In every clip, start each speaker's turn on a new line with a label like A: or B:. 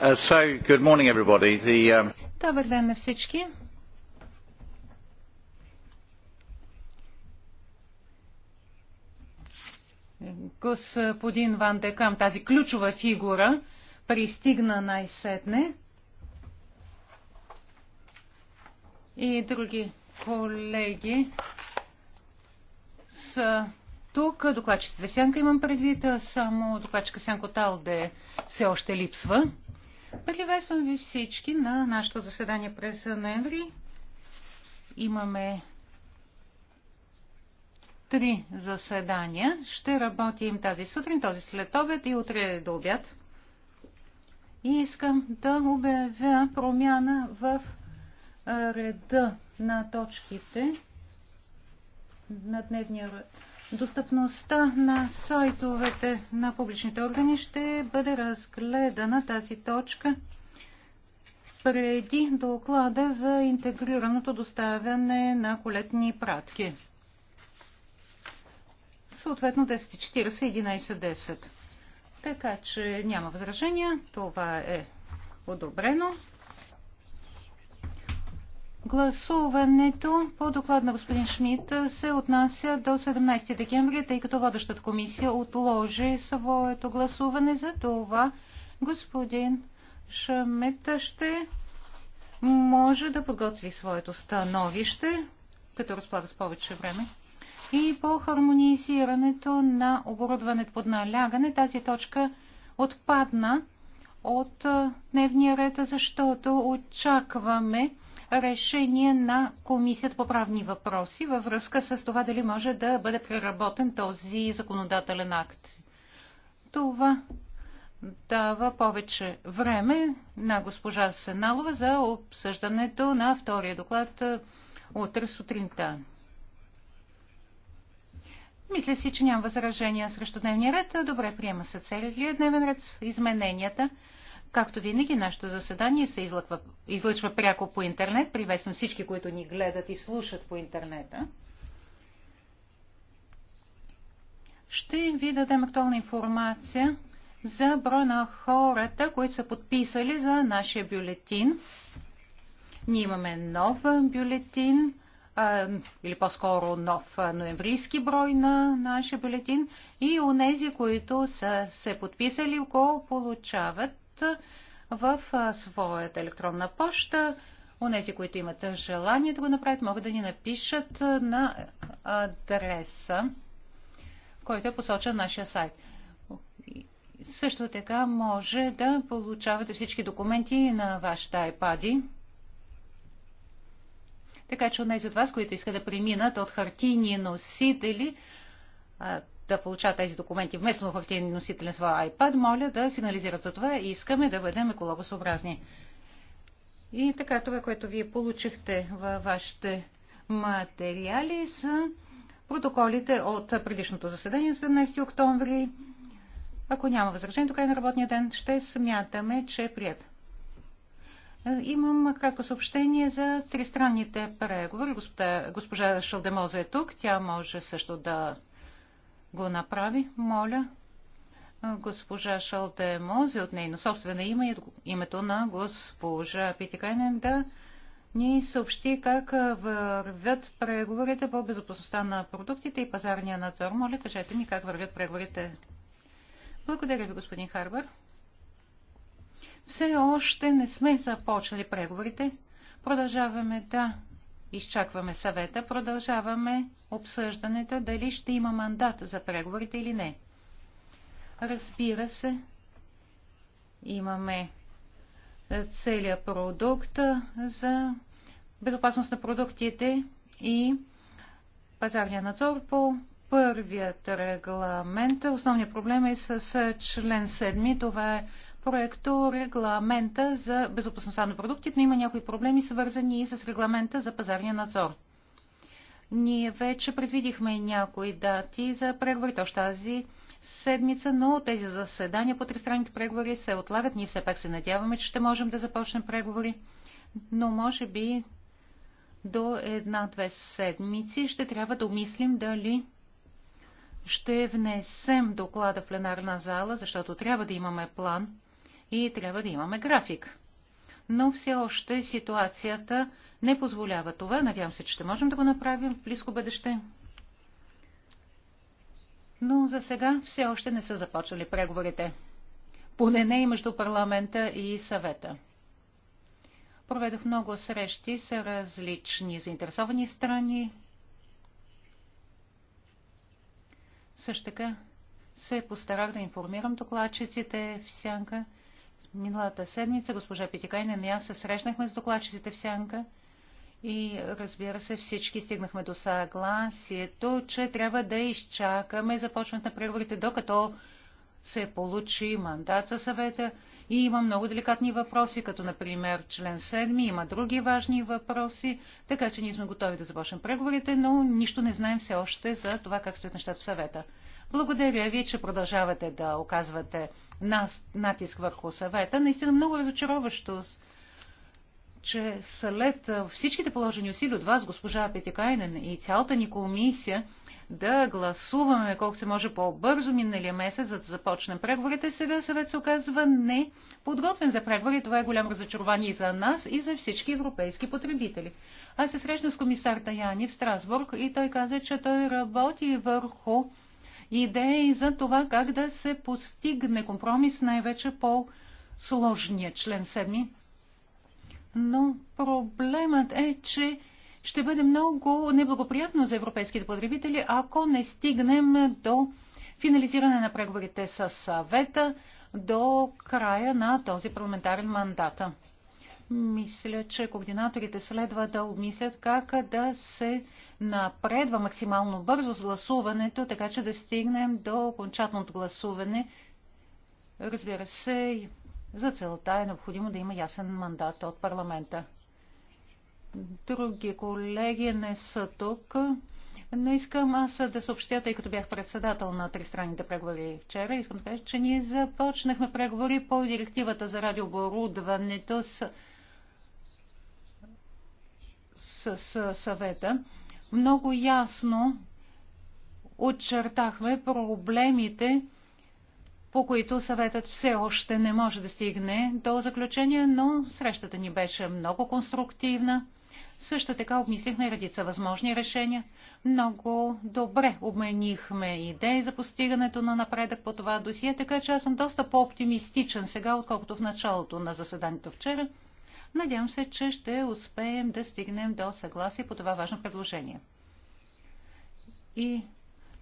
A: Uh, um, Добър ден на всички. Господин Ван Декам, тази ключова фигура, пристигна най-сетне. И други колеги са тук. Докладчицата Сянка имам предвид, само докладчика Сянко Талде все още липсва. Приветствам ви всички на нашето заседание през ноември. Имаме три заседания. Ще работим тази сутрин, този след обед и утре до обяд. И искам да обявя промяна в реда на точките на дневния ред достъпността на сайтовете на публичните органи ще бъде разгледана тази точка преди доклада за интегрираното доставяне на колетни пратки. Съответно 10.40, 11.10. Така че няма възражения. Това е одобрено. Гласуването по доклад на господин Шмидт се отнася до 17 декември, тъй като водещата комисия отложи своето гласуване. За това господин Шмидт ще може да подготви своето становище, като разполага с повече време. И по хармонизирането на оборудването под налягане тази точка отпадна от дневния ред, защото очакваме решение на Комисията по правни въпроси във връзка с това дали може да бъде преработен този законодателен акт. Това дава повече време на госпожа Сеналова за обсъждането на втория доклад е, утре сутринта. Мисля си, че няма възражения срещу дневния ред. Добре, приема се целият дневен ред с измененията. Както винаги, нашето заседание се излъква, излъчва пряко по интернет. Приветствам всички, които ни гледат и слушат по интернета. Ще ви дадем актуална информация за броя на хората, които са подписали за нашия бюлетин. Ние имаме нов бюлетин, а, или по-скоро нов ноемврийски брой на нашия бюлетин и у нези, които са се подписали, го получават в своята електронна поща. унези, които имат желание да го направят, могат да ни напишат на адреса, който е посочен на нашия сайт. Също така може да получавате всички документи на вашите iPad. Така че от тези от вас, които искат да преминат от хартийни носители да получават тези документи вместо в един носител на своя iPad, моля да сигнализират за това и искаме да бъдем екологосъобразни. И така, това, което вие получихте във вашите материали са протоколите от предишното заседание 17 октомври. Ако няма възражение, тук е на работния ден. Ще смятаме, че е прият. Имам кратко съобщение за тристранните преговори. Госпожа Шалдемоза е тук. Тя може също да го направи, моля госпожа Шалте Мози от нейно собствено име и името на госпожа Питикайнен да ни съобщи как вървят преговорите по безопасността на продуктите и пазарния надзор. Моля, кажете ми как вървят преговорите. Благодаря ви, господин Харбър. Все още не сме започнали преговорите. Продължаваме да изчакваме съвета, продължаваме обсъждането дали ще има мандат за преговорите или не. Разбира се, имаме е, целият продукт е, за безопасност на продуктите и пазарния надзор по първият регламент. Основният проблем е с е, член 7. Това е проекто регламента за безопасността на продуктите, но има някои проблеми, свързани и с регламента за пазарния надзор. Ние вече предвидихме някои дати за преговори, още тази седмица, но тези заседания по тристранните преговори се отлагат. Ние все пак се надяваме, че ще можем да започнем преговори, но може би до една-две седмици ще трябва да умислим дали ще внесем доклада в пленарна зала, защото трябва да имаме план и трябва да имаме график. Но все още ситуацията не позволява това. Надявам се, че ще можем да го направим в близко бъдеще. Но за сега все още не са започнали преговорите. Поне не и между парламента и съвета. Проведох много срещи с различни заинтересовани страни. Също така се постарах да информирам докладчиците в сянка Миналата седмица госпожа Питикайнен и аз се срещнахме с докладчиците в Сянка и разбира се всички стигнахме до съгласието, че трябва да изчакаме започват на преговорите, докато се получи мандат за съвета и има много деликатни въпроси, като например член 7, има други важни въпроси, така че ние сме готови да започнем преговорите, но нищо не знаем все още за това как стоят нещата в съвета. Благодаря ви, че продължавате да оказвате нас, натиск върху съвета. Наистина много разочароващо, че след всичките положени усилия от вас, госпожа Петикайнен и цялата ни комисия, да гласуваме колко се може по-бързо миналия месец, за да започнем преговорите. Сега съвет се оказва не подготвен за преговори. Това е голямо разочарование и за нас, и за всички европейски потребители. Аз се срещна с комисар Таяни в Страсбург и той каза, че той работи върху идеи за това как да се постигне компромис, най-вече по сложния член 7. Но проблемът е, че ще бъде много неблагоприятно за европейските потребители, ако не стигнем до финализиране на преговорите с съвета до края на този парламентарен мандат. Мисля, че координаторите следва да обмислят как да се напредва максимално бързо с гласуването, така че да стигнем до окончателното гласуване. Разбира се, за целта е необходимо да има ясен мандат от парламента. Други колеги не са тук. Но искам аз да съобщя, тъй като бях председател на тристранните преговори вчера, искам да кажа, че ние започнахме преговори по директивата за радиооборудването с с, с съвета, много ясно очертахме проблемите, по които съветът все още не може да стигне до заключение, но срещата ни беше много конструктивна. Също така обмислихме редица възможни решения. Много добре обменихме идеи за постигането на напредък по това досие, така че аз съм доста по-оптимистичен сега, отколкото в началото на заседанието вчера. Надявам се, че ще успеем да стигнем до съгласие по това важно предложение. И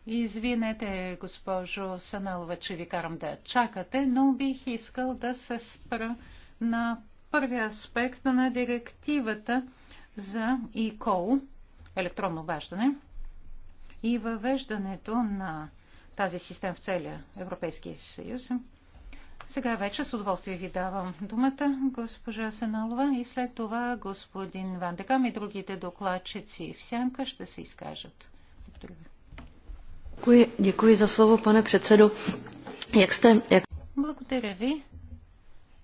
A: извинете, госпожо Саналова, че ви карам да чакате, но бих искал да се спра на първия аспект на директивата за e електронно обаждане и въвеждането на тази система в целия Европейския съюз. Сега вече с удоволствие ви давам думата, госпожа Сеналова, и след това господин Вандекам и другите докладчици в сянка ще се изкажат.
B: Děkuji,
C: děkuji за slovo, pane předsedo. Jak jste, jak...
A: Благодаря ви,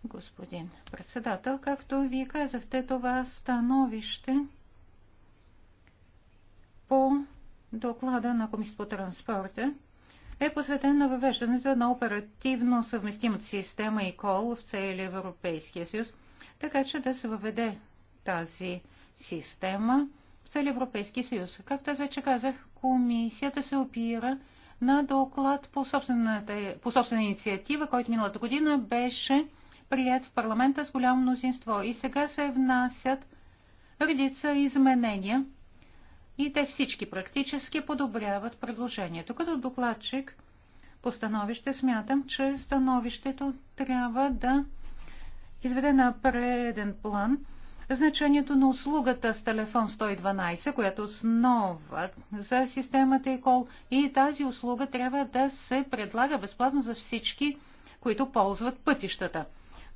A: господин председател. Както вие казахте, това становище по доклада на Комисията по транспорта е посветен на въвеждането на оперативно съвместимата система кол в целия Европейския съюз, така че да се въведе тази система в целия Европейския съюз. Както аз вече казах, комисията се опира на доклад по, по собствена инициатива, който миналата година беше прият в парламента с голямо мнозинство. И сега се внасят редица изменения и те всички практически подобряват предложението. Като докладчик по становище смятам, че становището трябва да изведе на преден план значението на услугата с телефон 112, която е основа за системата кол, и тази услуга трябва да се предлага безплатно за всички, които ползват пътищата.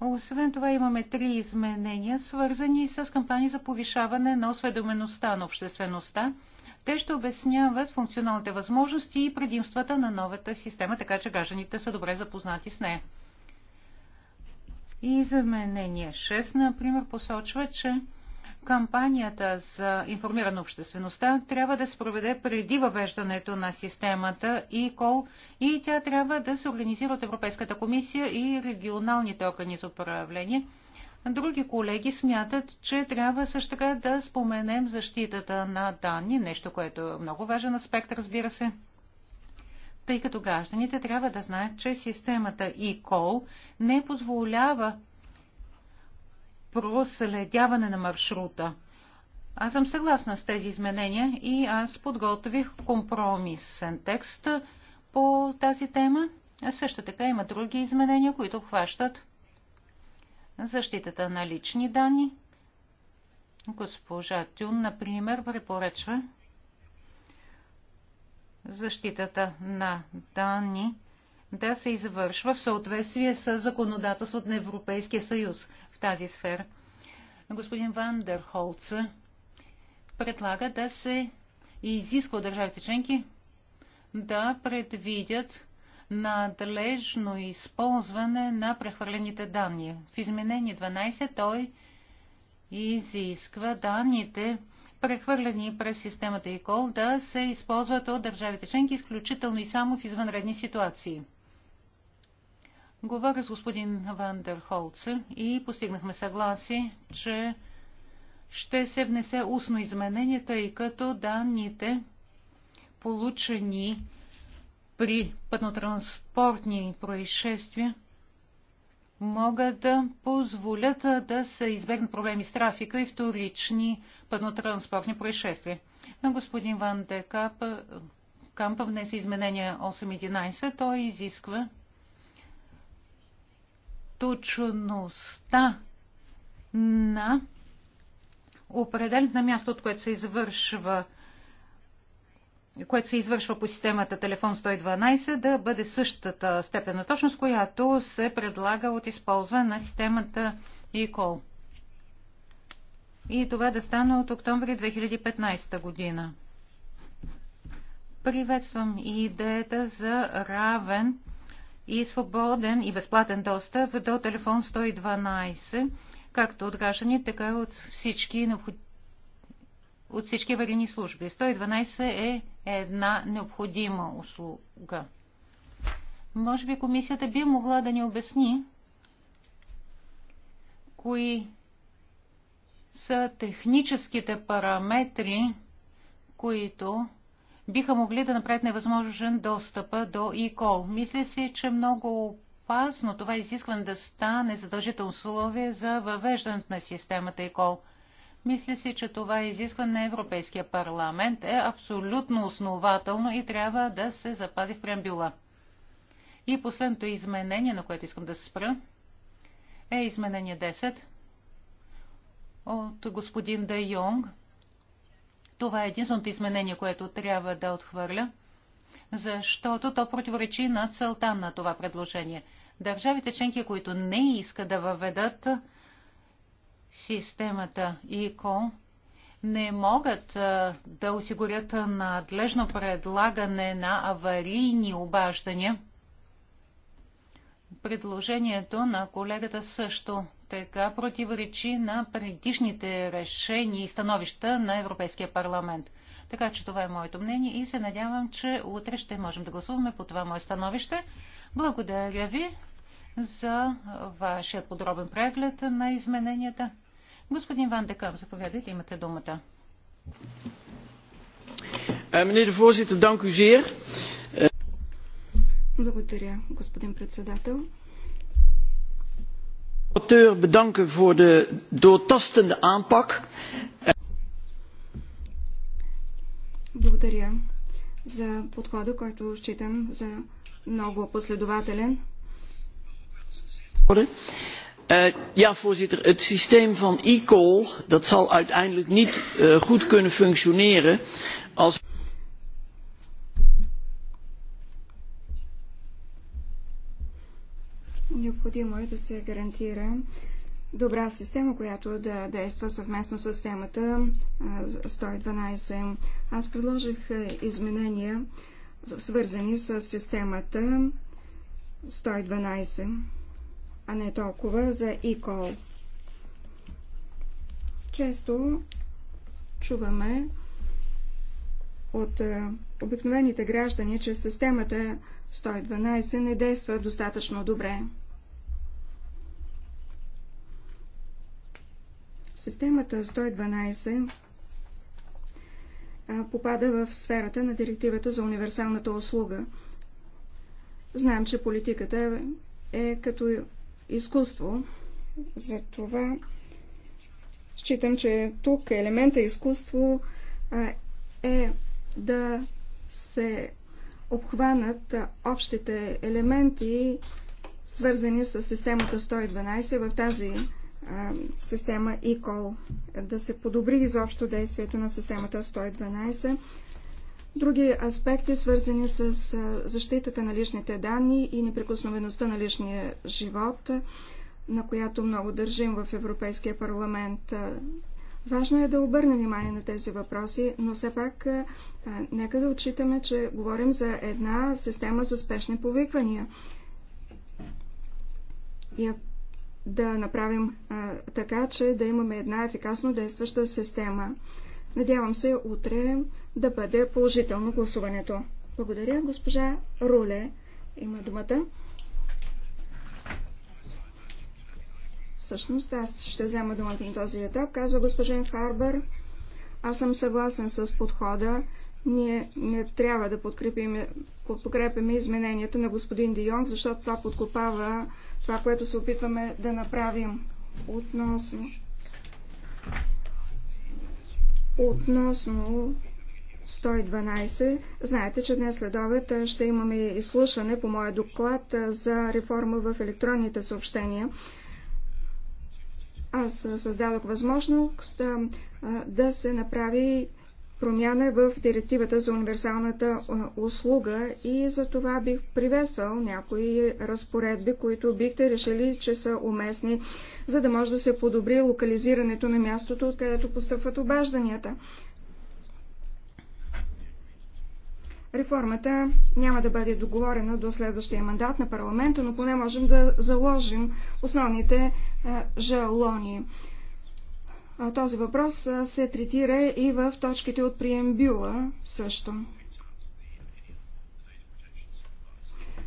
A: Освен това имаме три изменения, свързани с кампании за повишаване на осведомеността на обществеността. Те ще обясняват функционалните възможности и предимствата на новата система, така че гражданите са добре запознати с нея. И заменение 6, например, посочва, че Кампанията за информирана обществеността трябва да се проведе преди въвеждането на системата ИКОЛ и тя трябва да се организира от Европейската комисия и регионалните органи за управление. Други колеги смятат, че трябва също така да споменем защитата на данни, нещо, което е много важен аспект, разбира се, тъй като гражданите трябва да знаят, че системата ИКОЛ не позволява проследяване на маршрута. Аз съм съгласна с тези изменения и аз подготвих компромисен текст по тази тема. А също така има други изменения, които обхващат защитата на лични данни. Госпожа Тюн, например, препоръчва защитата на данни да се извършва в съответствие с законодателството на Европейския съюз тази сфера. Господин Вандерхолц предлага да се изисква от държавите членки да предвидят надлежно използване на прехвърлените данни. В изменение 12 той изисква данните, прехвърлени през системата ИКОЛ, да се използват от държавите членки изключително и само в извънредни ситуации. Говоря с господин Вандер Вандерхолцер и постигнахме съгласие, че ще се внесе устно изменение, тъй като данните получени при пътнотранспортни происшествия могат да позволят да се избегнат проблеми с трафика и вторични пътнотранспортни происшествия. Господин Ван Декап Кампа внесе изменение 8.11. Той изисква точността на определено на място, от което се извършва което се извършва по системата телефон 112, да бъде същата степен на точност, която се предлага от използване на системата eCall. И това да стане от октомври 2015 година. Приветствам и идеята за равен и свободен и безплатен достъп до телефон 112, както от граждани, така и от всички, необход... от всички аварийни служби. 112 е една необходима услуга. Може би комисията би могла да ни обясни кои са техническите параметри, които биха могли да направят невъзможен достъпа до ИКОЛ. Мисля си, че много опасно това изискване да стане задължително условие за въвеждането на системата ИКОЛ. Мисля си, че това изискване на Европейския парламент е абсолютно основателно и трябва да се запази в преамбюла. И последното изменение, на което искам да се спра, е изменение 10 от господин Де Йонг – това е единственото изменение, което трябва да отхвърля, защото то противоречи на целта на това предложение. Държавите членки, които не искат да въведат системата ИКО, не могат да осигурят надлежно предлагане на аварийни обаждания. Предложението на колегата също така противоречи на предишните решения и становища на Европейския парламент. Така че това е моето мнение и се надявам, че утре ще можем да гласуваме по това мое становище. Благодаря ви за вашия подробен преглед на измененията. Господин Ван Декам, заповядайте, имате думата.
B: Е, de voorzitter, dank u zeer. Е, Благодаря, господин председател rapporteur bedanken voor de doortastende aanpak. Благодаря
C: voorzitter, het systeem van ecall zal uiteindelijk niet goed
B: kunnen functioneren als. Необходимо е да се гарантира добра система, която да действа съвместно с темата 112. Аз предложих изменения, свързани с системата 112, а не толкова за e-call. Често чуваме от обикновените граждани, че системата 112 не действа достатъчно добре. Системата 112 попада в сферата на директивата за универсалната услуга. Знаем, че политиката е като изкуство. Затова считам, че тук елемента изкуство е да се обхванат общите елементи, свързани с системата 112 в тази система ECOL, да се подобри изобщо действието на системата 112. Други аспекти, свързани с защитата на личните данни и неприкосновеността на личния живот, на която много държим в Европейския парламент. Важно е да обърнем внимание на тези въпроси, но все пак нека да отчитаме, че говорим за една система за спешни повиквания. И ако да направим а, така, че да имаме една ефикасно действаща система. Надявам се утре да бъде положително гласуването. Благодаря, госпожа Руле. Има думата. Всъщност аз ще взема думата на този етап, казва госпожен Харбър. Аз съм съгласен с подхода. Ние не трябва да подкрепим, подкрепим измененията на господин Дионг, защото това подкопава това, което се опитваме да направим относно относно 112. Знаете, че днес след обед ще имаме изслушване по моя доклад за реформа в електронните съобщения. Аз създадох възможност да се направи промяна в директивата за универсалната услуга и за това бих приветствал някои разпоредби, които бихте решили, че са уместни, за да може да се подобри локализирането на мястото, откъдето постъпват обажданията. Реформата няма да бъде договорена до следващия мандат на парламента, но поне можем да заложим основните жалони. Този въпрос се третира и в точките от приембюла също.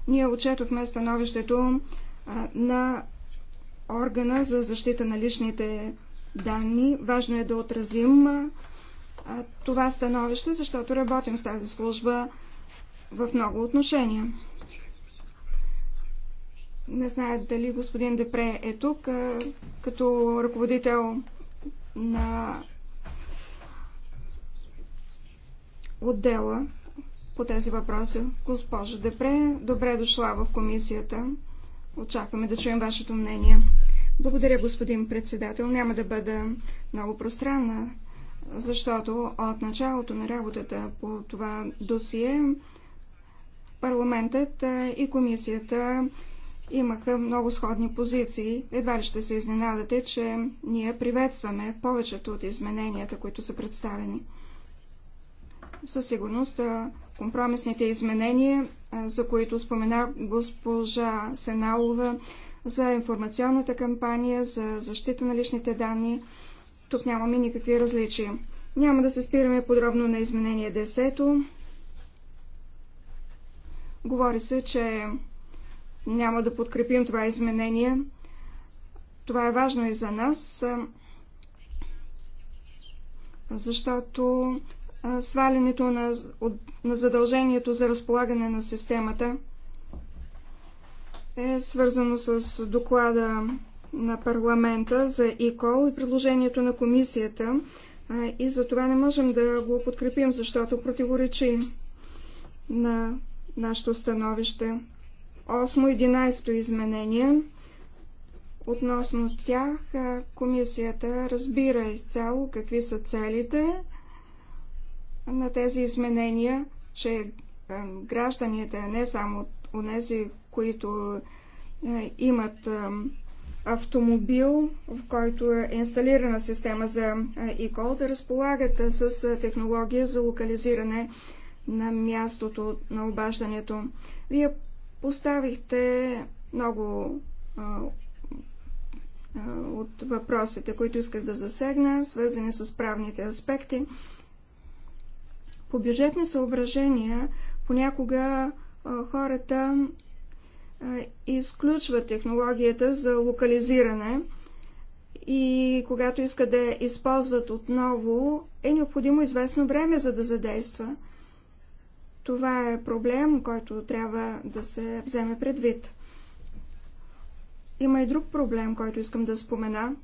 B: Ние отчетохме становището на органа за защита на личните данни. Важно е да отразим това становище, защото работим с тази служба в много отношения. Не знаят дали господин Депре е тук като ръководител на отдела по тези въпроси. Госпожо Депре, добре е дошла в комисията. Очакваме да чуем вашето мнение. Благодаря, господин председател. Няма да бъда много пространна, защото от началото на работата по това досие парламентът и комисията имаха много сходни позиции. Едва ли ще се изненадате, че ние приветстваме повечето от измененията, които са представени. Със сигурност компромисните изменения, за които спомена госпожа Сеналова, за информационната кампания, за защита на личните данни, тук нямаме никакви различия. Няма да се спираме подробно на изменение 10. Говори се, че няма да подкрепим това изменение. Това е важно и за нас, защото свалянето на, на задължението за разполагане на системата е свързано с доклада на парламента за ИКОЛ и предложението на комисията и за това не можем да го подкрепим, защото противоречи на нашето становище. 8-11 изменение. Относно тях комисията разбира изцяло какви са целите на тези изменения, че гражданите, не само от тези, които имат автомобил, в който е инсталирана система за e да разполагат с технология за локализиране на мястото на обаждането. Вие Поставихте много а, а, от въпросите, които исках да засегна, свързани с правните аспекти. По бюджетни съображения понякога а, хората а, изключват технологията за локализиране и когато искат да я използват отново, е необходимо известно време, за да задейства. Това е проблем, който трябва да се вземе предвид. Има и друг проблем, който искам да спомена,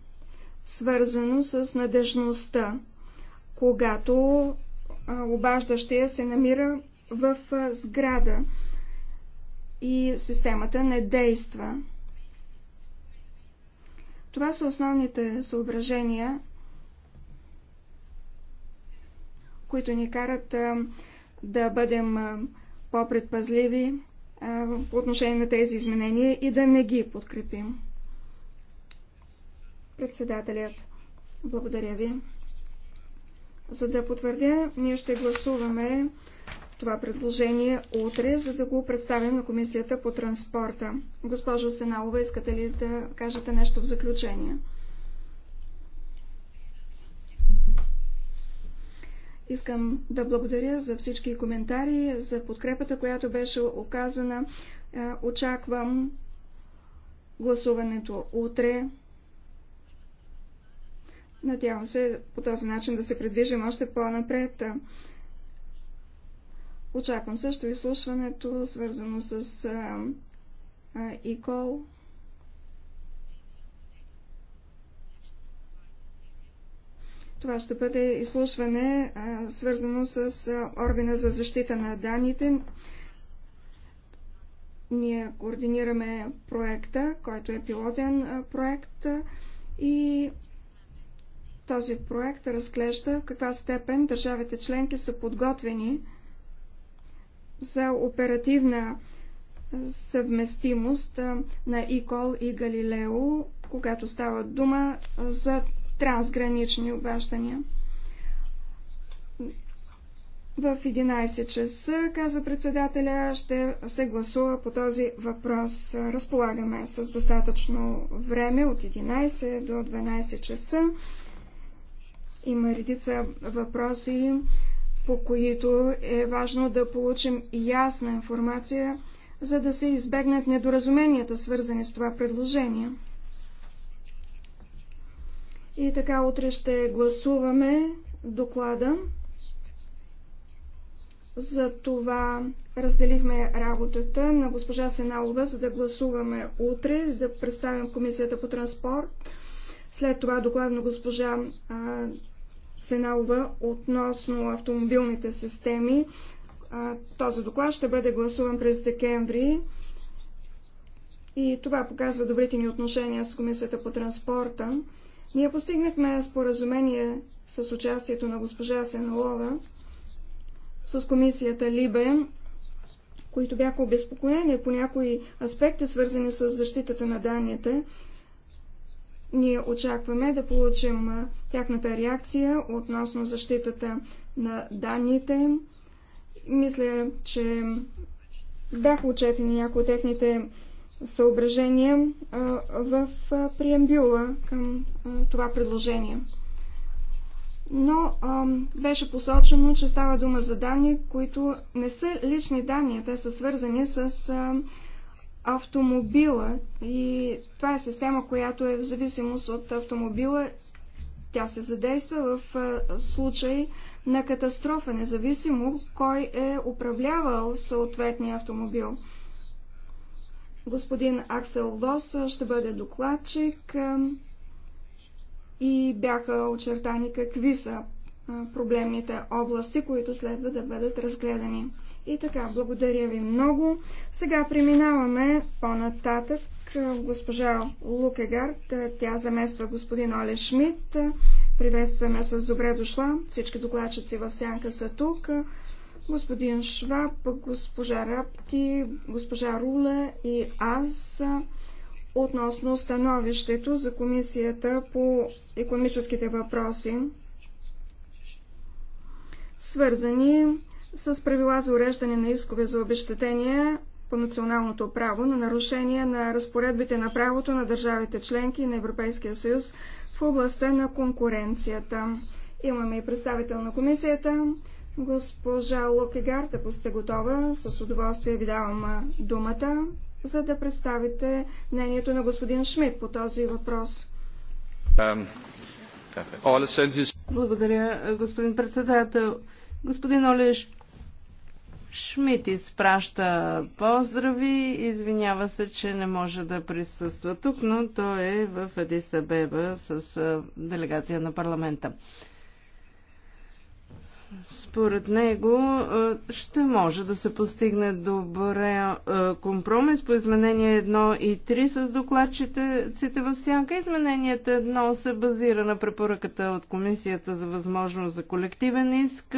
B: свързано с надежността, когато обаждащия се намира в сграда и системата не действа. Това са основните съображения, които ни карат да бъдем по-предпазливи по отношение на тези изменения и да не ги подкрепим. Председателят, благодаря ви. За да потвърдя, ние ще гласуваме това предложение утре, за да го представим на Комисията по транспорта. Госпожо Сеналова, искате ли да кажете нещо в заключение? Искам да благодаря за всички коментари, за подкрепата, която беше оказана. Е, очаквам гласуването утре. Надявам се по този начин да се придвижим още по-напред. Очаквам също изслушването, свързано с е, е, ИКОЛ. Това ще бъде изслушване, свързано с органа за защита на данните. Ние координираме проекта, който е пилотен проект и този проект разглежда в каква степен държавите членки са подготвени за оперативна съвместимост на ИКОЛ и Галилео, когато става дума за трансгранични обаждания. В 11 часа, казва председателя, ще се гласува по този въпрос. Разполагаме с достатъчно време от 11 до 12 часа. Има редица въпроси, по които е важно да получим ясна информация, за да се избегнат недоразуменията, свързани с това предложение. И така утре ще гласуваме доклада. За това разделихме работата на госпожа Сеналова, за да гласуваме утре, да представим комисията по транспорт. След това доклад на госпожа а, Сеналова относно автомобилните системи. А, този доклад ще бъде гласуван през декември. И това показва добрите ни отношения с комисията по транспорта. Ние постигнахме споразумение с участието на госпожа Сенолова, с комисията Либе, които бяха обезпокоени по някои аспекти, свързани с защитата на данните. Ние очакваме да получим тяхната реакция относно защитата на данните. Мисля, че бяха отчетени някои от техните съображения в преамбюла към това предложение. Но беше посочено, че става дума за данни, които не са лични данни, те са свързани с автомобила и това е система, която е в зависимост от автомобила. Тя се задейства в случай на катастрофа, независимо кой е управлявал съответния автомобил. Господин Аксел Вос ще бъде докладчик и бяха очертани какви са проблемните области, които следва да бъдат разгледани. И така, благодаря ви много. Сега преминаваме по-нататък. Госпожа Лукегард, тя замества господин Оле Шмидт. Приветстваме с добре дошла. Всички докладчици в сянка са тук господин Шваб, госпожа Рапти, госпожа Руле и аз относно становището за Комисията по економическите въпроси, свързани с правила за уреждане на искове за обещетения по националното право на нарушение на разпоредбите на правото на държавите членки на Европейския съюз в областта на конкуренцията. Имаме и представител на комисията. Госпожа Локегард, ако сте готова, с удоволствие ви давам думата, за да представите мнението на господин Шмидт по този въпрос.
C: Благодаря, господин председател. Господин Олеш Шмидт изпраща поздрави, извинява се, че не може да присъства тук, но той е в Адисабеба с делегация на парламента. Според него ще може да се постигне добре компромис по изменение 1 и 3 с докладчиците в сянка. Изменението 1 се базира на препоръката от Комисията за възможност за колективен иск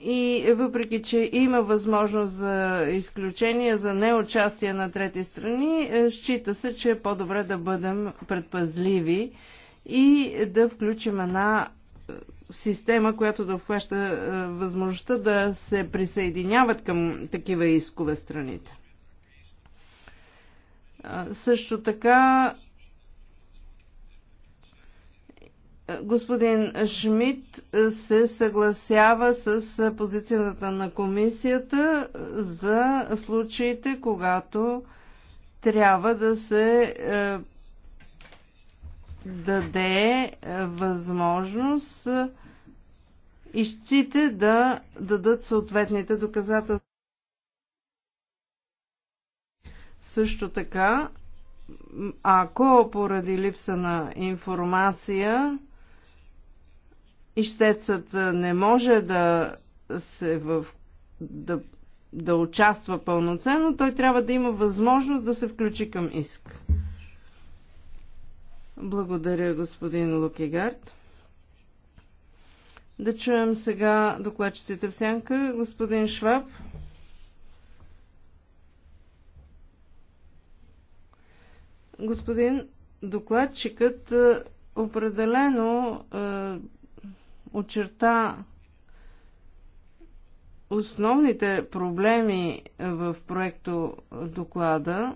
C: и въпреки, че има възможност за изключение за неучастие на трети страни, е, счита се, че е по-добре да бъдем предпазливи и да включим една система, която да обхваща е, възможността да се присъединяват към такива искове страните. Е, също така господин Шмидт се съгласява с позицията на комисията за случаите, когато трябва да се е, даде е, възможност е, ищите да дадат съответните доказателства. Също така, ако поради липса на информация ищецът е, не може да се в... да, да участва пълноценно, той трябва да има възможност да се включи към иск. Благодаря, господин Лукегард. Да чуем сега докладчиците в сянка. Господин Шваб. Господин докладчикът е, определено е, очерта основните проблеми в проекто доклада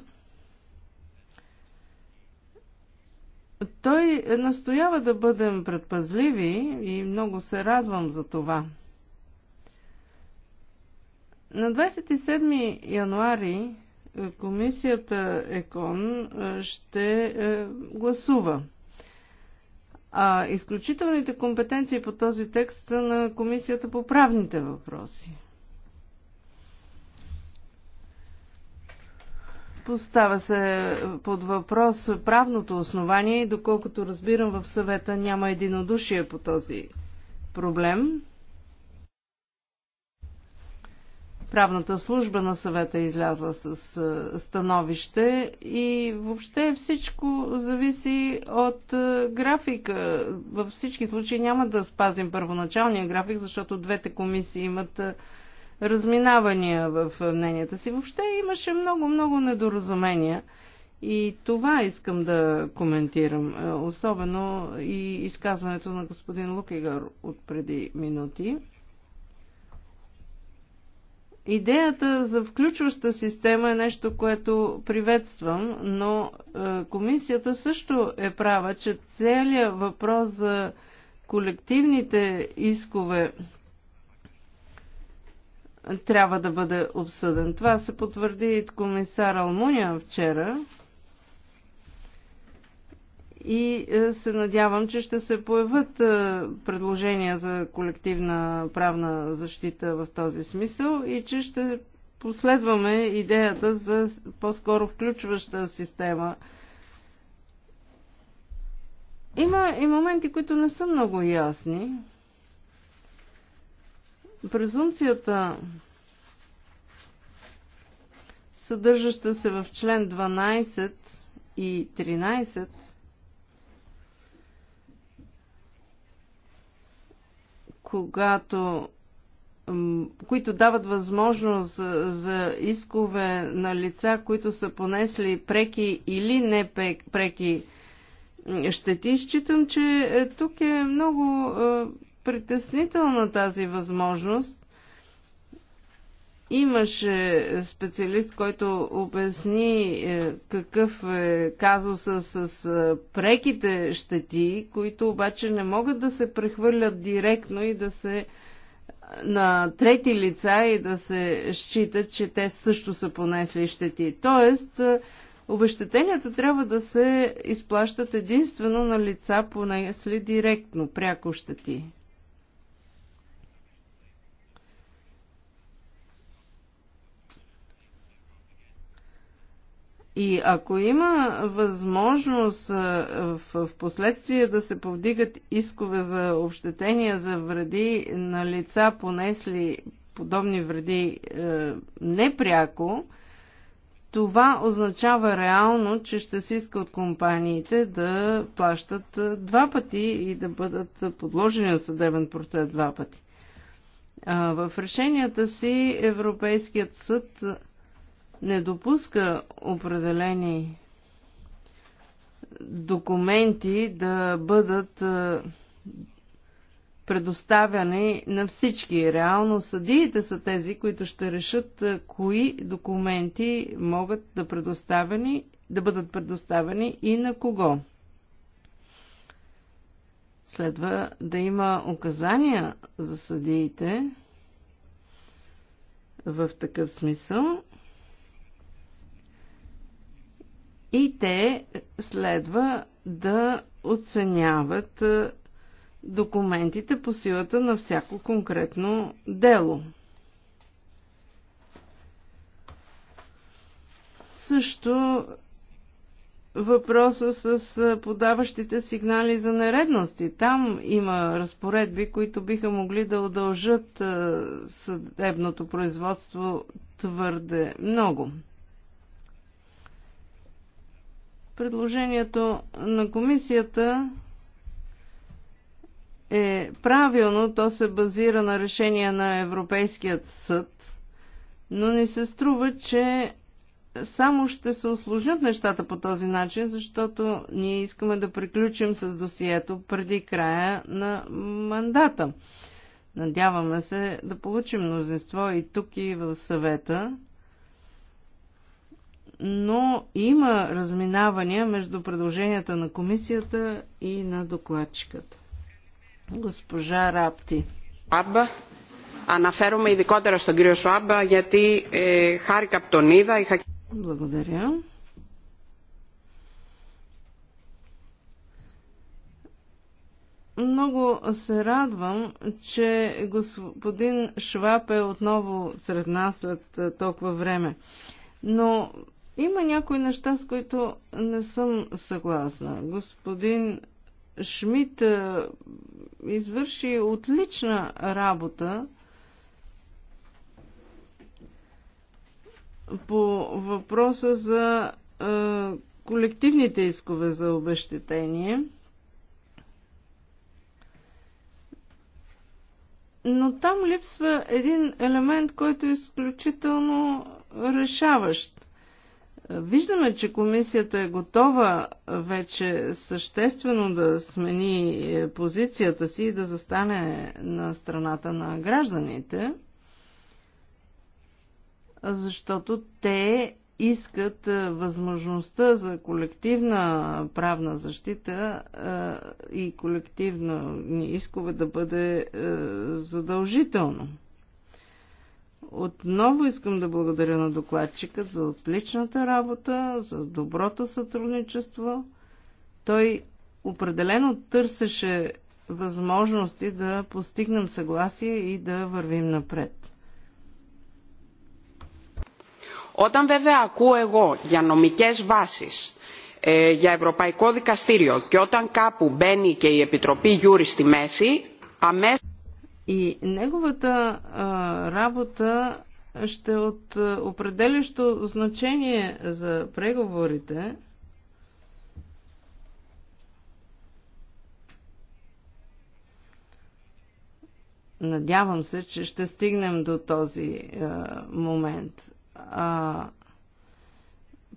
C: Той настоява да бъдем предпазливи и много се радвам за това. На 27 януари е, комисията ЕКОН е, ще е, гласува. А изключителните компетенции по този текст са на комисията по правните въпроси. Поставя се под въпрос правното основание и доколкото разбирам в съвета няма единодушие по този проблем. Правната служба на съвета излязла с е, становище и въобще всичко зависи от е, графика. Във всички случаи няма да спазим първоначалния график, защото двете комисии имат е, разминавания в мненията си. Въобще имаше много-много недоразумения. И това искам да коментирам, е, особено и изказването на господин Лукигър от преди минути. Идеята за включваща система е нещо, което приветствам, но е, комисията също е права, че целият въпрос за колективните искове трябва да бъде обсъден. Това се потвърди и комисар Алмуния вчера. И е, се надявам, че ще се появят е, предложения за колективна правна защита в този смисъл и че ще последваме идеята за по-скоро включваща система. Има и моменти, които не са много ясни. Презумцията, съдържаща се в член 12 и 13, когато които дават възможност за, за искове на лица, които са понесли преки или не преки щети, считам, че е, тук е много е, притеснителна тази възможност. Имаше специалист, който обясни е, какъв е казуса с е, преките щети, които обаче не могат да се прехвърлят директно и да се е, на трети лица и да се счита, че те също са понесли щети. Тоест, обещетенията трябва да се изплащат единствено на лица понесли директно, пряко щети. И ако има възможност в, в последствие да се повдигат искове за общетения за вреди на лица, понесли подобни вреди е, непряко, това означава реално, че ще се иска от компаниите да плащат е, два пъти и да бъдат подложени на съдебен процес два пъти. В решенията си Европейският съд не допуска определени документи да бъдат е, предоставяни на всички. Реално съдиите са тези, които ще решат е, кои документи могат да, предоставени, да бъдат предоставени и на кого. Следва да има указания за съдиите в такъв смисъл И те следва да оценяват е, документите по силата на всяко конкретно дело. Също въпроса с е, подаващите сигнали за нередности. Там има разпоредби, които биха могли да удължат е, съдебното производство твърде много. Предложението на комисията е правилно, то се базира на решение на Европейският съд, но ни се струва, че само ще се осложнят нещата по този начин, защото ние искаме да приключим с досието преди края на мандата. Надяваме се да получим мнозинство и тук и в съвета, но има разминавания между предложенията на комисията и на докладчиката. Госпожа Рапти. Абба, анаферуме ειδικότερα στον κύριο Σουάμπα γιατί ε, χάρηκα που τον είδα. Είχα... Благодаря. Много се радвам, че господин Шваб е отново сред нас след е, толкова време. Но има някои неща, с които не съм съгласна. Господин Шмидт извърши отлична работа по въпроса за е, колективните искове за обещетение. Но там липсва един елемент, който е изключително решаващ. Виждаме, че комисията е готова вече съществено да смени е, позицията си и да застане на страната на гражданите, защото те искат е, възможността за колективна правна защита е, и колективни искове да бъде задължително. Отново искам да благодаря на докладчика за отличната работа, за доброто сътрудничество. Той определено търсеше възможности да постигнем съгласие и да вървим напред. Όταν βέβαια ακούω εγώ για νομικές βάσεις, ε, για Ευρωπαϊκό Δικαστήριο
B: και όταν κάπου μπαίνει και η Επιτροπή Γιούρι στη μέση, αμέσως...
C: И неговата а, работа ще е от определящо значение за преговорите. Надявам се, че ще стигнем до този а, момент. А,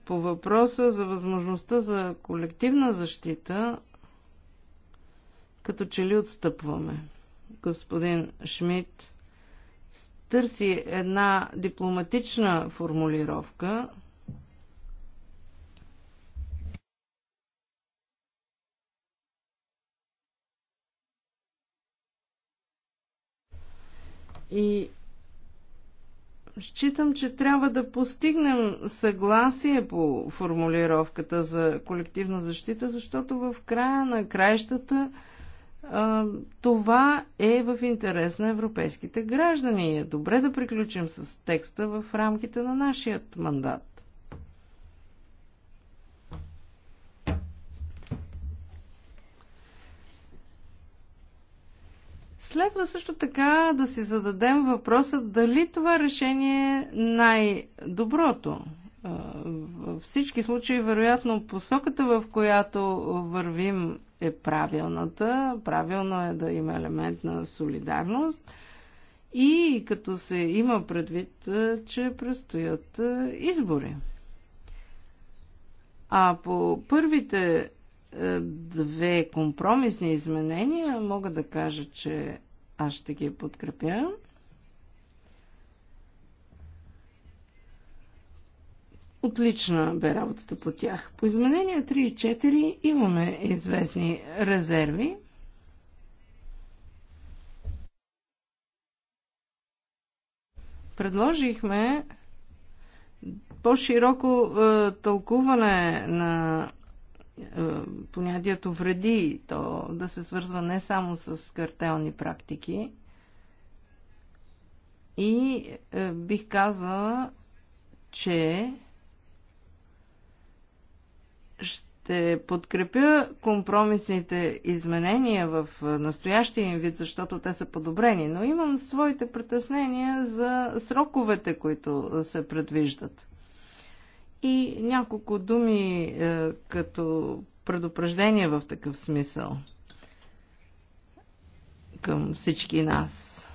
C: по въпроса за възможността за колективна защита, като че ли отстъпваме господин Шмидт търси една дипломатична формулировка, И считам, че трябва да постигнем съгласие по формулировката за колективна защита, защото в края на краищата това е в интерес на европейските граждани. Е добре да приключим с текста в рамките на нашия мандат. Следва също така да си зададем въпроса дали това решение е най-доброто във всички случаи, вероятно, посоката, в която вървим, е правилната. Правилно е да има елемент на солидарност. И като се има предвид, че предстоят избори. А по първите две компромисни изменения мога да кажа, че аз ще ги подкрепя. Отлична бе работата по тях. По изменения 3 и 4 имаме известни резерви. Предложихме по-широко е, тълкуване на е, понятието вреди, то да се свързва не само с картелни практики. И е, бих казала, че ще подкрепя компромисните изменения в настоящия им вид, защото те са подобрени, но имам своите притеснения за сроковете, които се предвиждат. И няколко думи е, като предупреждение в такъв смисъл към всички нас.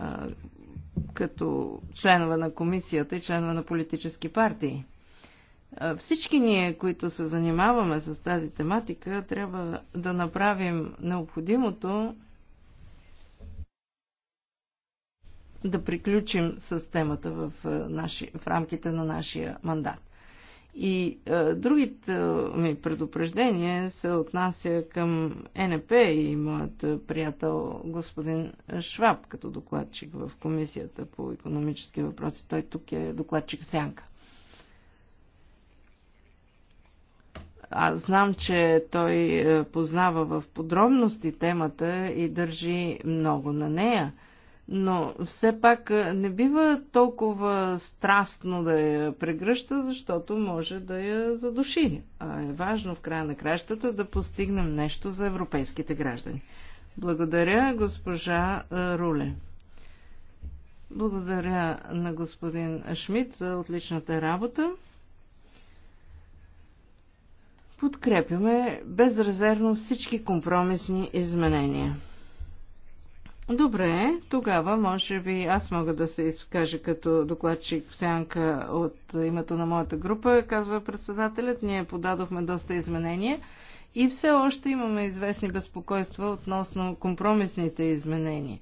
C: Е, като членове на комисията и членове на политически партии. Всички ние, които се занимаваме с тази тематика, трябва да направим необходимото да приключим с темата в, наши, в рамките на нашия мандат. И е, другите ми предупреждения се отнася към НП и моят приятел господин Шваб, като докладчик в Комисията по економически въпроси. Той тук е докладчик в Сянка. Аз знам, че той е, познава в подробности темата и държи много на нея, но все пак е, не бива толкова страстно да я прегръща, защото може да я задуши. А е важно в края на кращата да постигнем нещо за европейските граждани. Благодаря, госпожа е, Руле. Благодаря на господин Шмидт за отличната работа. Подкрепяме безрезервно всички компромисни изменения. Добре, тогава може би аз мога да се изкажа като докладчик сянка от името на моята група, казва председателят. Ние подадохме доста изменения и все още имаме известни безпокойства относно компромисните изменения.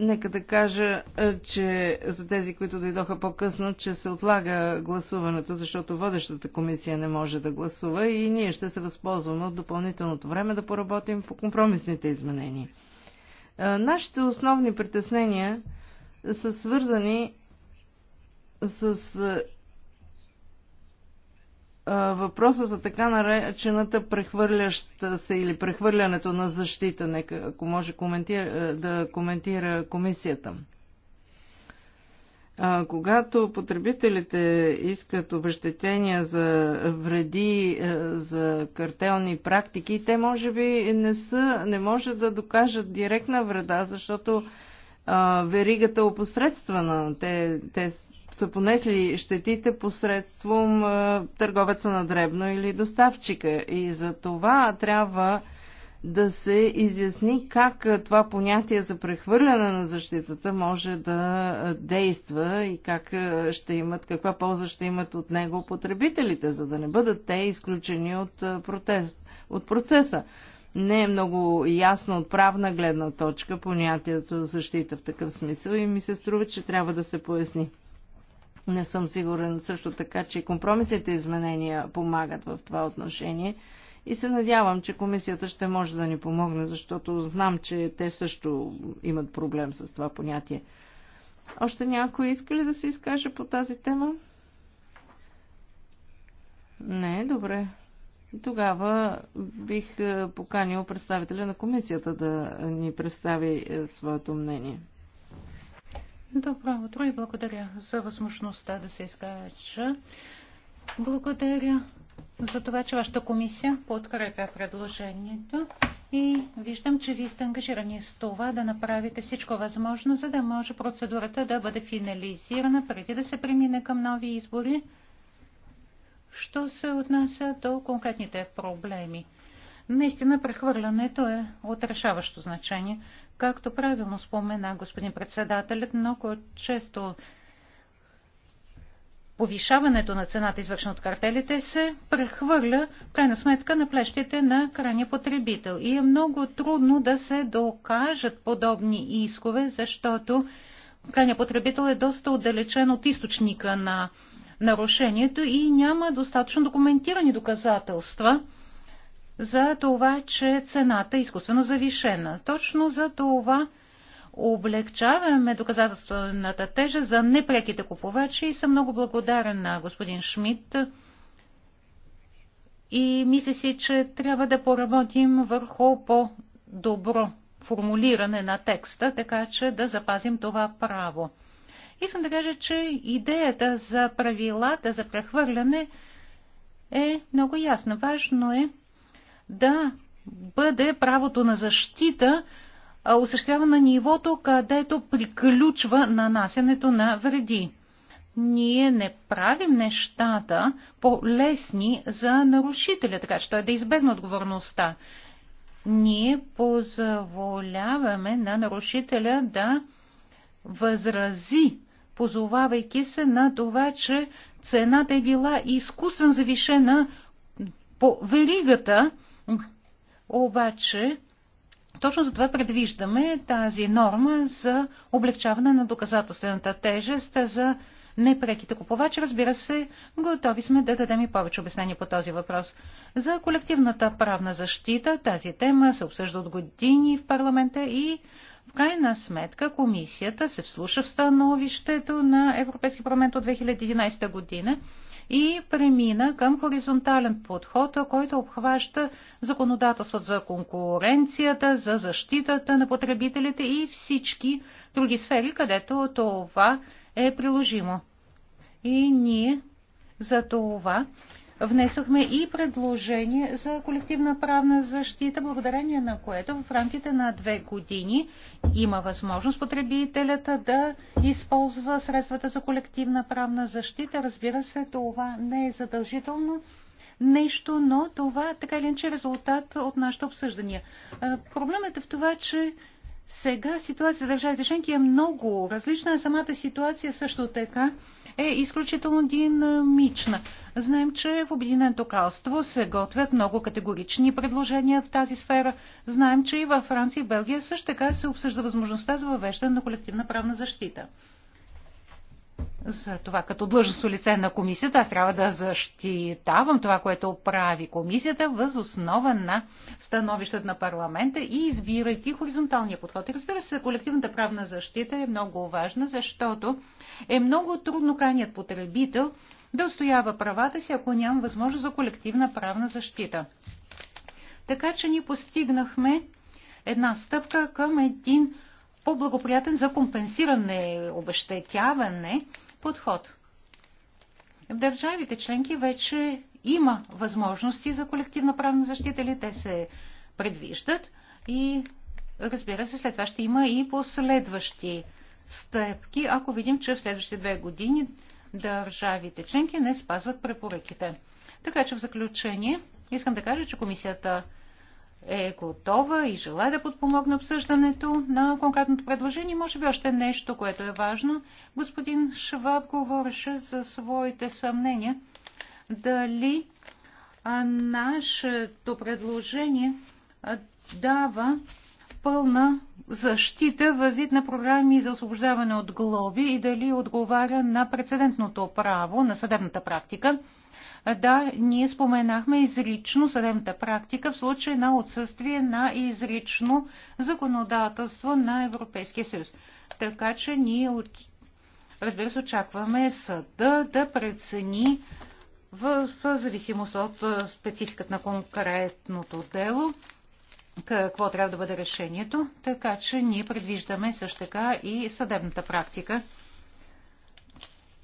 C: Нека да кажа, е, че за тези, които дойдоха по-късно, че се отлага гласуването, защото водещата комисия не може да гласува и ние ще се възползваме от допълнителното време да поработим по компромисните изменения. Е, нашите основни притеснения са свързани с е, въпроса за така наречената прехвърляща се или прехвърлянето на защита, нека, ако може коментир, да коментира комисията. А, когато потребителите искат обещетения за вреди, за картелни практики, те може би не, са, не може да докажат директна вреда, защото а, веригата е опосредствана. Те, те са понесли щетите посредством е, търговеца на дребно или доставчика. И за това трябва да се изясни как е, това понятие за прехвърляне на защитата може да е, действа и как ще имат, каква полза ще имат от него потребителите, за да не бъдат те изключени от, протест, от процеса. Не е много ясно от правна гледна точка понятието защита в такъв смисъл и ми се струва, че трябва да се поясни. Не съм сигурен също така, че компромисните изменения помагат в това отношение. И се надявам, че комисията ще може да ни помогне, защото знам, че те също имат проблем с това понятие. Още някой иска ли да се изкаже по тази тема? Не, добре. Тогава бих е, поканил представителя на комисията да ни представи е, своето мнение.
A: Добро утро и благодаря за възможността да се изкажа. Благодаря за това, че вашата комисия подкрепя предложението и виждам, че вие сте ангажирани с това да направите всичко възможно, за да може процедурата да бъде финализирана преди да се премине към нови избори. Що се отнася до конкретните проблеми? Наистина прехвърлянето е от решаващо значение. Както правилно спомена господин председателят, много често повишаването на цената, извършено от картелите, се прехвърля в крайна сметка на плещите на крайния потребител. И е много трудно да се докажат подобни искове, защото крайният потребител е доста отдалечен от източника на нарушението и няма достатъчно документирани доказателства – за това, че цената е изкуствено завишена. Точно за това облегчаваме доказателствената тежа за непреките купувачи и съм много благодарен на господин Шмидт. И мисля си, че трябва да поработим върху по-добро формулиране на текста, така че да запазим това право. Искам да кажа, че идеята за правилата за прехвърляне е много ясна. Важно е да бъде правото на защита осъществява на нивото, където приключва нанасянето на вреди. Ние не правим нещата по-лесни за нарушителя, така че той да избегне отговорността. Ние позволяваме на нарушителя да възрази, позовавайки се на това, че цената е била изкуствено завишена по веригата, обаче, точно за това предвиждаме тази норма за облегчаване на доказателствената тежест за непреките купувачи. Разбира се, готови сме да дадем и повече обяснение по този въпрос. За колективната правна защита тази тема се обсъжда от години в парламента и в крайна сметка комисията се вслуша в становището на Европейски парламент от 2011 година и премина към хоризонтален подход, който обхваща законодателството за конкуренцията, за защитата на потребителите и всички други сфери, където това е приложимо. И ние за това внесохме и предложение за колективна правна защита, благодарение на което в рамките на две години има възможност потребителят да използва средствата за колективна правна защита. Разбира се, това не е задължително нещо, но това така или иначе е резултат от нашите обсъждания. Проблемът е в това, че сега ситуация за държавите членки е много различна, самата ситуация също така е изключително динамична. Знаем, че в Обединеното кралство се готвят много категорични предложения в тази сфера. Знаем, че и във Франция и Белгия също така се обсъжда възможността за въвеждане на колективна правна защита за това като длъжностно лице на комисията, аз трябва да защитавам това, което прави комисията въз основа на становището на парламента и избирайки хоризонталния подход. И разбира се, колективната правна защита е много важна, защото е много трудно крайният потребител да устоява правата си, ако няма възможност за колективна правна защита. Така че ни постигнахме една стъпка към един по-благоприятен за компенсиране, обещетяване подход. В държавите членки вече има възможности за колективна правна защита, или те се предвиждат и разбира се, след това ще има и последващи стъпки, ако видим, че в следващите две години държавите членки не спазват препоръките. Така че в заключение искам да кажа, че комисията е готова и желая да подпомогне обсъждането на конкретното предложение. Може би още нещо, което е важно. Господин Шваб говореше за своите съмнения дали нашето предложение дава пълна защита във вид на програми за освобождаване от глоби и дали отговаря на прецедентното право, на съдебната практика. Да, ние споменахме изрично съдебната практика в случай на отсъствие на изрично законодателство на Европейския съюз. Така че ние, разбира се, очакваме съда да прецени в, в зависимост от спецификата на конкретното дело, какво трябва да бъде решението, така че ние предвиждаме също така и съдебната практика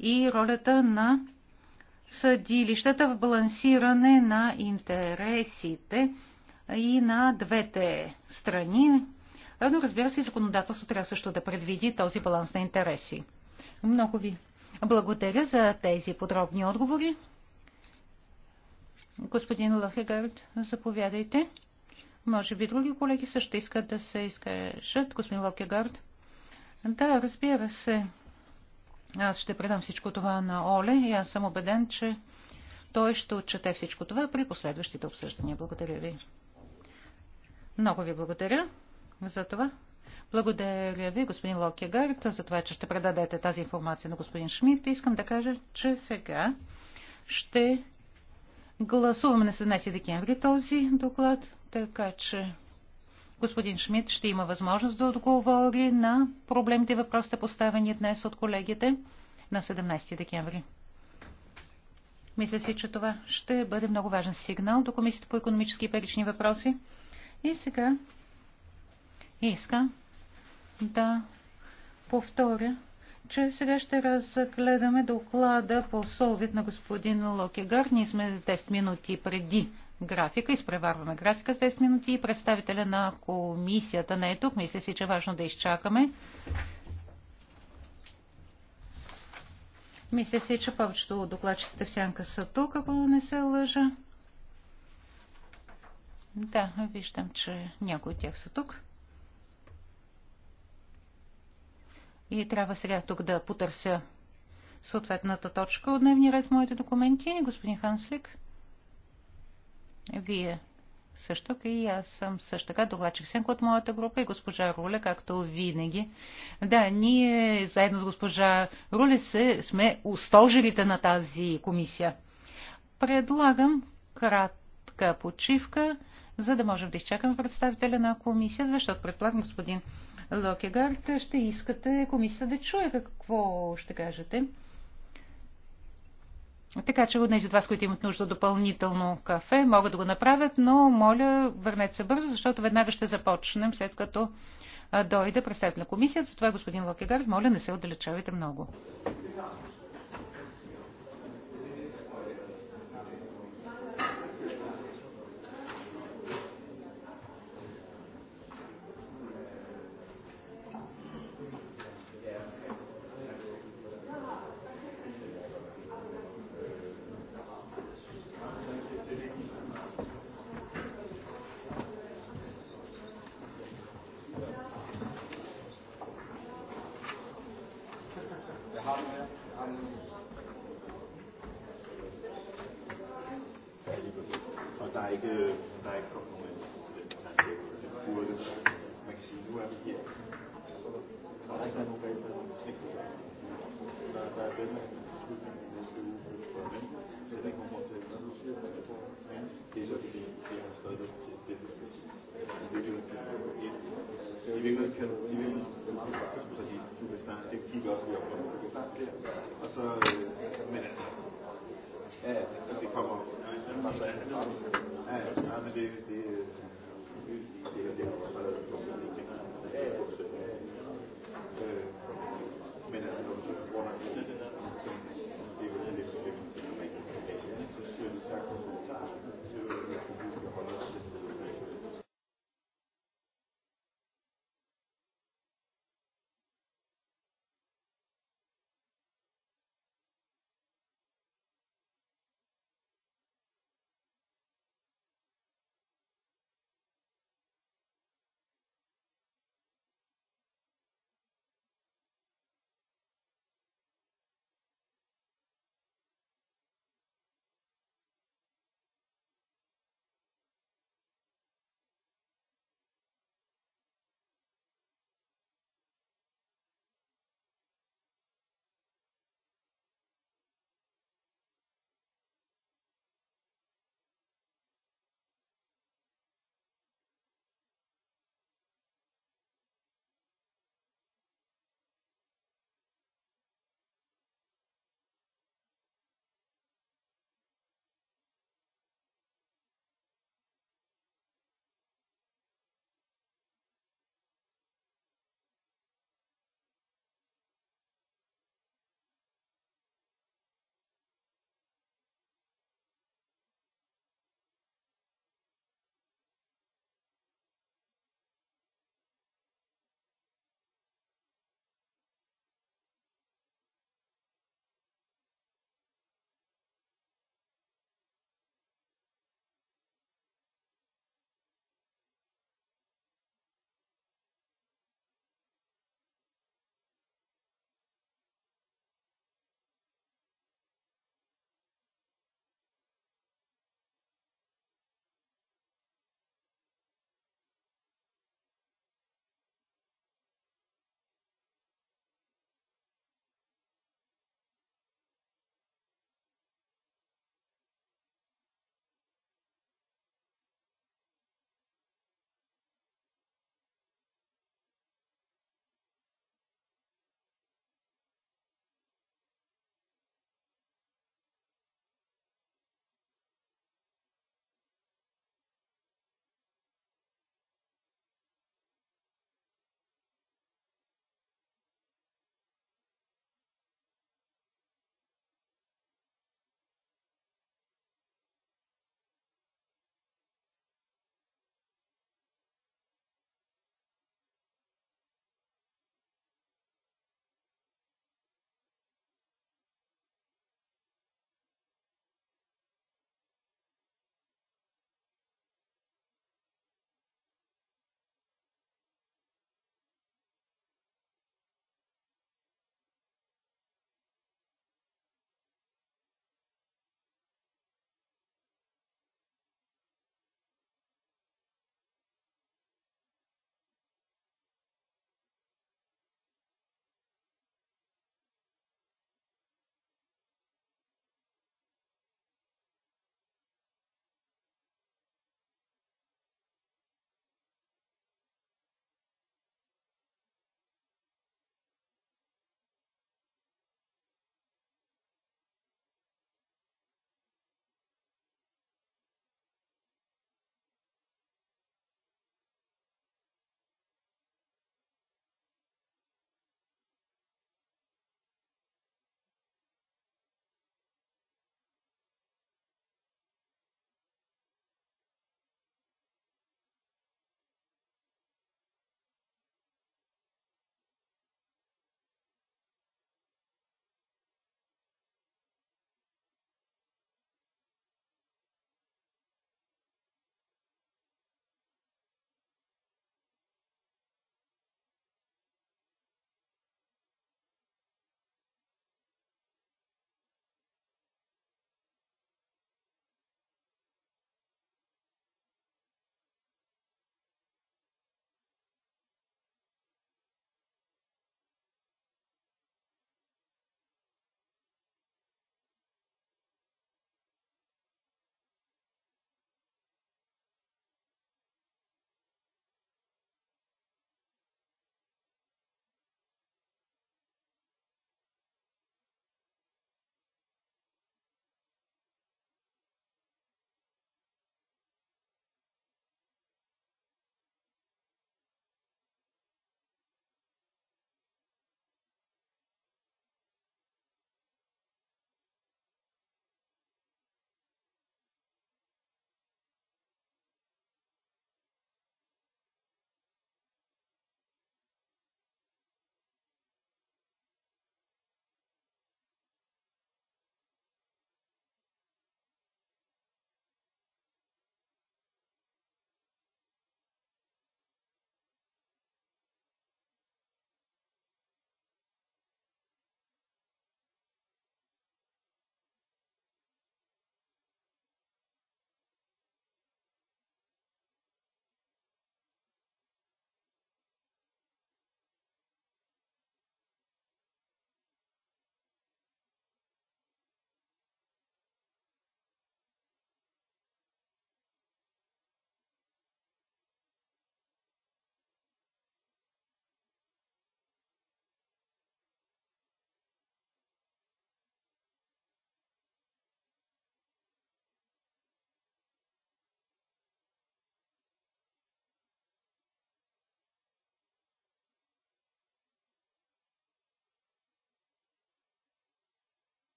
A: и ролята на съдилищата в балансиране на интересите и на двете страни. Но разбира се, законодателство трябва също да предвиди този баланс на интереси. Много ви благодаря за тези подробни отговори. Господин Лохегард, заповядайте. Може би други колеги също искат да се изкажат. Господин Лохегард. Да, разбира се. Аз ще предам всичко това на Оле и аз съм убеден, че той ще отчете всичко това при последващите обсъждания. Благодаря ви. Много ви благодаря за това. Благодаря ви, господин Локегард, за това, че ще предадете тази информация на господин Шмидт. Искам да кажа, че сега ще гласуваме на 17 декември този доклад, така че господин Шмидт ще има възможност да отговори на проблемите и въпросите поставени днес от колегите на 17 декември. Мисля си, че това ще бъде много важен сигнал до Комисията по економически и парични въпроси. И сега иска да повторя, че сега ще разгледаме доклада по солвит на господин Локегар. Ние сме 10 минути преди графика, изпреварваме графика с 10 минути и представителя на комисията не е тук. Мисля си, че е важно да изчакаме. Мисля си, че повечето докладчиците в сянка са тук, ако не се лъжа. Да, виждам, че някои от тях са тук. И трябва сега тук да потърся съответната точка от дневния ред в моите документи. Господин Ханслик. Вие също така и аз съм също така докладчик Сенко от моята група и госпожа Руле, както винаги. Да, ние заедно с госпожа Руле се, сме устожилите на тази комисия. Предлагам кратка почивка, за да можем да изчакаме представителя на комисията, защото предполагам господин Локегард ще искате комисията да чуе какво ще кажете. Така че тези от вас, които имат нужда допълнително кафе, могат да го направят, но моля, върнете се бързо, защото веднага ще започнем, след като дойде представител на комисията. Затова, господин Локегард, моля, не се отдалечавайте много.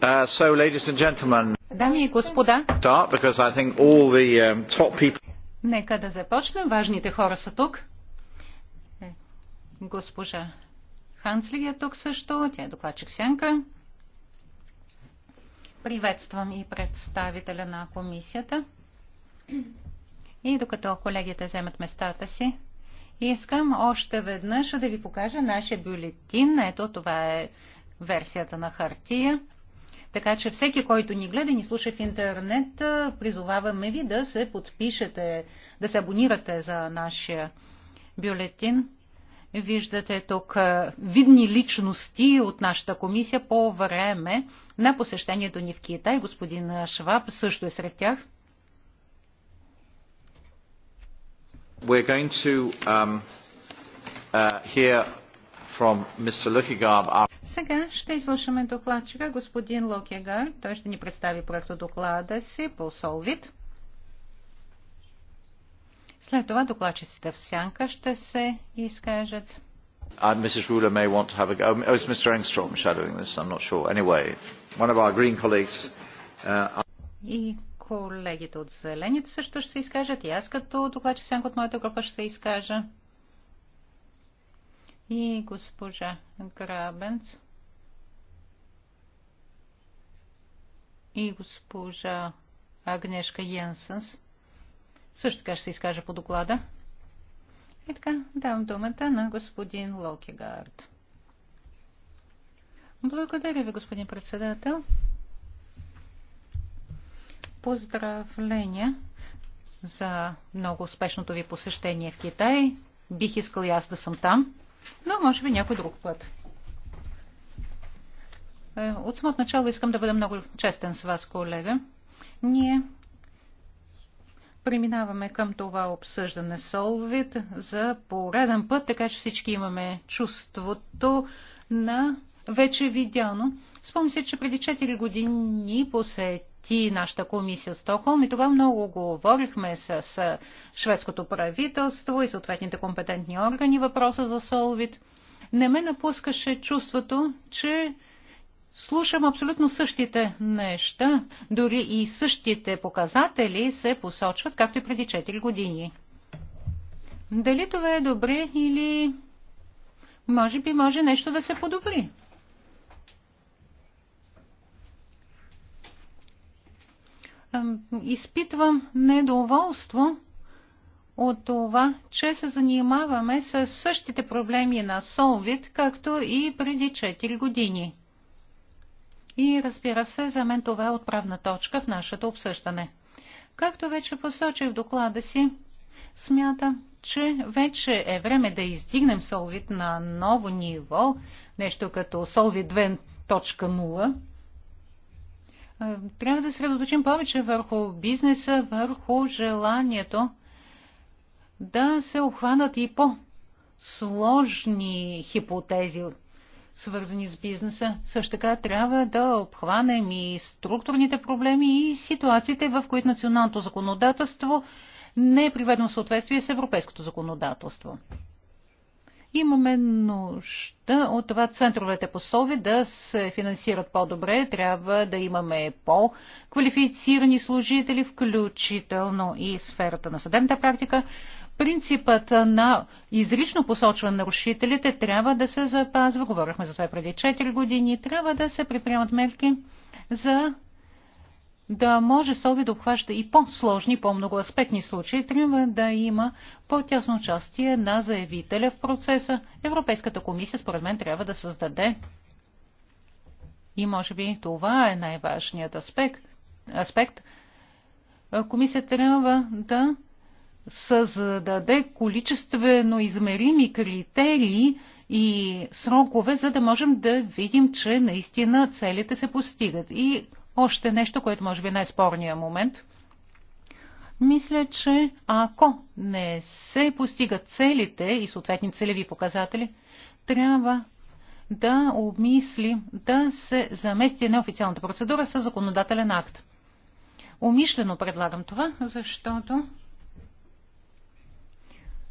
C: Uh,
A: Дами и господа,
C: um,
A: Нека да започнем. Важните хора са тук. Е, госпожа Ханслиг е тук също. Тя е докладчик Сянка. Приветствам и представителя на комисията. И докато колегите вземат местата си, искам още веднъж да ви покажа нашия бюлетин. Ето това е версията на хартия. Така че всеки, който ни гледа и ни слуша в интернет, призоваваме ви да се подпишете, да се абонирате за нашия бюлетин. Виждате тук видни личности от нашата комисия по време на посещението ни в Китай. Господин Шваб също е сред тях. We're going to um, uh, hear from Mr. Сега ще изслушаме докладчика господин Локегар. Той ще ни представи проекта доклада си по Солвит. След това докладчиците в сянка ще се изкажат. Uh, Mrs. Ruler may want to have a go. Oh, it's Mr. Engstrom shadowing this. I'm not sure. Anyway, one of our green colleagues. Uh, и колегите от Зелените също ще се изкажат. И аз като докладчик сянка от моята група ще се изкажа и госпожа Грабенц и госпожа Агнешка Йенсенс. Също така ще се изкаже по доклада. И така, давам думата на господин Локигард. Благодаря ви, господин председател. Поздравления за много успешното ви посещение в Китай. Бих искал и аз да съм там но може би някой друг път. Е, от самото начало искам да бъда много честен с вас, колега. Ние преминаваме към това обсъждане Солвит за пореден път, така че всички имаме чувството на вече видяно. Спомням се, че преди 4 години посетих посети нашата комисия Стокхолм и тогава много говорихме с, с шведското правителство и съответните компетентни органи въпроса за Солвит. Не ме напускаше чувството, че слушам абсолютно същите неща, дори и същите показатели се посочват, както и преди 4 години. Дали това е добре или може би може нещо да се подобри? изпитвам недоволство от това, че се занимаваме с същите проблеми на Солвит, както и преди 4 години. И разбира се, за мен това е отправна точка в нашето обсъждане. Както вече посочих в доклада си, смятам, че вече е време да издигнем СОЛВИТ на ново ниво, нещо като Solvit 2.0, е, трябва да средоточим повече върху бизнеса, върху желанието да се обхванат и по-сложни хипотези, свързани с бизнеса. Също така трябва да обхванем и структурните проблеми и ситуациите, в които националното законодателство не е приведено в съответствие с европейското законодателство. Имаме нужда от това центровете по солви да се финансират по-добре. Трябва да имаме по-квалифицирани служители, включително и сферата на съдебната практика. Принципът на изрично посочване на нарушителите трябва да се запазва. Говорихме за това преди 4 години. Трябва да се приприемат мерки за да може Солви да обхваща и по-сложни, по-многоаспектни случаи, трябва да има по-тясно участие на заявителя в процеса. Европейската комисия, според мен, трябва да създаде и може би това е най-важният аспект. аспект. Комисията трябва да създаде количествено измерими критерии и срокове, за да можем да видим, че наистина целите се постигат. И още нещо, което може би е най-спорния момент. Мисля, че ако не се постигат целите и съответни целеви показатели, трябва да обмисли да се замести неофициалната процедура с законодателен акт. Умишлено предлагам това, защото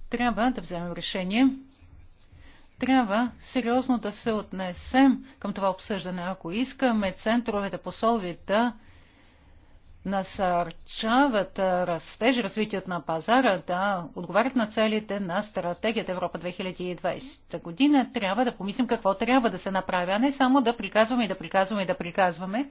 A: трябва да вземем решение трябва сериозно да се отнесем към това обсъждане. Ако искаме центровете посолви да насърчават растеж, развитието на пазара, да отговарят на целите на стратегията Европа 2020 година, трябва да помислим какво трябва да се направи, а не само да приказваме и да приказваме и да приказваме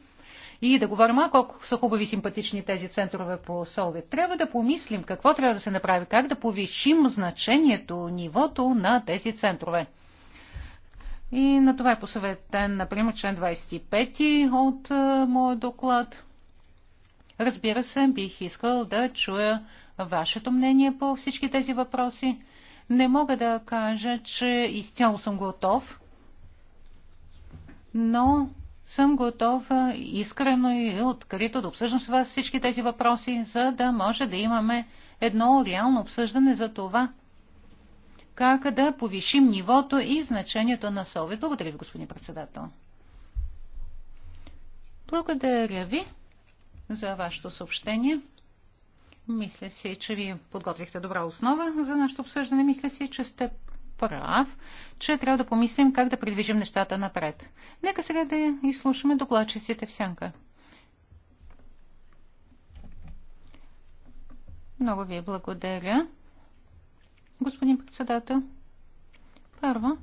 A: и да говорим, а колко са хубави симпатични тези центрове по Солвет. Трябва да помислим какво трябва да се направи, как да повишим значението, нивото на тези центрове. И на това е посъветен, например, член 25 от а, е, моят доклад. Разбира се, бих искал да чуя вашето мнение по всички тези въпроси. Не мога да кажа, че изцяло съм готов, но съм готова искрено и открито да обсъждам с вас всички тези въпроси, за да може да имаме едно реално обсъждане за това, как да повишим нивото и значението на совет. Благодаря ви, господин председател. Благодаря ви за вашето съобщение. Мисля си, че ви подготвихте добра основа за нашето обсъждане. Мисля си, че сте прав, че трябва да помислим как да придвижим нещата напред. Нека сега да изслушаме докладчиците в сянка. Много ви благодаря, господин председател. Първо,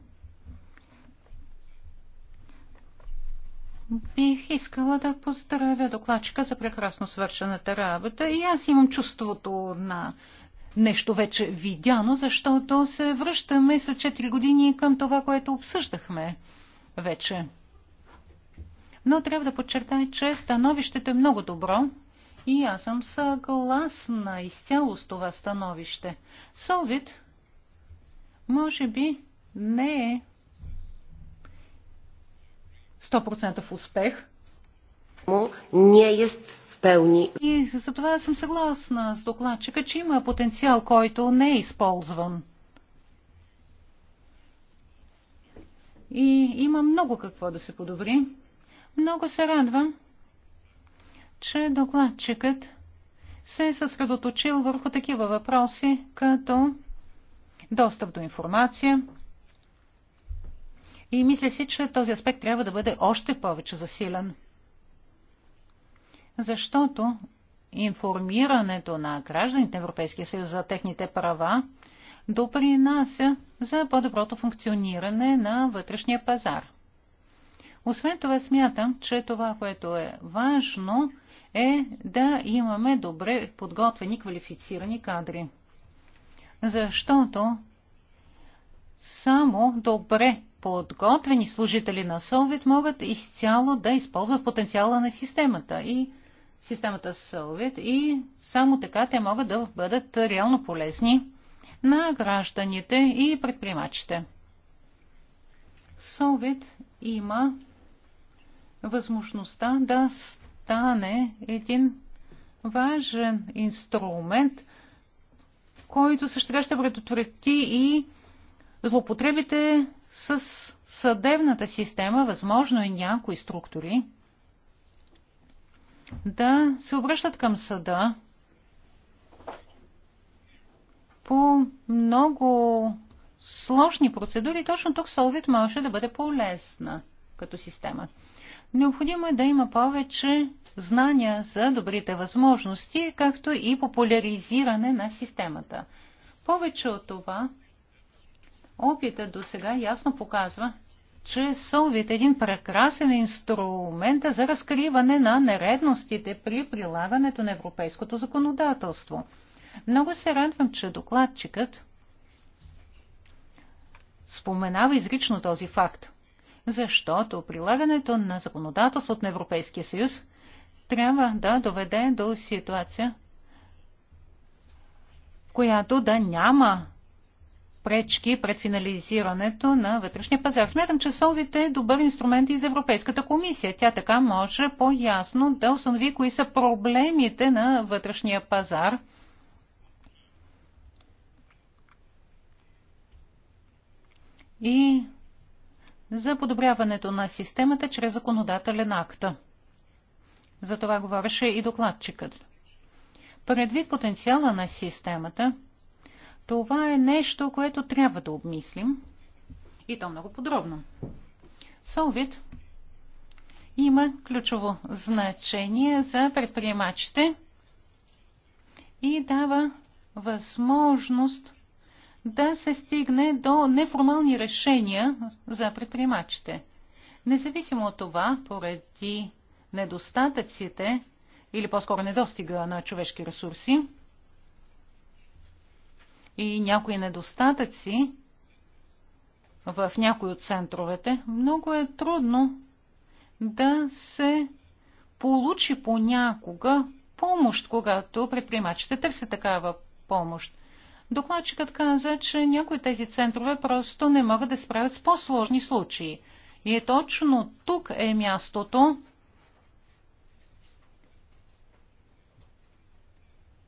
A: бих искала да поздравя докладчика за прекрасно свършената работа и аз имам чувството на нещо вече видяно, защото се връщаме след 4 години към това, което обсъждахме вече. Но трябва да подчертая, че становището е много добро и аз съм съгласна изцяло с това становище. Солвит, може би, не е 100% успех.
B: Но Не е pełni.
A: И за това съм съгласна с докладчика, че има потенциал, който не е използван. И има много какво да се подобри. Много се радвам, че докладчикът се е съсредоточил върху такива въпроси, като достъп до информация. И мисля си, че този аспект трябва да бъде още повече засилен защото информирането на гражданите на Европейския съюз за техните права допринася за по-доброто функциониране на вътрешния пазар. Освен това смятам, че това, което е важно, е да имаме добре подготвени, квалифицирани кадри. Защото само добре подготвени служители на Солвит могат изцяло да използват потенциала на системата и системата Solvit и само така те могат да бъдат реално полезни на гражданите и предприемачите. Solvit има възможността да стане един важен инструмент, който също така ще предотврати и злоупотребите с съдебната система, възможно и е някои структури, да се обръщат към съда по много сложни процедури. Точно тук Солвит може да бъде по-лесна като система. Необходимо е да има повече знания за добрите възможности, както и популяризиране на системата. Повече от това, опита до сега ясно показва, че СОЛВИТ е един прекрасен инструмент за разкриване на нередностите при прилагането на европейското законодателство. Много се радвам, че докладчикът споменава изрично този факт, защото прилагането на законодателството на Европейския съюз трябва да доведе до ситуация, в която да няма пречки пред финализирането на вътрешния пазар. Смятам, че Солвит е добър инструмент и за Европейската комисия. Тя така може по-ясно да установи кои са проблемите на вътрешния пазар. И за подобряването на системата чрез законодателен акт. За това говореше и докладчикът. Предвид потенциала на системата, това е нещо, което трябва да обмислим и то много подробно. Солвит има ключово значение за предприемачите и дава възможност да се стигне до неформални решения за предприемачите. Независимо от това, поради недостатъците или по-скоро недостига на човешки ресурси, и някои недостатъци в някои от центровете, много е трудно да се получи понякога помощ, когато предприемачите търсят такава помощ. Докладчикът каза, че някои от тези центрове просто не могат да справят с по-сложни случаи. И е точно тук е мястото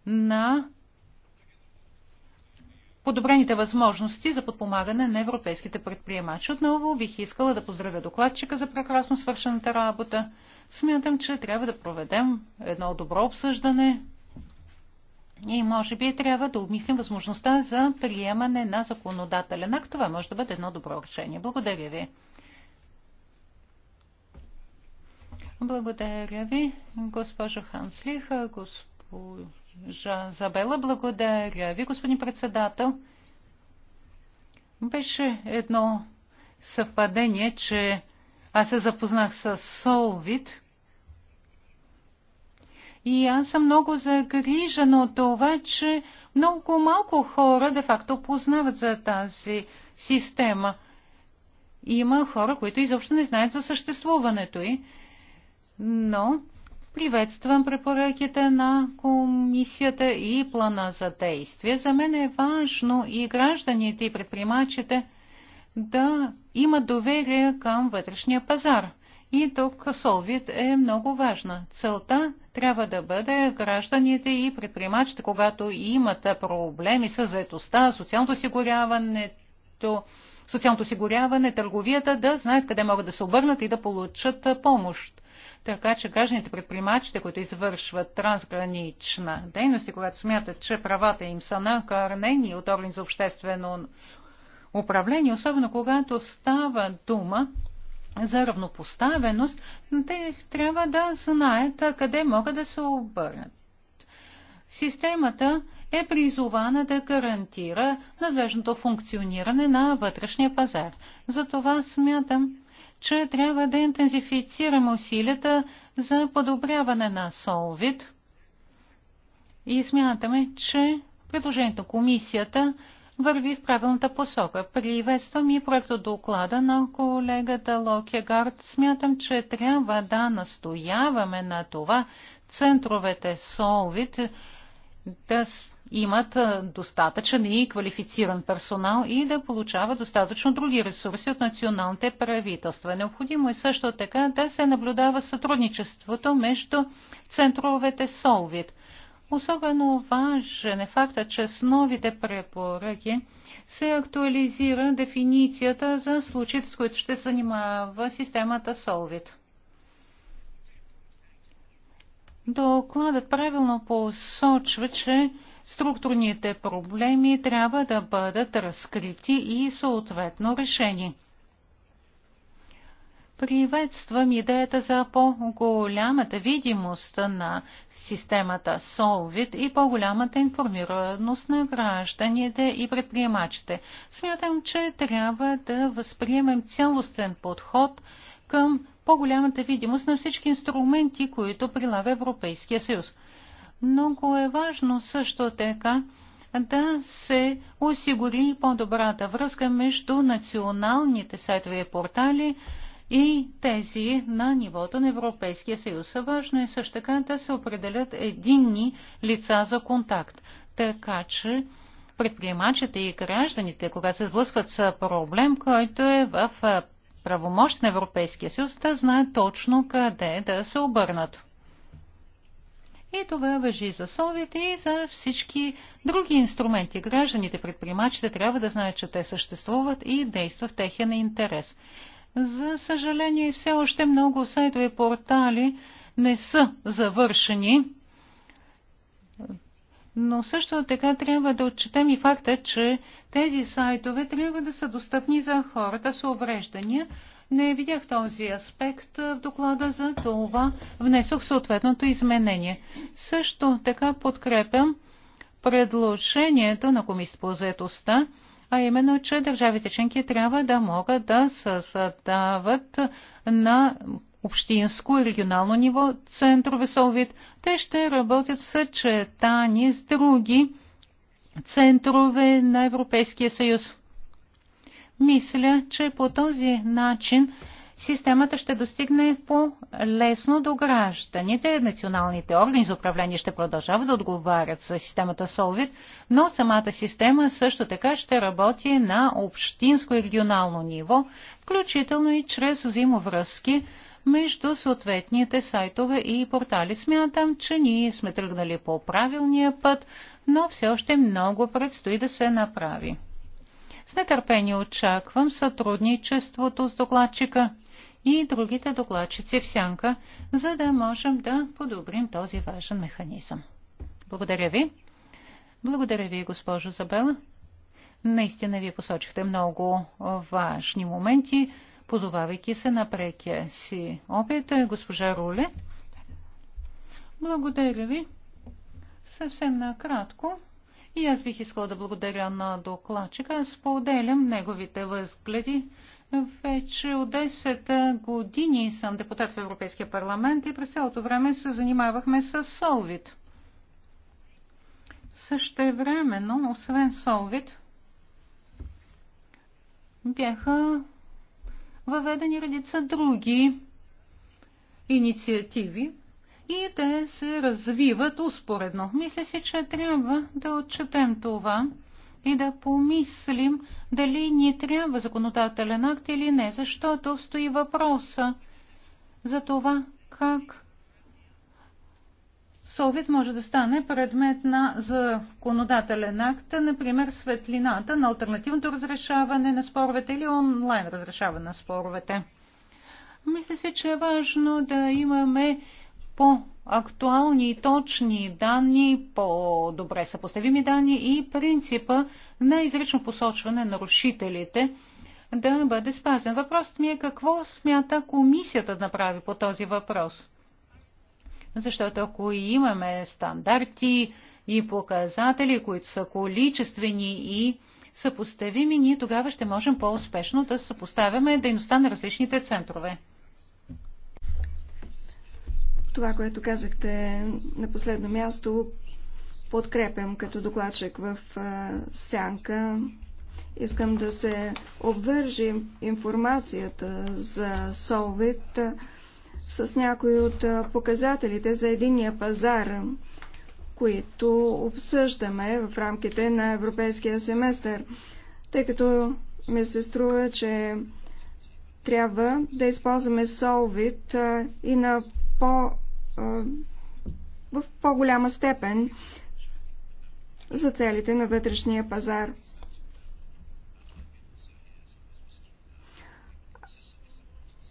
A: на подобрените възможности за подпомагане на европейските предприемачи. Отново бих искала да поздравя докладчика за прекрасно свършената работа. Смятам, че трябва да проведем едно добро обсъждане и може би трябва да обмислим възможността за приемане на законодателен акт. Това може да бъде едно добро решение. Благодаря ви. Благодаря ви, госпожо Ханслих, госпожо Жазабела, Благодаря ви, господин председател. Беше едно съвпадение, че аз се запознах с Солвит. И аз съм много загрижена от това, че много малко хора де-факто познават за тази система. Има хора, които изобщо не знаят за съществуването й. Но Приветствам препоръките на комисията и плана за действие. За мен е важно и гражданите и предприемачите да имат доверие към вътрешния пазар. И тук Солвит е много важна. Целта трябва да бъде гражданите и предприемачите, когато имат проблеми с заетостта, социалното осигуряването, социалното осигуряване, търговията, да знаят къде могат да се обърнат и да получат помощ така че гражданите предприемачите, които извършват трансгранична дейност и когато смятат, че правата им са накърнени от орган за обществено управление, особено когато става дума за равнопоставеност, те трябва да знаят къде могат да се обърнат. Системата е призована да гарантира надлежното функциониране на вътрешния пазар. Затова смятам, че трябва да интензифицираме усилията за подобряване на Солвид и смятаме, че предложението комисията върви в правилната посока. Приветствам и проекто доклада на колегата Локегард. Смятам, че трябва да настояваме на това центровете Солвид да имат достатъчен и квалифициран персонал и да получават достатъчно други ресурси от националните правителства. Необходимо е също така да се наблюдава сътрудничеството между центровете Солвит. Особено важен е факта, че с новите препоръки се актуализира дефиницията за случаите, с които ще занимава системата Солвит. Докладът правилно посочва, че структурните проблеми трябва да бъдат разкрити и съответно решени. Приветствам идеята за по-голямата видимост на системата Solvit и по-голямата информираност на гражданите и предприемачите. Смятам, че трябва да възприемем цялостен подход към по-голямата видимост на всички инструменти, които прилага Европейския съюз. Много е важно също така да се осигури по-добрата връзка между националните сайтове и портали и тези на нивото на Европейския съюз. Важно е също така да се определят единни лица за контакт, така че предприемачите и гражданите, когато се сблъскват с проблем, който е в правомощ на Европейския съюз да знаят точно къде да се обърнат. И това въжи за солвите и за всички други инструменти. Гражданите, предприемачите трябва да знаят, че те съществуват и действат в техен интерес. За съжаление, все още много сайтове и портали не са завършени но също така трябва да отчетем и факта, че тези сайтове трябва да са достъпни за хората с увреждания. Не видях този аспект в доклада, за това внесох съответното изменение. Също така подкрепям предложението на комисията по заедостта, а именно, че държавите членки трябва да могат да създават на общинско и регионално ниво центрове Солвит, те ще работят в съчетани с други центрове на Европейския съюз. Мисля, че по този начин системата ще достигне по-лесно до гражданите. Националните органи за управление ще продължават да отговарят за системата Solvit, но самата система също така ще работи на общинско и регионално ниво, включително и чрез взаимовръзки между съответните сайтове и портали. Смятам, че ние сме тръгнали по правилния път, но все още много предстои да се направи. С нетърпение очаквам сътрудничеството с докладчика и другите докладчици в сянка, за да можем да подобрим този важен механизъм. Благодаря ви. Благодаря ви, госпожо Забела. Наистина ви посочихте много важни моменти позовавайки се на прекия си опит. Е, госпожа Руле, благодаря ви. Съвсем накратко. И аз бих искала да благодаря на докладчика. Споделям неговите възгледи. Вече от 10 години съм депутат в Европейския парламент и през цялото време се занимавахме с Солвит. но освен Солвит, бяха въведени редица други инициативи и те се развиват успоредно. Мисля си, че трябва да отчетем това и да помислим дали ни трябва законодателен акт или не, защото стои въпроса за това как Совет може да стане предмет на законодателен акт, например светлината на альтернативното разрешаване на споровете или онлайн разрешаване на споровете. Мисля се, че е важно да имаме по-актуални и точни данни, по-добре съпоставими данни и принципа на изрично посочване на нарушителите да бъде спазен. Въпросът ми е какво смята комисията да направи по този въпрос. Защото ако имаме стандарти и показатели, които са количествени и съпоставими, ние тогава ще можем по-успешно да съпоставяме дейността на различните центрове.
B: Това, което казахте на последно място, подкрепям като докладчик в сянка. Искам да се обвържи информацията за Солвит с някои от показателите за единния пазар, които обсъждаме в рамките на европейския семестър, тъй като ми се струва, че трябва да използваме Solvit и на по, в по-голяма степен за целите на вътрешния пазар.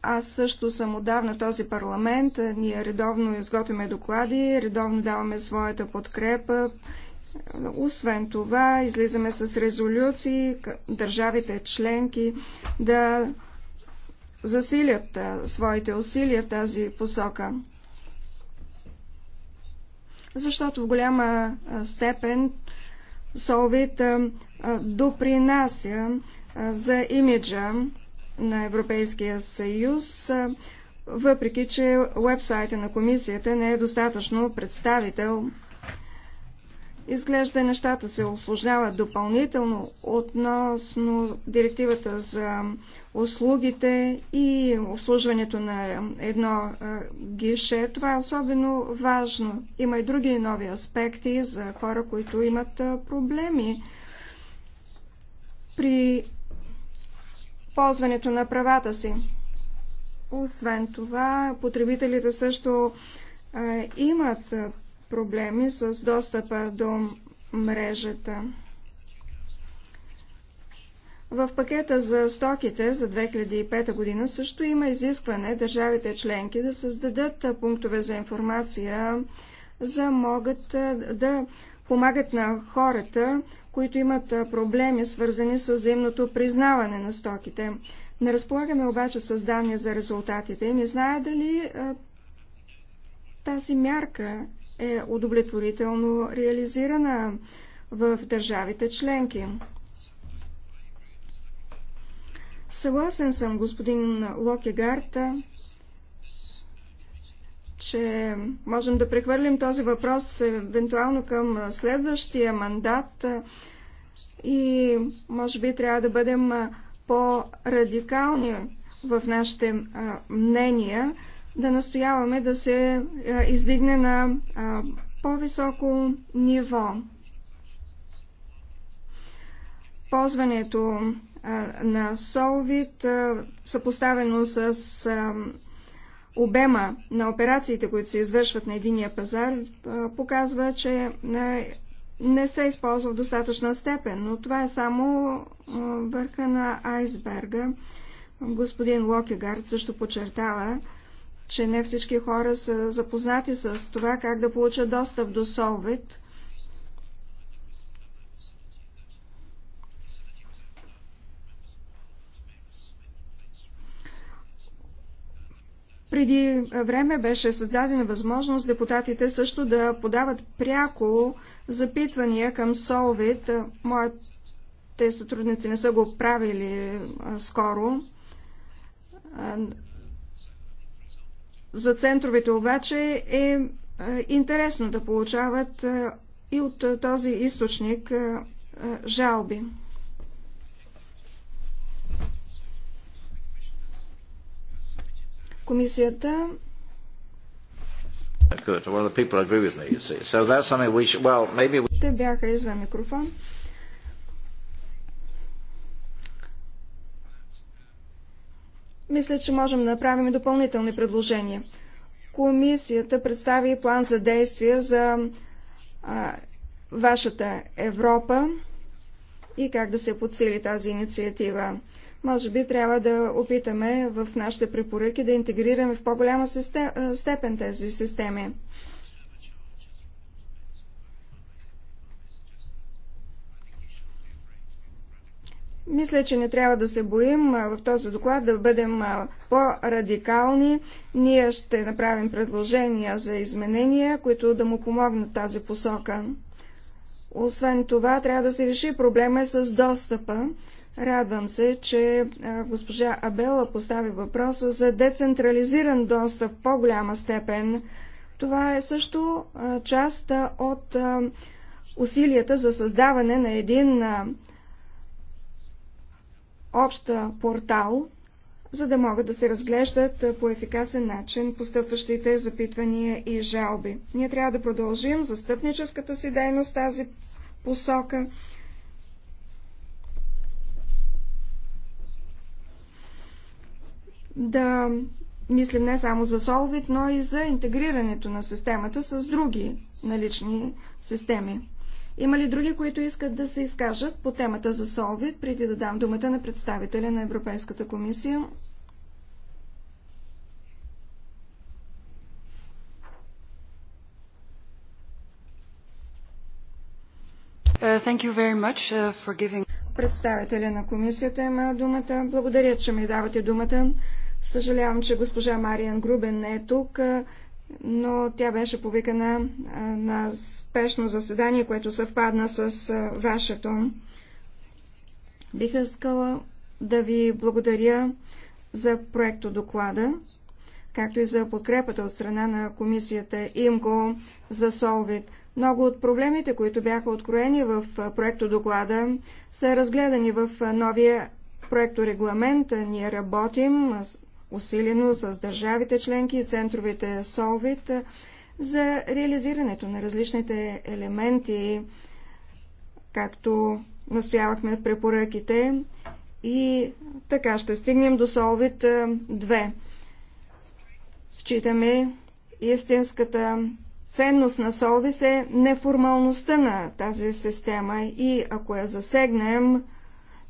B: Аз също съм отдавна този парламент. Ние редовно изготвяме доклади, редовно даваме своята подкрепа. Освен това, излизаме с резолюции държавите членки да засилят своите усилия в тази посока. Защото в голяма степен Солвит допринася за имиджа на Европейския съюз, въпреки че вебсайта на комисията не е достатъчно представител. Изглежда нещата се осложняват допълнително относно директивата за услугите и обслужването на едно гише. Това е особено важно. Има и други нови аспекти за хора, които имат проблеми при ползването на правата си. Освен това, потребителите също а, имат проблеми с достъпа до мрежата. В пакета за стоките за 2005 година също има изискване държавите членки да създадат пунктове за информация, за могат да помагат на хората, които имат проблеми, свързани с взаимното признаване на стоките. Не разполагаме обаче с данни за резултатите и не зная дали тази мярка е удовлетворително реализирана в държавите членки. Съгласен съм, господин Локегарта, че можем да прехвърлим този въпрос евентуално към следващия мандат и може би трябва да бъдем по-радикални в нашите мнения, да настояваме да се издигне на по-високо ниво. Ползването на Солвит, съпоставено с обема на операциите, които се извършват на единия пазар, показва, че не се използва в достатъчна степен, но това е само върха на айсберга. Господин Локегард също подчертава, че не всички хора са запознати с това как да получат достъп до Солвит. Преди време беше създадена възможност депутатите също да подават пряко запитвания към Солвит. Моите сътрудници не са го правили скоро. За центровете обаче е интересно да получават и от този източник жалби. Комисията
C: Good. Well, the people agree with me, you see. So that's something we should, well, maybe we...
B: Те бяха извън микрофон. Мисля, че можем да направим допълнителни предложения. Комисията представи план за действие за а, вашата Европа и как да се подсили тази инициатива. Може би трябва да опитаме в нашите препоръки да интегрираме в по-голяма степен тези системи. Мисля, че не трябва да се боим в този доклад да бъдем по-радикални. Ние ще направим предложения за изменения, които да му помогнат тази посока. Освен това, трябва да се реши проблема с достъпа. Радвам се, че госпожа Абела постави въпроса за децентрализиран достъп в по-голяма степен. Това е също част от усилията за създаване на един общ портал, за да могат да се разглеждат по ефикасен начин постъпващите запитвания и жалби. Ние трябва да продължим застъпническата си дейност тази посока. да мислим не само за Solvit, но и за интегрирането на системата с други налични системи. Има ли други, които искат да се изкажат по темата за Solvit, преди да дам думата на представителя на Европейската комисия? Uh, uh, giving... Представителя на комисията има думата. Благодаря, че ми давате думата. Съжалявам, че госпожа Мариан Грубен не е тук, но тя беше повикана на спешно заседание, което съвпадна с вашето. Бих искала да ви благодаря за проекто доклада, както и за подкрепата от страна на комисията ИМКО за Солвит. Много от проблемите, които бяха откроени в проекто доклада, са разгледани в новия регламент. Ние работим усилено с държавите членки и центровете СОВИТ за реализирането на различните елементи, както настоявахме в препоръките и така ще стигнем до Солвит 2. Считаме истинската ценност на СОВИС е неформалността на тази система и ако я засегнем,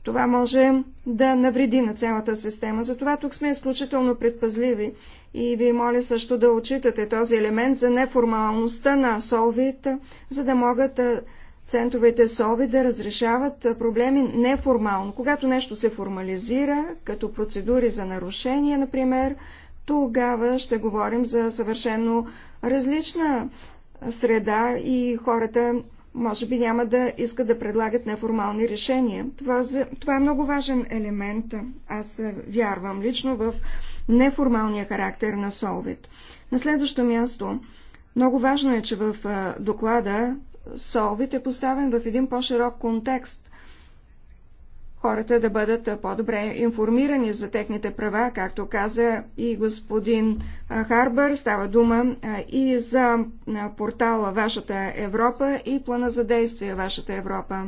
B: това може да навреди на цялата система. Затова тук сме изключително предпазливи и ви моля също да отчитате този елемент за неформалността на Солвита, за да могат центровете СОВИ да разрешават проблеми неформално. Когато нещо се формализира, като процедури за нарушение, например, тогава ще говорим за съвършено различна среда и хората може би няма да искат да предлагат неформални решения. Това, това е много важен елемент. Аз вярвам лично в неформалния характер на Солвит. На следващо място, много важно е, че в доклада Солвит е поставен в един по-широк контекст хората да бъдат по-добре информирани за техните права, както каза и господин Харбър. Става дума и за портала Вашата Европа и плана за действие Вашата Европа.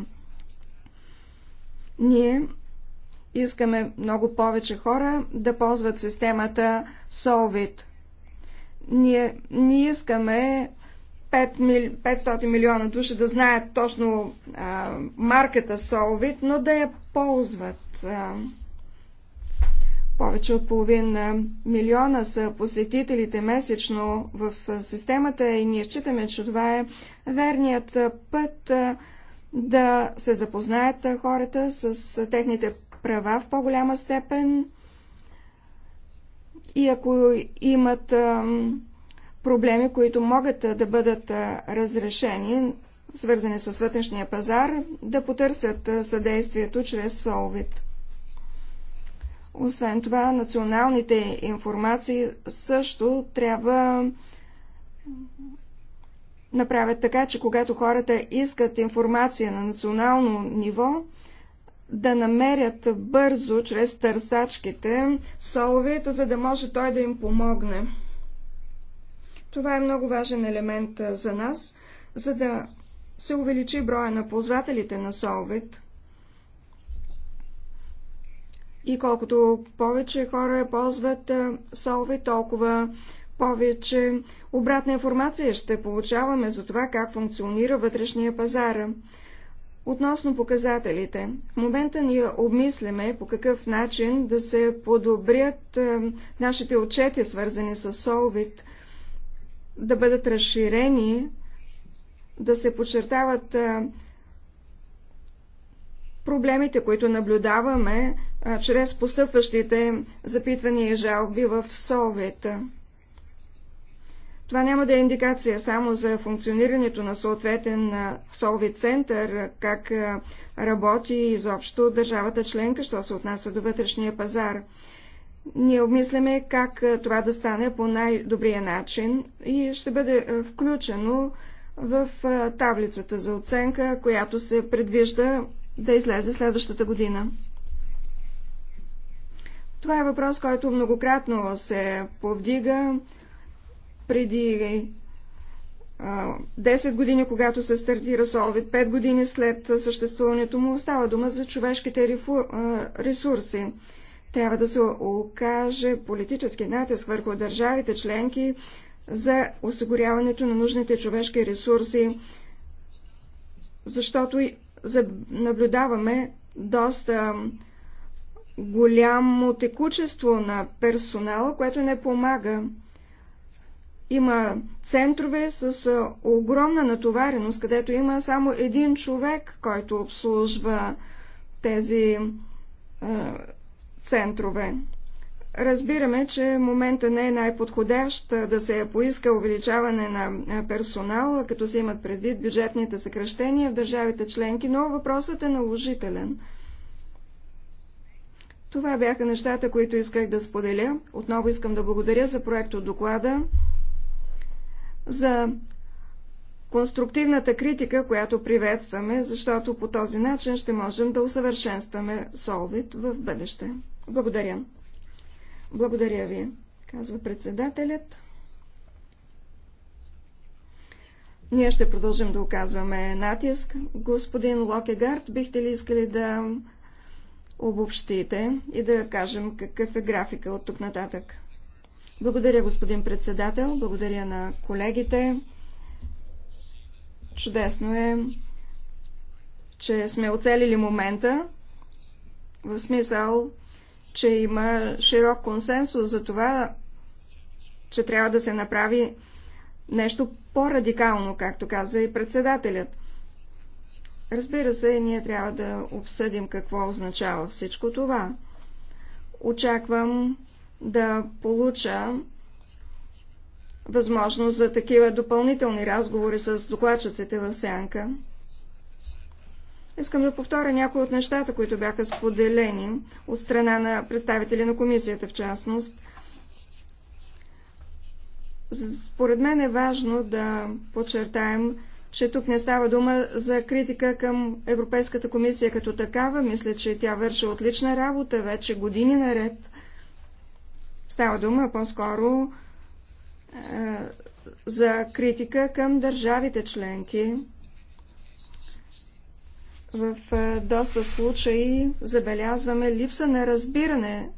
B: Ние искаме много повече хора да ползват системата Solvit. Ние, ние искаме 500 милиона души да знаят точно а, марката Solvit, но да я ползват. Повече от половин милиона са посетителите месечно в системата и ние считаме, че това е верният път да се запознаят хората с техните права в по-голяма степен и ако имат проблеми, които могат да бъдат разрешени свързани с вътрешния пазар, да потърсят съдействието чрез Solvit. Освен това, националните информации също трябва направят така, че когато хората искат информация на национално ниво, да намерят бързо, чрез търсачките, соловията, за да може той да им помогне. Това е много важен елемент за нас, за да се увеличи броя на ползвателите на Solvit. И колкото повече хора ползват Solvit, толкова повече обратна информация ще получаваме за това как функционира вътрешния пазар. Относно показателите, в момента ние обмисляме по какъв начин да се подобрят нашите отчети, свързани с Solvit, да бъдат разширени да се подчертават проблемите, които наблюдаваме чрез постъпващите запитвания и жалби в Совета. Това няма да е индикация само за функционирането на съответен Солвит център, как работи изобщо държавата членка, що се отнася до вътрешния пазар. Ние обмисляме как това да стане по най-добрия начин и ще бъде включено в таблицата за оценка, която се предвижда да излезе следващата година. Това е въпрос, който многократно се повдига преди 10 години, когато се стартира Солвит, 5 години след съществуването му, става дума за човешките ресурси. Трябва да се окаже политически натиск върху държавите членки за осигуряването на нужните човешки ресурси, защото наблюдаваме доста голямо текучество на персонала, което не помага. Има центрове с огромна натовареност, където има само един човек, който обслужва тези центрове. Разбираме, че момента не е най-подходящ да се е поиска увеличаване на персонал, като се имат предвид бюджетните съкръщения в държавите членки, но въпросът е наложителен. Това бяха нещата, които исках да споделя. Отново искам да благодаря за проект от доклада, за конструктивната критика, която приветстваме, защото по този начин ще можем да усъвършенстваме Солвит в бъдеще. Благодаря. Благодаря ви, казва председателят. Ние ще продължим да оказваме натиск. Господин Локегард, бихте ли искали да обобщите и да кажем какъв е графика от тук нататък? Благодаря, господин председател. Благодаря на колегите. Чудесно е, че сме оцелили момента. В смисъл, че има широк консенсус за това, че трябва да се направи нещо по-радикално, както каза и председателят. Разбира се, ние трябва да обсъдим какво означава всичко това. Очаквам да получа възможност за такива допълнителни разговори с докладчиците в сянка. Искам да повторя някои от нещата, които бяха споделени от страна на представители на комисията в частност. Според мен е важно да подчертаем, че тук не става дума за критика към Европейската комисия като такава. Мисля, че тя върши отлична работа вече години наред. Става дума по-скоро е, за критика към държавите членки в е, доста случаи забелязваме липса на разбиране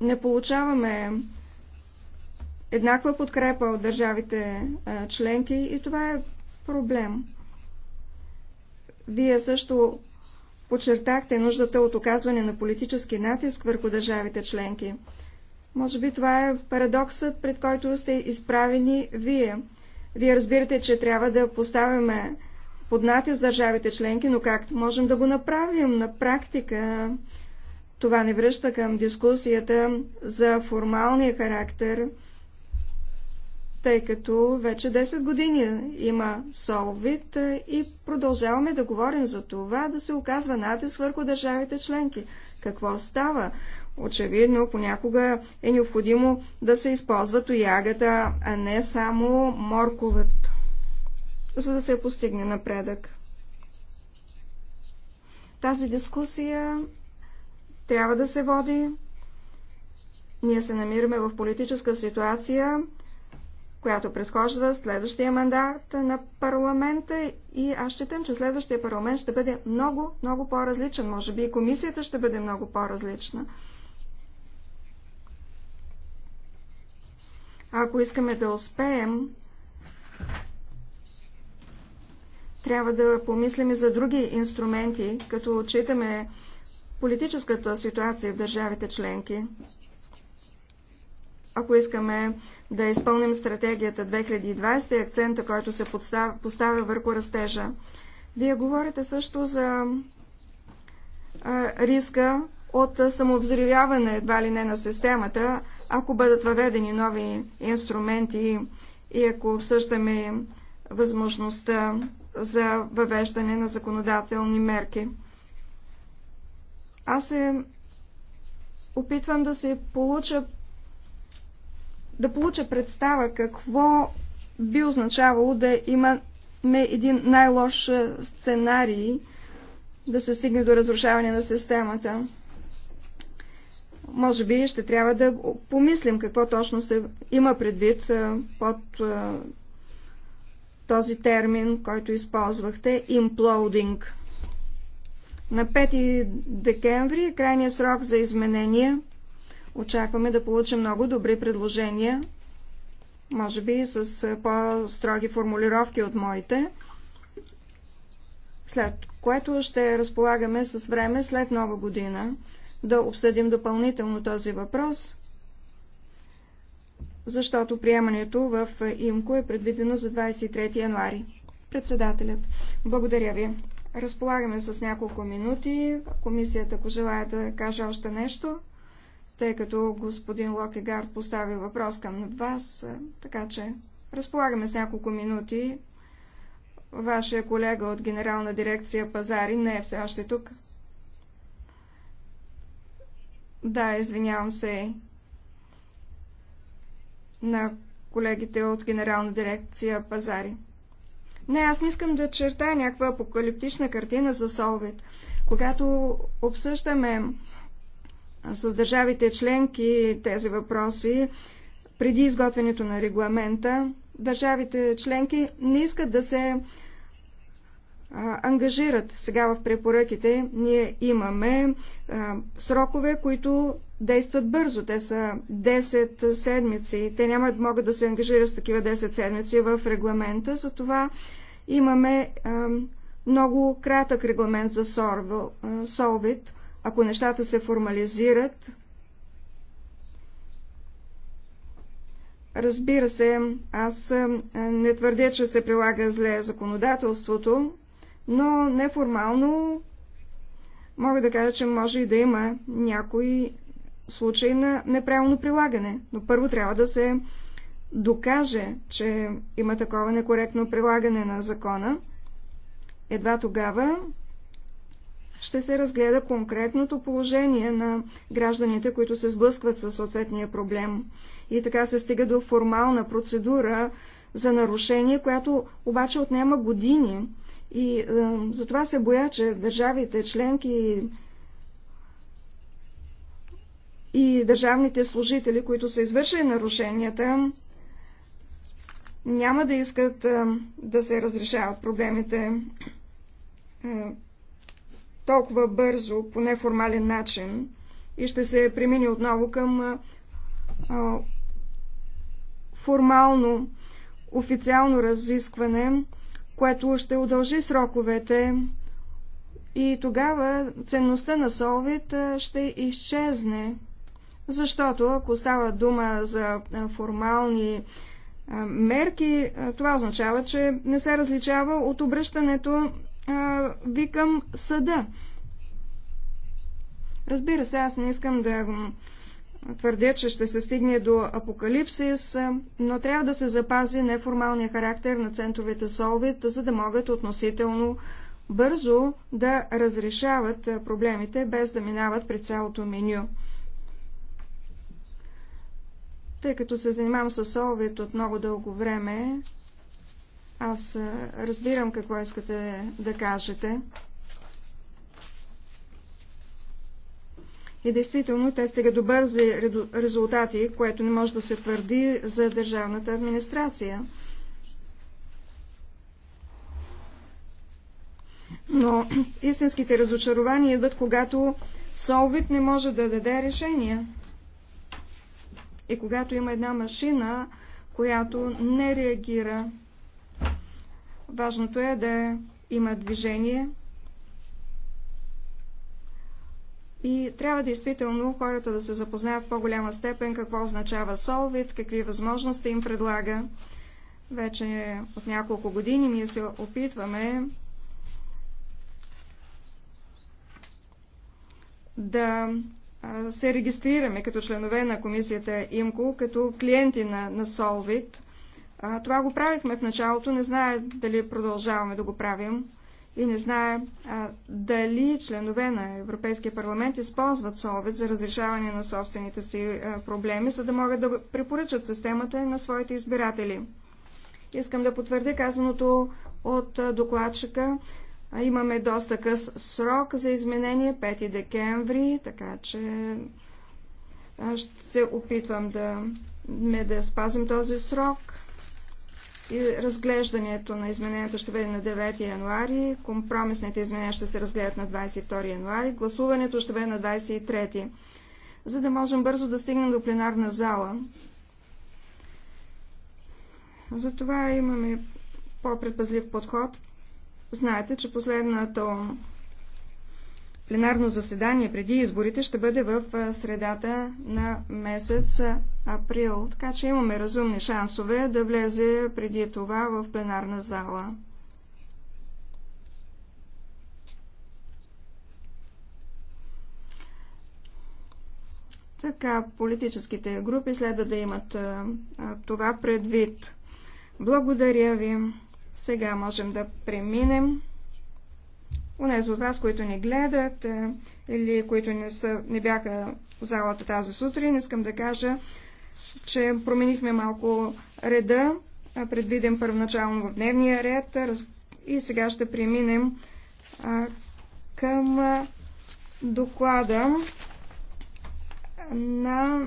B: не получаваме еднаква подкрепа от държавите е, членки и това е проблем. Вие също подчертахте нуждата от оказване на политически натиск върху държавите членки. Може би това е парадоксът, пред който сте изправени вие. Вие разбирате, че трябва да поставяме под натиск държавите членки, но как можем да го направим на практика? Това не връща към дискусията за формалния характер, тъй като вече 10 години има Солвит и продължаваме да говорим за това да се оказва натиск върху държавите членки. Какво става? Очевидно, понякога е необходимо да се използва тоягата, а не само морковът, за да се постигне напредък. Тази дискусия трябва да се води. Ние се намираме в политическа ситуация, която предхожда следващия мандат на парламента и аз считам, че следващия парламент ще бъде много, много по-различен. Може би и комисията ще бъде много по-различна. Ако искаме да успеем, трябва да помислим и за други инструменти, като отчитаме политическата ситуация в държавите членки. Ако искаме да изпълним стратегията 2020 и акцента, който се поставя върху растежа. Вие говорите също за риска от самовзривяване едва ли не на системата, ако бъдат въведени нови инструменти и ако обсъждаме възможността за въвеждане на законодателни мерки. Аз се опитвам да се получа да получа представа какво би означавало да имаме един най-лош сценарий да се стигне до разрушаване на системата може би ще трябва да помислим какво точно се има предвид под този термин, който използвахте – имплоудинг. На 5 декември е крайният срок за изменения. Очакваме да получим много добри предложения, може би с по-строги формулировки от моите, след което ще разполагаме с време след нова година, да обсъдим допълнително този въпрос, защото приемането в ИМКО е предвидено за 23 януари. Председателят, благодаря ви. Разполагаме с няколко минути. Комисията, ако желая да каже още нещо, тъй като господин Локегард постави въпрос към вас, така че разполагаме с няколко минути. Вашия колега от Генерална дирекция Пазари не е все още тук. Да, извинявам се на колегите от Генерална дирекция Пазари. Не, аз не искам да чертая някаква апокалиптична картина за Солвет. Когато обсъждаме с държавите членки тези въпроси, преди изготвянето на регламента, държавите членки не искат да се ангажират. Сега в препоръките ние имаме а, срокове, които действат бързо. Те са 10 седмици. Те няма да могат да се ангажират с такива 10 седмици в регламента. Затова имаме а, много кратък регламент за СОВИД. Ако нещата се формализират, Разбира се, аз не твърдя, че се прилага зле законодателството но неформално мога да кажа, че може и да има някой случай на неправилно прилагане, но първо трябва да се докаже, че има такова некоректно прилагане на закона. Едва тогава ще се разгледа конкретното положение на гражданите, които се сблъскват със съответния проблем. И така се стига до формална процедура за нарушение, която обаче отнема години. И е, затова се боя, че държавите членки и държавните служители, които са извършили нарушенията, няма да искат е, да се разрешават проблемите е, толкова бързо, по неформален начин и ще се премине отново към е, е, формално, официално разискване което ще удължи сроковете и тогава ценността на Солвит ще изчезне. Защото ако става дума за формални мерки, това означава, че не се различава от обръщането ви към съда. Разбира се, аз не искам да твърдят, че ще се стигне до апокалипсис, е, но трябва да се запази неформалния характер на центровете Солвит, за да могат относително бързо да разрешават е, проблемите, без да минават при цялото меню. Тъй като се занимавам с Солвит от много дълго време, аз е, разбирам какво искате да кажете. И действително те стига до бързи резултати, което не може да се твърди за държавната администрация. Но истинските разочарования идват, когато Солвит не може да даде решение. И когато има една машина, която не реагира. Важното е да има движение, И трябва действително хората да се запознаят в по-голяма степен какво означава Solvit, какви възможности им предлага. Вече от няколко години ние се опитваме да се регистрираме като членове на комисията ИМКО, като клиенти на, на Solvit. Това го правихме в началото, не знае дали продължаваме да го правим и не знае а, дали членове на Европейския парламент използват Солвет за разрешаване на собствените си а, проблеми, за да могат да препоръчат системата на своите избиратели. Искам да потвърдя казаното от докладчика. Имаме доста къс срок за изменение, 5 декември, така че ще се опитвам да, ме, да спазим този срок. И разглеждането на измененията ще бъде на 9 януари, компромисните изменения ще се разгледат на 22 януари, гласуването ще бъде на 23, за да можем бързо да стигнем до пленарна зала. Затова имаме по-предпазлив подход. Знаете, че последната пленарно заседание преди изборите ще бъде в средата на месец април. Така че имаме разумни шансове да влезе преди това в пленарна зала. Така политическите групи следва да имат това предвид. Благодаря ви. Сега можем да преминем Унези от вас, които не гледат е, или които не, са, не бяха в залата тази сутрин, искам да кажа, че променихме малко реда, предвиден първоначално в дневния ред и сега ще преминем към доклада на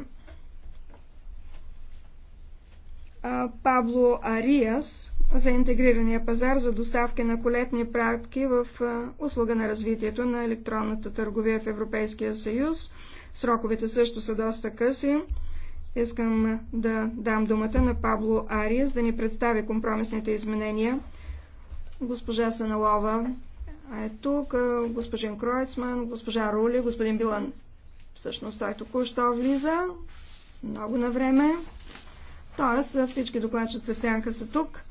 B: Пабло Ариас за интегрирания пазар за доставки на колетни пратки в услуга на развитието на електронната търговия в Европейския съюз. Сроковете също са доста къси. Искам да дам думата на Пабло Ариес да ни представи компромисните изменения. Госпожа Саналова е тук, господин Кройцман, госпожа Рули, господин Билан. Всъщност той току-що влиза много на време. Тоест всички докладчици в сянка са тук.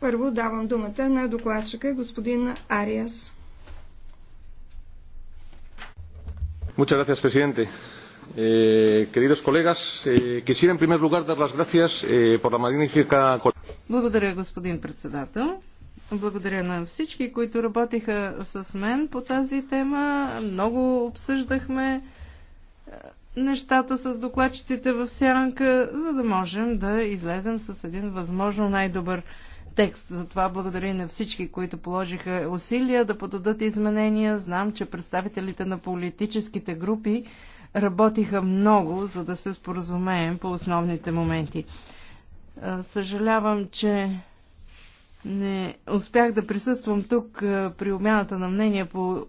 B: Първо давам думата на докладчика господин Ариас.
A: Muchas gracias, presidente. Eh, queridos colegas, eh, quisiera en primer lugar dar las gracias eh, por la magnífica.
C: Благодаря, господин председател. Благодаря на всички, които работиха с мен по тази тема. Много обсъждахме е, нещата с докладчиците в сянка, за да можем да излезем с един възможно най-добър текст. Затова благодаря и на всички, които положиха усилия да подадат изменения. Знам, че представителите на политическите групи работиха много, за да се споразумеем по основните моменти. Съжалявам, че не успях да присъствам тук при обмяната на мнение по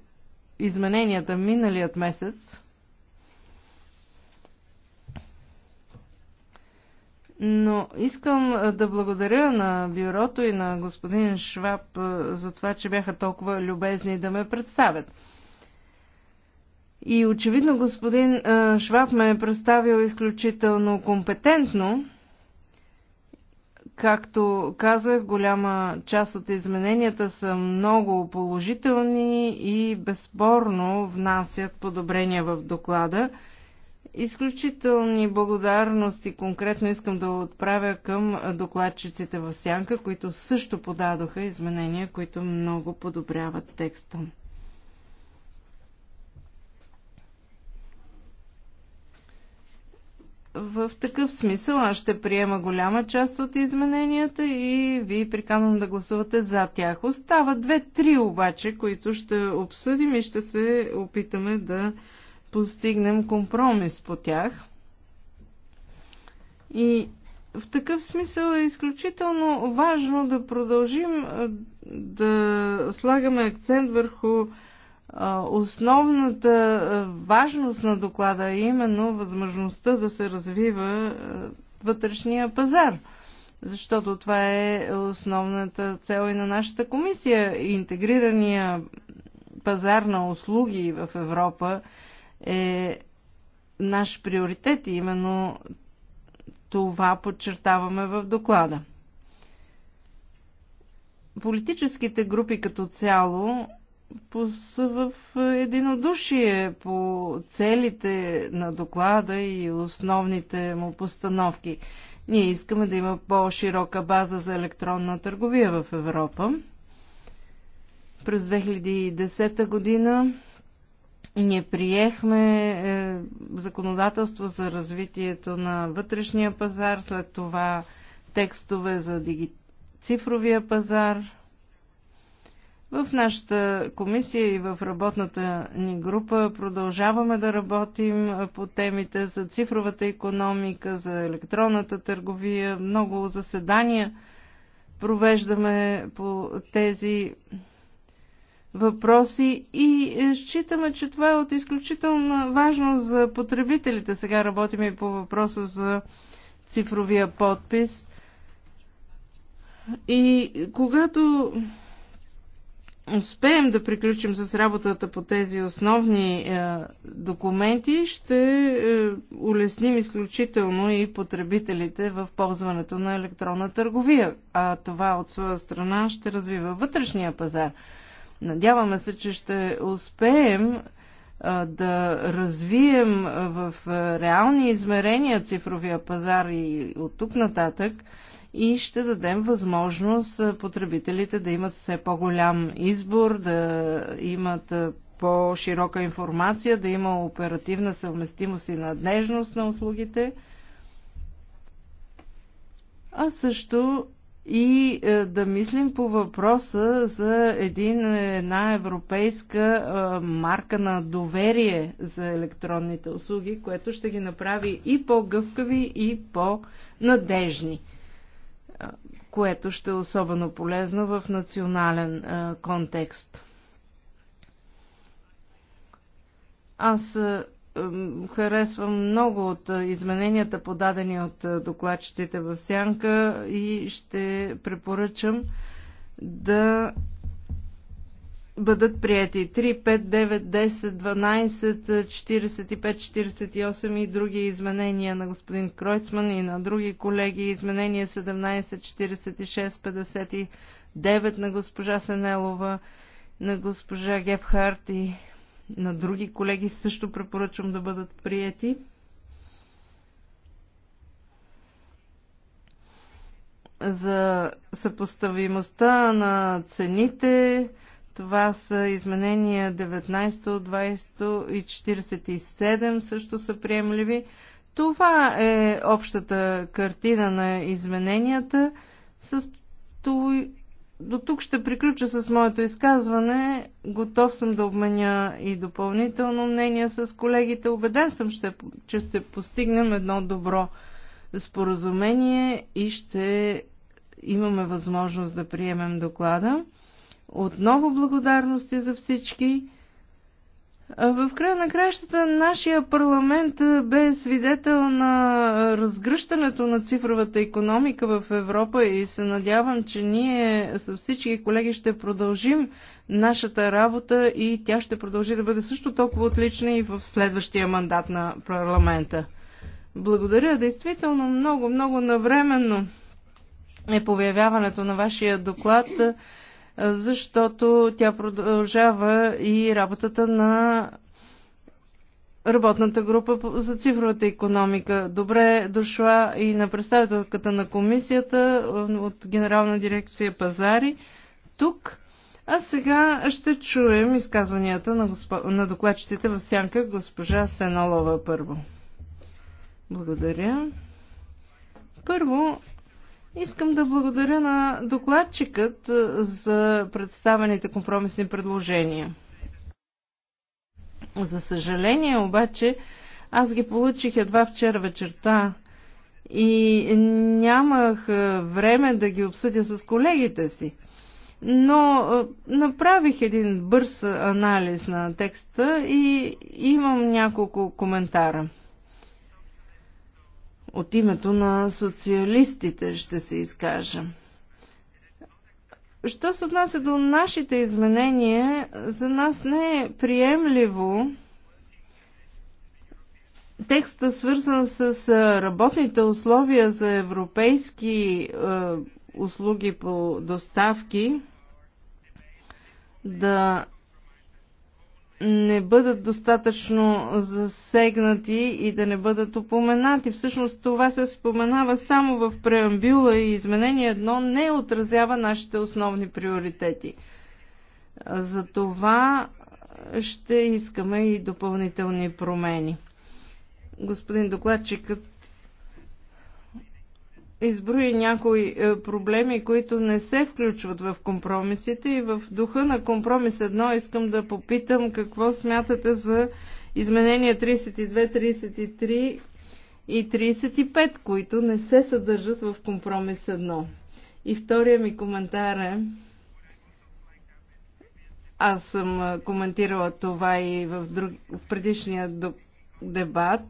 C: измененията миналият месец. Но искам да благодаря на бюрото и на господин Шваб за това, че бяха толкова любезни да ме представят. И очевидно господин Шваб ме е представил изключително компетентно. Както казах, голяма част от измененията са много положителни и безспорно внасят подобрения в доклада. Изключителни благодарности конкретно искам да отправя към докладчиците в Сянка, които също подадоха изменения, които много подобряват текста. В такъв смисъл аз ще приема голяма част от измененията и ви приканвам да гласувате за тях. Остават две-три обаче, които ще обсъдим и ще се опитаме да постигнем компромис по тях. И в такъв смисъл е изключително важно да продължим да слагаме акцент върху основната важност на доклада, а именно възможността да се развива вътрешния пазар. Защото това е основната цел и на нашата комисия. Интегрирания пазар на услуги в Европа е наш приоритет и именно това подчертаваме в доклада. Политическите групи като цяло са в единодушие по целите на доклада и основните му постановки. Ние искаме да има по-широка база за електронна търговия в Европа. През 2010 година ние приехме е, законодателство за развитието на вътрешния пазар, след това текстове за диги... цифровия пазар. В нашата комисия и в работната ни група продължаваме да работим е, по темите за цифровата економика, за електронната търговия. Много заседания провеждаме по тези въпроси и е, считаме, че това е от изключителна важност за потребителите. Сега работим и по въпроса за цифровия подпис. И когато успеем да приключим с работата по тези основни е, документи, ще е, улесним изключително и потребителите в ползването на електронна търговия. А това от своя страна ще развива вътрешния пазар. Надяваме се, че ще успеем да развием в реални измерения цифровия пазар и от тук нататък и ще дадем възможност потребителите да имат все по-голям избор, да имат по-широка информация, да има оперативна съвместимост и наднежност на услугите, а също и е, да мислим по въпроса за един, една европейска е, марка на доверие за електронните услуги, което ще ги направи и по-гъвкави, и по-надежни, е, което ще е особено полезно в национален контекст. Аз харесвам много от е, измененията, подадени от е, докладчетите в Сянка и ще препоръчам да бъдат прияти 3, 5, 9, 10, 12, 45, 48 и други изменения на господин Кройцман и на други колеги. Изменения 17, 46, 59 на госпожа Сенелова, на госпожа Гепхарт и на други колеги също препоръчвам да бъдат прияти. За съпоставимостта на цените, това са изменения 19, 20 и 47 също са приемливи. Това е общата картина на измененията. С до тук ще приключа с моето изказване. Готов съм да обменя и допълнително мнение с колегите. Обеден съм, ще, че ще постигнем едно добро споразумение и ще имаме възможност да приемем доклада. Отново благодарности за всички. В края на краищата нашия парламент бе свидетел на разгръщането на цифровата економика в Европа и се надявам, че ние с всички колеги ще продължим нашата работа и тя ще продължи да бъде също толкова отлична и в следващия мандат на парламента. Благодаря действително много, много навременно е появяването на вашия доклад защото тя продължава и работата на работната група за цифровата економика. Добре дошла и на представителката на комисията от Генерална дирекция Пазари тук. А сега ще чуем изказванията на, госп... на докладчиците в сянка госпожа Сенолова първо. Благодаря. Първо, Искам да благодаря на докладчикът е, за представените компромисни предложения. За съжаление обаче, аз ги получих едва вчера вечерта и нямах е, време да ги обсъдя с колегите си. Но е, направих един бърз анализ на текста и имам няколко коментара от името на социалистите ще се изкажа. Що се отнася до нашите изменения, за нас не е приемливо текста свързан с работните условия за европейски услуги по доставки да не бъдат достатъчно засегнати и да не бъдат упоменати. Всъщност това се споменава само в преамбюла и изменение едно не отразява нашите основни приоритети. За това ще искаме и допълнителни промени. Господин докладчикът изброи някои е, проблеми, които не се включват в компромисите и в духа на компромис едно искам да попитам какво смятате за изменения 32, 33 и 35, които не се съдържат в компромис едно. И втория ми коментар е, аз съм е, коментирала това и в, друг, в предишния дебат,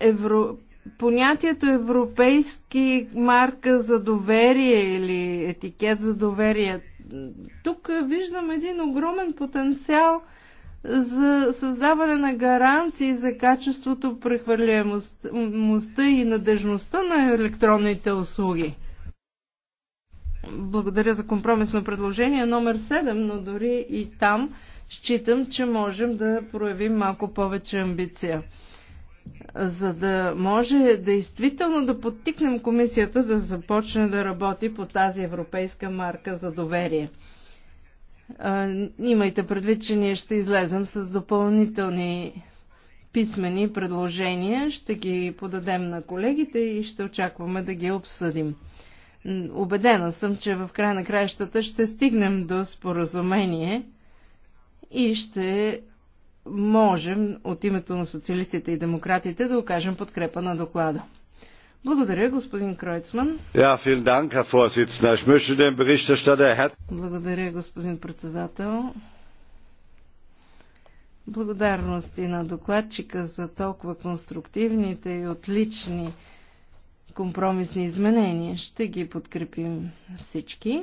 C: Европа понятието европейски марка за доверие или етикет за доверие. Тук виждам един огромен потенциал за създаване на гаранции за качеството, прехвърляемостта и надежността на електронните услуги. Благодаря за компромисно предложение номер 7, но дори и там считам, че можем да проявим малко повече амбиция за да може действително да подтикнем комисията да започне да работи по тази европейска марка за доверие. Имайте предвид, че ние ще излезем с допълнителни писмени предложения, ще ги подадем на колегите и ще очакваме да ги обсъдим. Обедена съм, че в край на краищата ще стигнем до споразумение и ще можем от името на социалистите и демократите да окажем подкрепа на доклада. Благодаря, господин Кройцман. Ja, Dank, Herr... Благодаря, господин председател. Благодарности на докладчика за толкова конструктивните и отлични компромисни изменения. Ще ги подкрепим всички.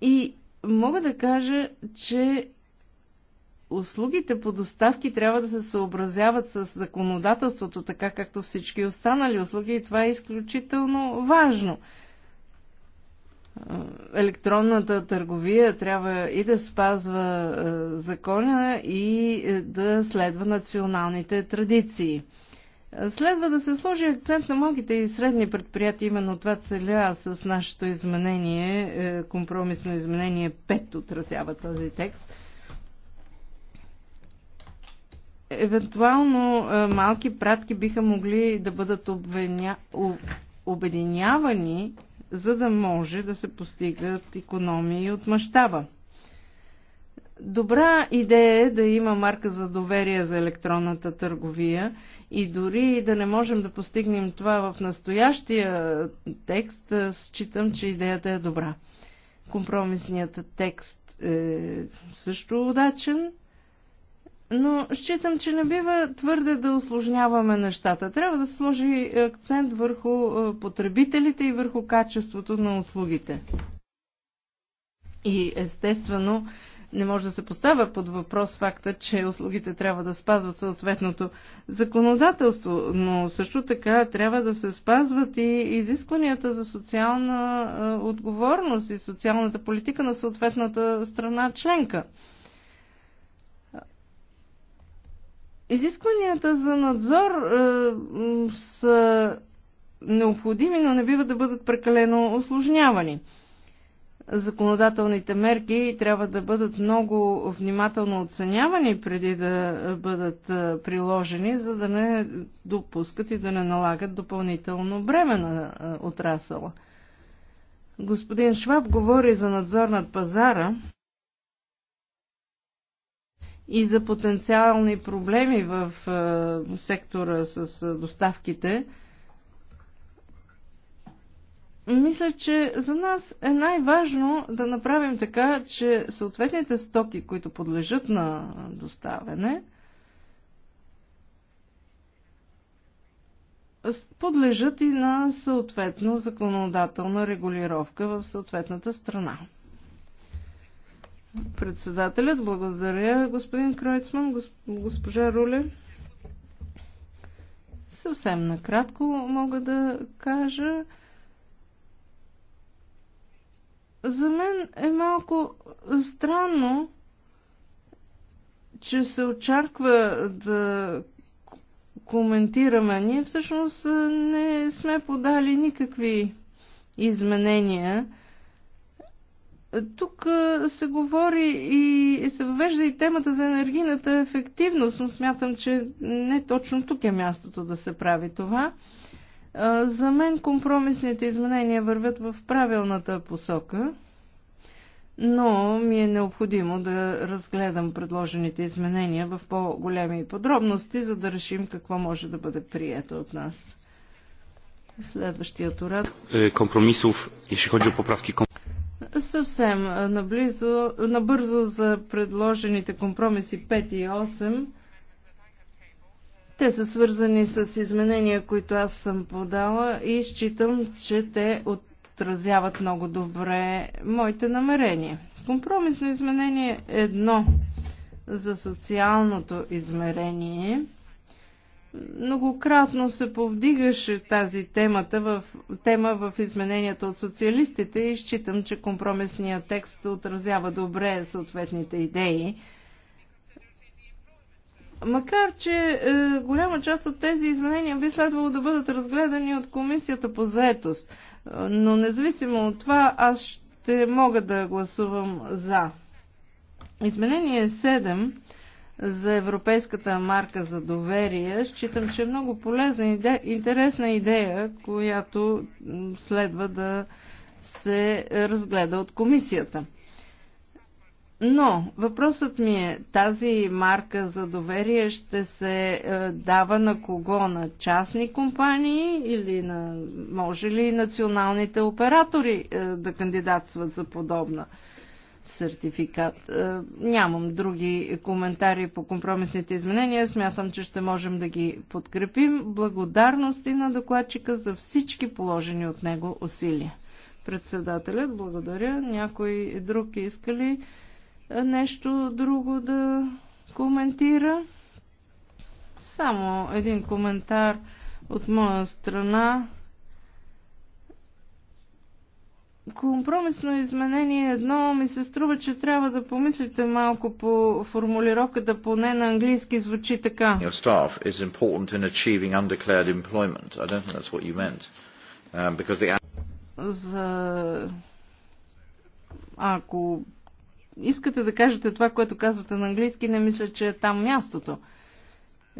C: И мога да кажа, че услугите по доставки трябва да се съобразяват с законодателството, така както всички останали услуги и това е изключително важно. Е, електронната търговия трябва и да спазва е, закона и е, да следва националните традиции. Следва да се сложи акцент на малките и средни предприятия, именно това целя с нашето изменение, е, компромисно изменение 5 отразява този текст. Евентуално е, малки пратки биха могли да бъдат обвиня... обединявани, за да може да се постигат економии от мащаба. Добра идея е да има марка за доверие за електронната търговия и дори да не можем да постигнем това в настоящия текст, считам, че идеята е добра. Компромисният текст е също удачен, но считам, че не бива твърде да осложняваме нещата. Трябва да сложи акцент върху потребителите и върху качеството на услугите. И естествено, не може да се поставя под въпрос факта, че услугите трябва да спазват съответното законодателство, но също така трябва да се спазват и изискванията за социална е, отговорност и социалната политика на съответната страна членка. Изискванията за надзор е, са необходими, но не бива да бъдат прекалено осложнявани законодателните мерки трябва да бъдат много внимателно оценявани преди да бъдат приложени, за да не допускат и да не налагат допълнително бреме на отрасъла. Господин Шваб говори за надзор над пазара и за потенциални проблеми в сектора с доставките мисля, че за нас е най-важно да направим така, че съответните стоки, които подлежат на доставяне, подлежат и на съответно законодателна регулировка в съответната страна. Председателят, благодаря господин Кройцман, госпожа Руле. Съвсем накратко мога да кажа. За мен е малко странно, че се очаква да коментираме. Ние всъщност не сме подали никакви изменения. Тук се говори и се въвежда и темата за енергийната ефективност, но смятам, че не точно тук е мястото да се прави това. За мен компромисните изменения вървят в правилната посока, но ми е необходимо да разгледам предложените изменения в по-големи подробности, за да решим какво може да бъде прието от нас. Следващият урад.
A: Е, компромисов, ще ходи поправки.
C: Съвсем наблизо, набързо за предложените компромиси 5 и 8. Те са свързани с изменения, които аз съм подала и считам, че те отразяват много добре моите намерения. Компромисно изменение едно за социалното измерение. Многократно се повдигаше тази темата в, тема в измененията от социалистите и считам, че компромисният текст отразява добре съответните идеи Макар, че е, голяма част от тези изменения би следвало да бъдат разгледани от Комисията по заетост, е, но независимо от това, аз ще мога да гласувам за. Изменение 7 за Европейската марка за доверие считам, че е много полезна, и интересна идея, която следва да се разгледа от комисията. Но въпросът ми е, тази марка за доверие ще се е, дава на кого? На частни компании или на, може ли националните оператори е, да кандидатстват за подобна сертификат? Е, нямам други коментари по компромисните изменения. Смятам, че ще можем да ги подкрепим. Благодарности на докладчика за всички положени от него усилия. Председателят, благодаря. Някой друг иска ли? нещо друго да коментира. Само един коментар от моя страна. Компромисно изменение едно ми се струва, че трябва да помислите малко по формулировката, поне на английски звучи така. Your staff is important in achieving undeclared employment. I don't think that's what you meant. Um, because the... За... Ако искате да кажете това, което казвате на английски, не мисля, че е там мястото.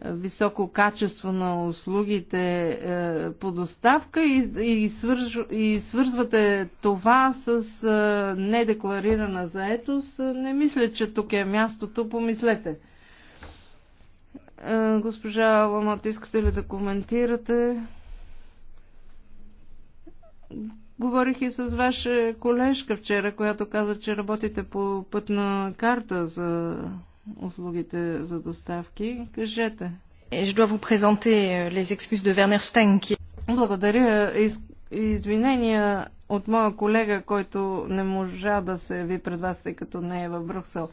C: Високо качество на услугите е, по доставка и, и, свърж, и свързвате това с е, недекларирана заетост. Не мисля, че тук е мястото. Помислете. Е, госпожа Ламат, искате ли да коментирате? Говорих и с ваша колежка вчера, която каза, че работите по пътна карта за услугите за доставки. Кажете. Je dois vous présenter euh, les excuses de Werner Stein. Благодаря. Из... Извинения от моя колега, който не можа да се яви пред вас, тъй като не е в Брюксел.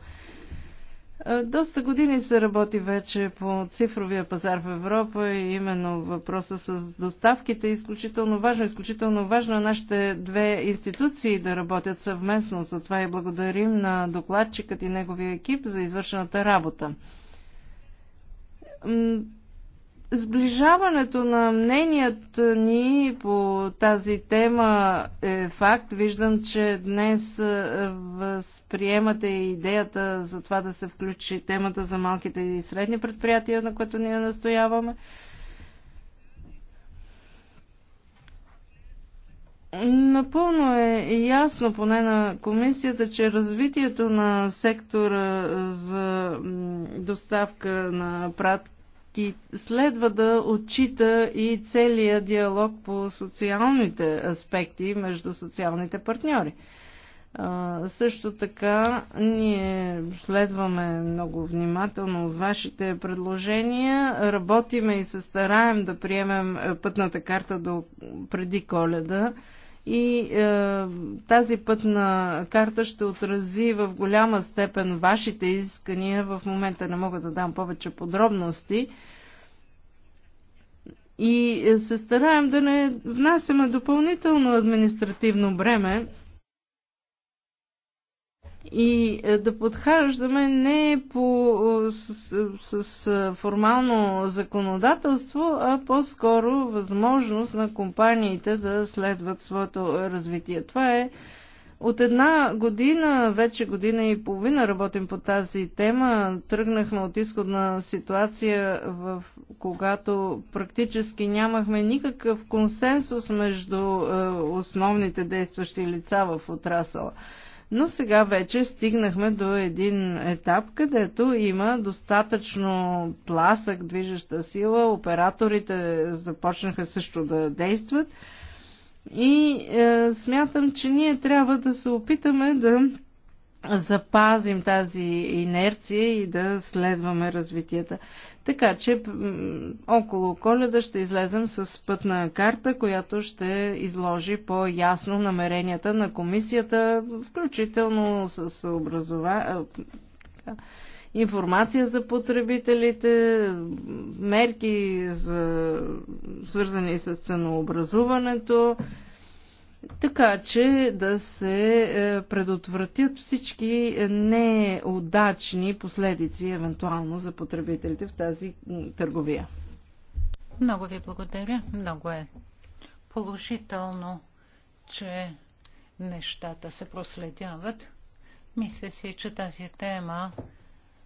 C: Е, доста години се работи вече по цифровия пазар в Европа и именно въпроса с доставките е изключително важно. Изключително важно е нашите две институции да работят съвместно. Затова и благодарим на докладчикът и неговия екип за извършената работа Сближаването на мненията ни по тази тема е факт. Виждам, че днес е, възприемате идеята за това да се включи темата за малките и средни предприятия, на което ние настояваме. Напълно е ясно, поне на комисията, че развитието на сектора за доставка на пратки и следва да отчита и целия диалог по социалните аспекти между социалните партньори. А, също така ние следваме много внимателно вашите предложения, работиме и се стараем да приемем е, пътната карта до преди коледа и е, тази пътна карта ще отрази в голяма степен вашите искания. В момента не мога да дам повече подробности. И е, се стараем да не внасяме допълнително административно бреме и е, да подхаждаме не по, е, с, с е, формално законодателство, а по-скоро възможност на компаниите да следват своето развитие. Това е от една година, вече година и половина работим по тази тема. Тръгнахме от изходна ситуация, в когато практически нямахме никакъв консенсус между основните действащи лица в отрасъла но сега вече стигнахме до един етап, където има достатъчно тласък, движеща сила, операторите започнаха също да действат и е, смятам, че ние трябва да се опитаме да запазим тази инерция и да следваме развитията. Така че около коледа ще излезем с пътна карта, която ще изложи по-ясно намеренията на комисията, включително с образова... информация за потребителите, мерки за... свързани с ценообразуването, така че да се е, предотвратят всички неудачни последици, евентуално за потребителите в тази търговия.
A: Много ви благодаря. Много е положително, че нещата се проследяват. Мисля си, че тази тема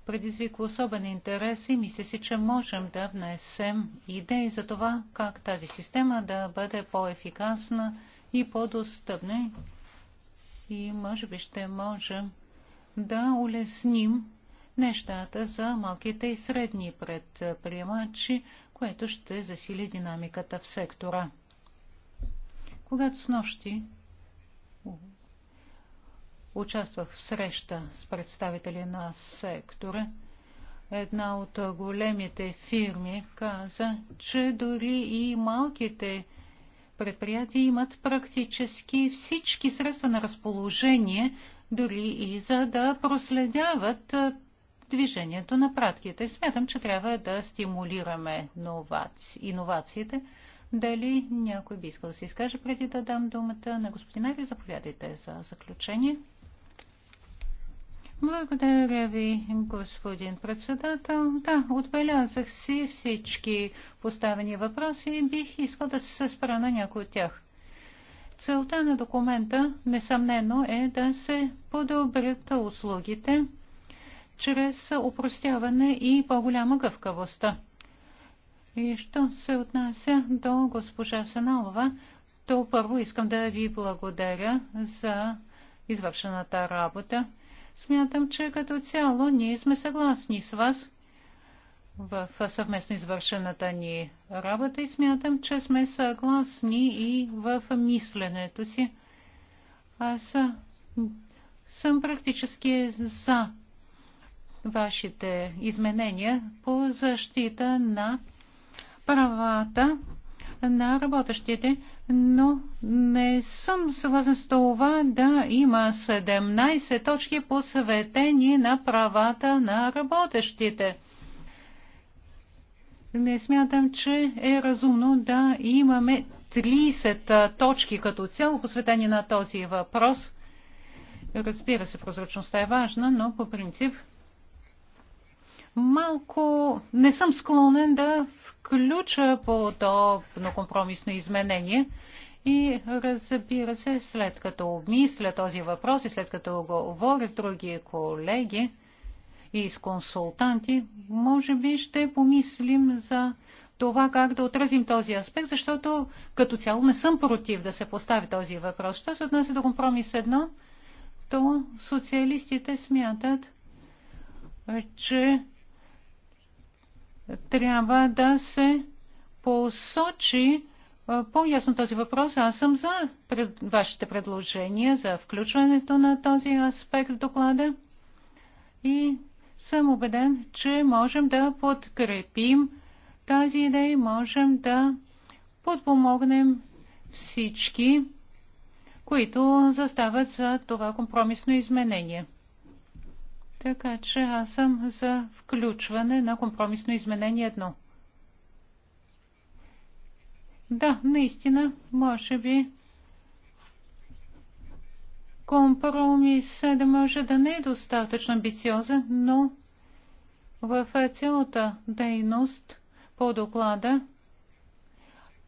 A: предизвиква особен интерес и мисля си, че можем да внесем идеи за това как тази система да бъде по-ефикасна и по-достъпни. И може би ще можем да улесним нещата за малките и средни предприемачи, което ще засили динамиката в сектора. Когато с нощи участвах в среща с представители на сектора, една от големите фирми каза, че дори и малките предприятия имат практически всички средства на разположение, дори и за да проследяват движението на пратките. Смятам, че трябва да стимулираме новаци... иновациите. Дали някой би искал да се изкаже преди да дам думата на господина или Заповядайте за заключение. Благодаря ви, господин председател. Да, отбелязах си всички поставени въпроси и бих искал да се спра на някои от тях. Целта на документа, несъмнено, е да се подобрят услугите чрез упростяване и по-голяма гъвкавост. И що се отнася до госпожа Саналова, то първо искам да ви благодаря за извършената работа. Смятам, че като цяло ние сме съгласни с вас в съвместно извършената ни работа и смятам, че сме съгласни и в мисленето си. Аз съм практически за вашите изменения по защита на правата на работещите но не съм съгласен с това да има 17 точки по съветение на правата на работещите. Не смятам, че е разумно да имаме 30 точки като цяло посветени на този въпрос. Разбира се, прозрачността е важна, но по принцип малко не съм склонен да включа подобно компромисно изменение. И разбира се, след като обмисля този въпрос и след като го говоря с други колеги и с консултанти, може би ще помислим за това как да отразим този аспект, защото като цяло не съм против да се постави този въпрос. Що се отнася до компромис едно, то социалистите смятат, че трябва да се посочи по-ясно този въпрос. Аз съм за пред... вашите предложения за включването на този аспект в доклада и съм убеден, че можем да подкрепим тази идея можем да подпомогнем всички, които застават за това компромисно изменение. Така че аз съм за включване на компромисно изменение едно. Да, наистина, може би компромис да може да не е достатъчно амбициозен, но в цялата дейност по доклада,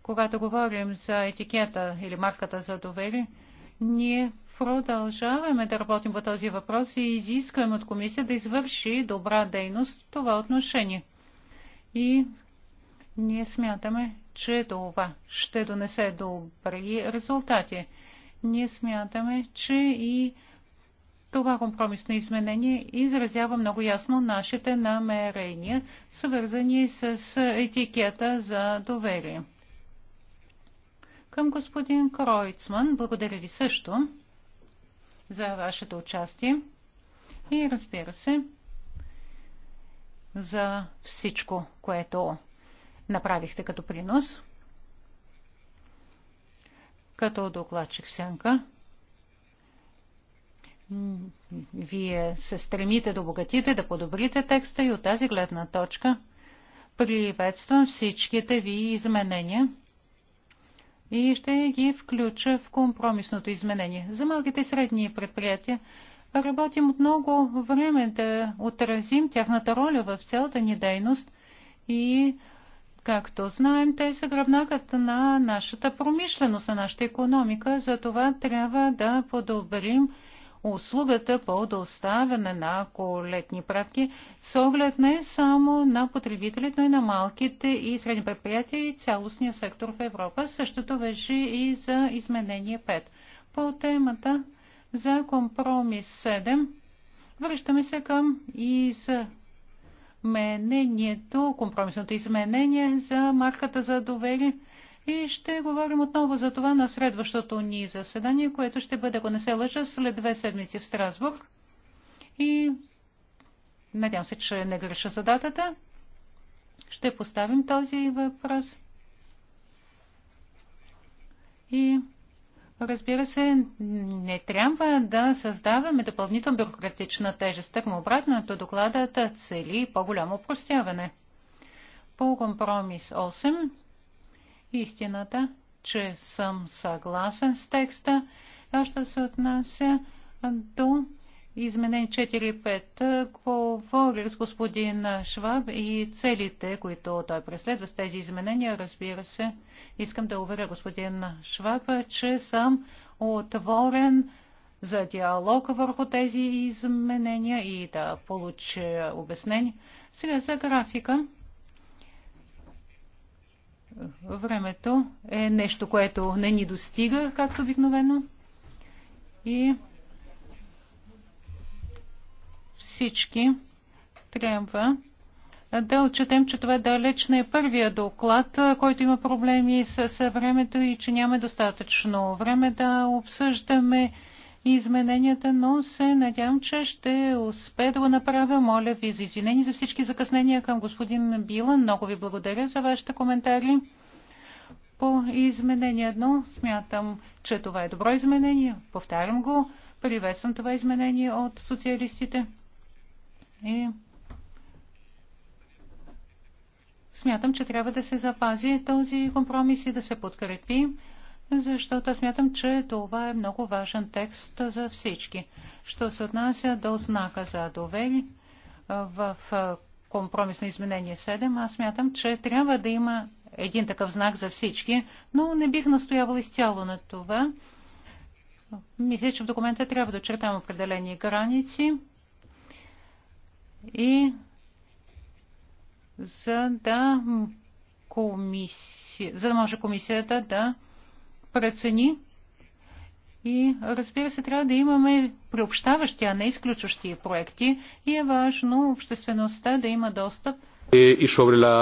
A: когато говорим за етикета или марката за доверие, ние Продължаваме да работим по този въпрос и изискваме от комисия да извърши добра дейност в това отношение. И ние смятаме, че това ще донесе добри резултати. Ние смятаме, че и това компромисно изменение изразява много ясно нашите намерения, свързани с етикета за доверие. Към господин Кройцман, благодаря ви също за вашето участие и разбира се за всичко, което направихте като принос. Като докладчик Сянка, вие се стремите да обогатите, да подобрите текста и от тази гледна точка приветствам всичките ви изменения и ще ги включа в компромисното изменение. За малките и средни предприятия работим от много време да отразим тяхната роля в цялата ни дейност и Както знаем, те са гръбнакът на нашата промишленост, на нашата економика, затова трябва да подобрим услугата по доставяне на колетни пратки с оглед не само на потребителите, но и на малките и средни предприятия и цялостния сектор в Европа. Същото беше и за изменение 5. По темата за компромис 7 връщаме се към и за изменението, компромисното изменение за марката за доверие и ще говорим отново за това на следващото ни заседание, което ще бъде, ако не се лъжа, след две седмици в Страсбург. И надявам се, че не греша за датата. Ще поставим този въпрос. И разбира се, не трябва да създаваме допълнително бюрократична тежест. Тъкмо обратното докладата цели по-голямо простяване. По компромис 8 истината, че съм съгласен с текста, а що се отнася до изменение 4.5. говори с господин Шваб и целите, които той преследва с тези изменения, разбира се, искам да уверя господин Шваб, че съм отворен за диалог върху тези изменения и да получа обяснение. Сега за графика времето е нещо, което не ни достига, както обикновено. И всички трябва да отчетем, че това далеч не е първия доклад, който има проблеми с времето и че няма достатъчно време да обсъждаме измененията, но се надявам, че ще успея да го направя. Моля ви за извинение за всички закъснения към господин Била. Много ви благодаря за вашите коментари. По изменение едно смятам, че това е добро изменение. Повтарям го. Приветствам това изменение от социалистите. И смятам, че трябва да се запази този компромис и да се подкрепи защото смятам, че това е много важен текст за всички. Що се отнася до знака за довели в компромисно изменение 7, аз смятам, че трябва да има един такъв знак за всички, но не бих настоявала изцяло на това. Мисля, че в документа трябва да очертам определени граници и за да, комисия, за да може комисията да прецени. И разбира се, трябва да имаме приобщаващи, а не изключващи проекти и е важно обществеността да има достъп и sobre la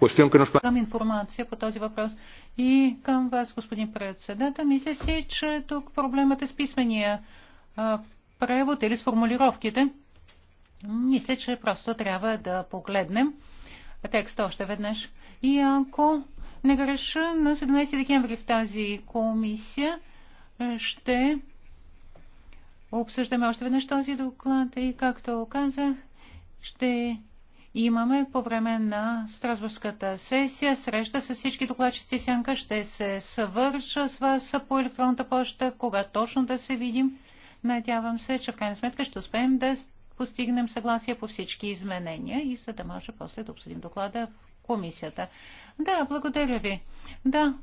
A: cuestión que nos към информация по този въпрос. И към вас, господин председател, мисля си, че тук проблемът е с писмения превод или с формулировките. Мисля, че просто трябва да погледнем текста още веднъж. И ако не греша, на 17 декември в тази комисия ще обсъждаме още веднъж този доклад и, както казах, ще имаме по време на Страсбургската сесия среща с всички докладчици Сянка. Ще се съвърша с вас по електронната почта, кога точно да се видим. Надявам се, че в крайна сметка ще успеем да постигнем съгласие по всички изменения и за да може после да обсъдим доклада в комисията. Да, благодаря ви. Да,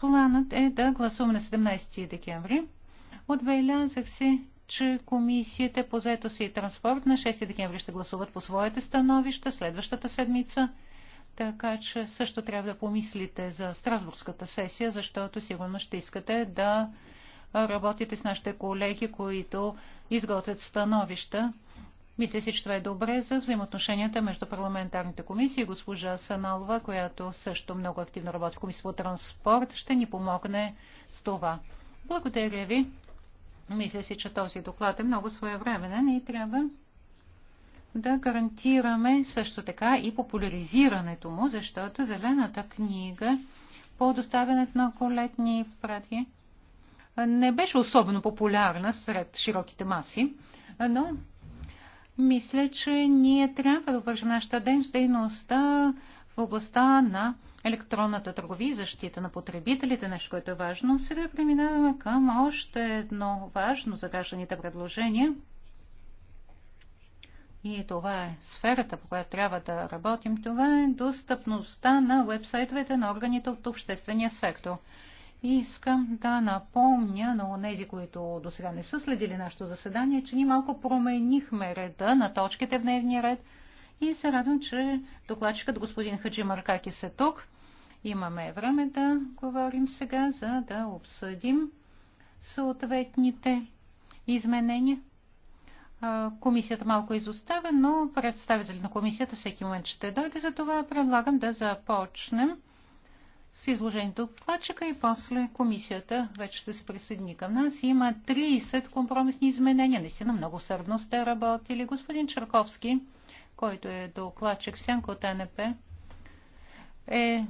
A: планът е да гласуваме на 17 декември. Отбелязах се, че комисията по заетост и транспорт на 6 декември ще гласуват по своите становища следващата седмица. Така че също трябва да помислите за Страсбургската сесия, защото сигурно ще искате да работите с нашите колеги, които изготвят становища. Мисля си, че това е добре за взаимоотношенията между парламентарните комисии. Госпожа Саналова, която също много активно работи в комисия по транспорт, ще ни помогне с това. Благодаря ви. Мисля си, че този доклад е много своевременен и трябва да гарантираме също така и популяризирането му, защото зелената книга по доставянето на колетни прати не беше особено популярна сред широките маси, но мисля, че ние трябва да вържем нашата дейност, дейността в областта на електронната търговия и защита на потребителите, нещо, което е важно. Сега преминаваме към още едно важно за гражданите предложение. И това е сферата, по която трябва да работим. Това е достъпността на вебсайтовете на органите от обществения сектор. И искам да напомня на онези, които до сега не са следили нашето заседание, че ние малко променихме реда на точките в дневния ред и се радвам, че докладчикът господин Хаджи Маркакис е тук. Имаме време да говорим сега, за да обсъдим съответните изменения. Комисията малко изоставя, но представител на комисията всеки момент ще дойде, за това предлагам да започнем с изложението докладчика и после комисията вече ще се присъедини към нас. Има 30 компромисни изменения. Наистина много сърдно сте работили. Господин Чарковски, който е докладчик Сянко от НП, е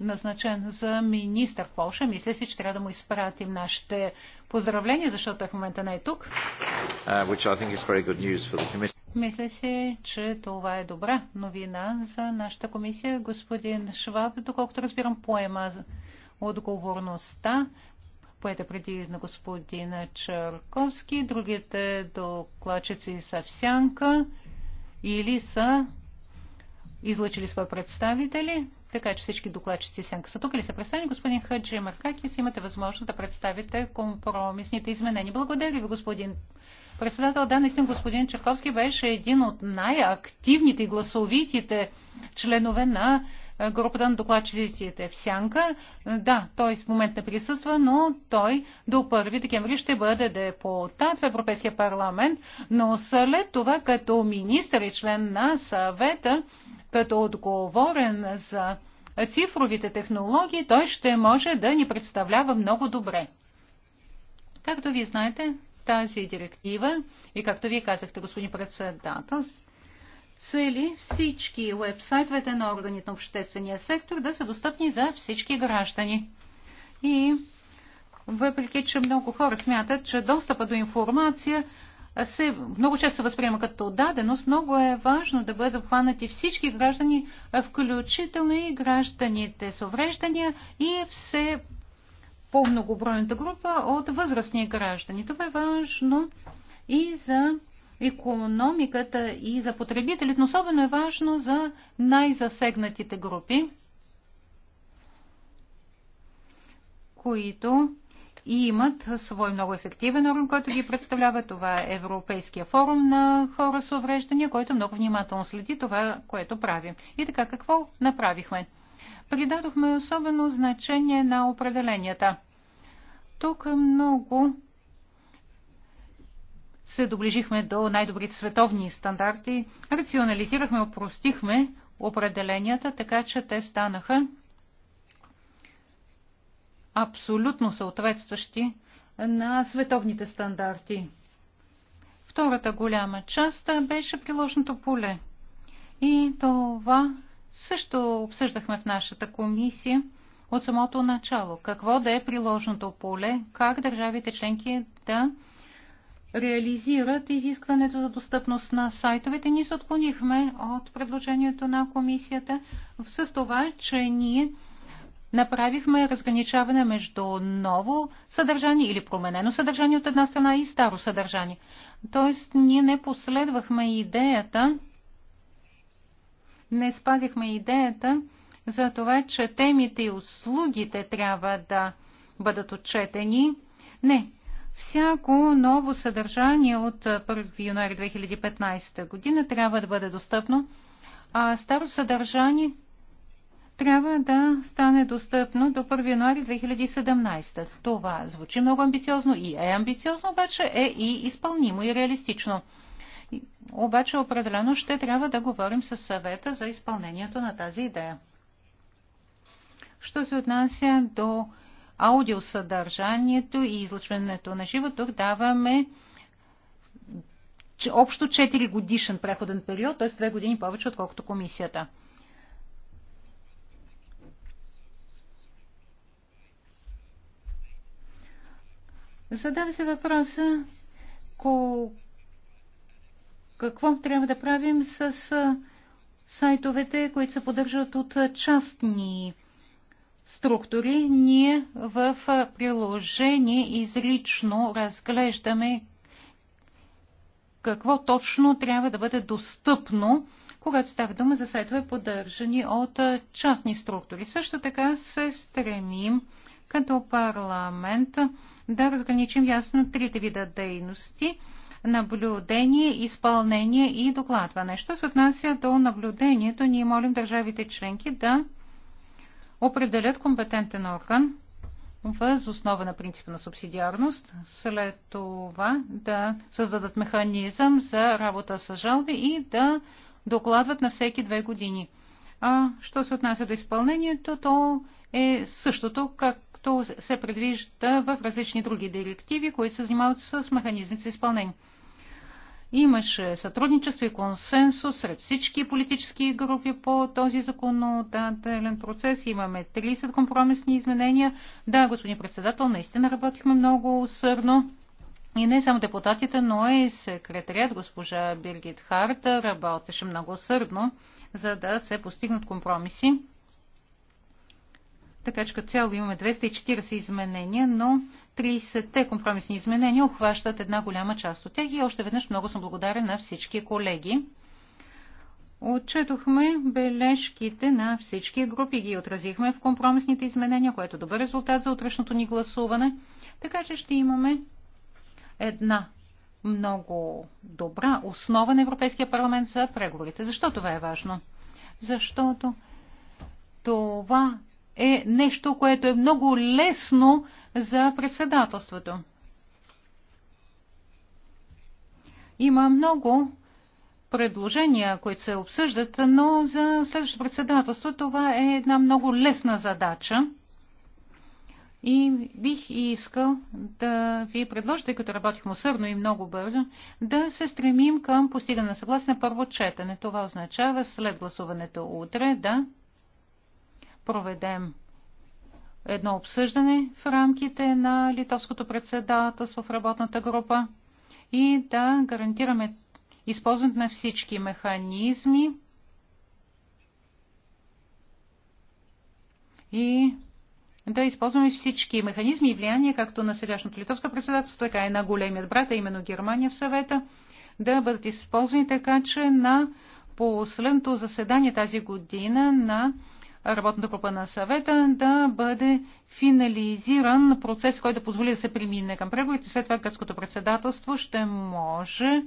A: назначен за министър в Польша. Мисля си, че трябва да му изпратим нашите поздравления, защото в момента не е тук. Uh, мисля си, че това е добра новина за нашата комисия. Господин Шваб, доколкото разбирам, поема отговорността, поета преди на господина Чарковски, другите докладчици са в сянка или са излъчили свои представители, така че всички докладчици в сянка са тук или са представени. Господин Хаджи Маркакис, имате възможност да представите компромисните изменения. Благодаря ви, господин председател. Да, наистина господин Чаковски беше един от най-активните и гласовитите членове на е, групата на докладчиците в Сянка. Да, той в момент не присъства, но той до 1 декември ще бъде депутат в Европейския парламент, но след това като министър и член на съвета, като отговорен за цифровите технологии, той ще може да ни представлява много добре. Както ви знаете, тази директива и както вие казахте, господин председател, цели всички вебсайтовете на органите на обществения сектор да са достъпни за всички граждани. И въпреки, че много хора смятат, че достъпа до информация се, много често се възприема като даденост, много е важно да бъдат обхванати всички граждани, включително и гражданите с увреждания и все по-многобройната група от възрастни граждани. Това е важно и за економиката и за потребителите, но особено е важно за най-засегнатите групи, които и имат свой много ефективен орган, който ги представлява. Това е Европейския форум на хора с увреждания, който много внимателно следи това, което правим. И така, какво направихме? придадохме особено значение на определенията. Тук много се доближихме до най-добрите световни стандарти, рационализирахме, опростихме определенията, така че те станаха абсолютно съответстващи на световните стандарти. Втората голяма част беше приложното поле. И това също обсъждахме в нашата комисия от самото начало. Какво да е приложното поле, как държавите членки да реализират изискването за достъпност на сайтовете. Ние се отклонихме от предложението на комисията с това, че ние направихме разграничаване между ново съдържание или променено съдържание от една страна и старо съдържание. Тоест, ние не последвахме идеята не спазихме идеята за това, че темите и услугите трябва да бъдат отчетени. Не, всяко ново съдържание от 1 януари 2015 година трябва да бъде достъпно, а старо съдържание трябва да стане достъпно до 1 януари 2017. Това звучи много амбициозно и е амбициозно, обаче е и изпълнимо и реалистично. Обаче определено ще трябва да говорим с съвета за изпълнението на тази идея. Що се отнася до аудиосъдържанието и излъчването на живо, тук даваме общо 4 годишен преходен период, т.е. 2 години повече, отколкото комисията. Задава се въпроса колко какво трябва да правим с сайтовете, които се поддържат от частни структури? Ние в приложение изрично разглеждаме какво точно трябва да бъде достъпно, когато става дума за сайтове, поддържани от частни структури. Също така се стремим като парламент да разграничим ясно трите вида дейности – наблюдение, изпълнение и докладване. Що се отнася до наблюдението, ние молим държавите членки да определят компетентен орган въз основа на принципа на субсидиарност, след това да създадат механизъм за работа с жалби и да докладват на всеки две години. А що се отнася до изпълнението, то е същото, както се предвижда в различни други директиви, които се занимават с механизми за изпълнение. Имаше сътрудничество и консенсус сред всички политически групи по този законодателен процес. Имаме 30 компромисни изменения. Да, господин председател, наистина работихме много усърдно. И не само депутатите, но и секретарят госпожа Биргит Харт работеше много усърдно, за да се постигнат компромиси. Така че като цяло имаме 240 изменения, но 30-те компромисни изменения обхващат една голяма част от тях и още веднъж много съм благодарен на всички колеги. Отчетохме бележките на всички групи, ги отразихме в компромисните изменения, което е добър резултат за утрешното ни гласуване. Така че ще имаме една много добра основа на Европейския парламент за преговорите. Защо това е важно? Защото това е нещо, което е много лесно за председателството. Има много предложения, които се обсъждат, но за следващото председателство това е една много лесна задача. И бих искал да ви предложа, тъй като работихме усърдно и много бързо, да се стремим към постигане на съгласие на първо четене. Това означава след гласуването утре да проведем едно обсъждане в рамките на литовското председателство в работната група и да гарантираме използването на всички механизми и да използваме всички механизми и влияния, както на сегашното литовско председателство, така и на големият брат, а именно Германия в съвета, да бъдат използвани така, че на последното заседание тази година на работната група на съвета да бъде финализиран процес, който да позволи да се премине към преговорите. След това гръцкото председателство ще може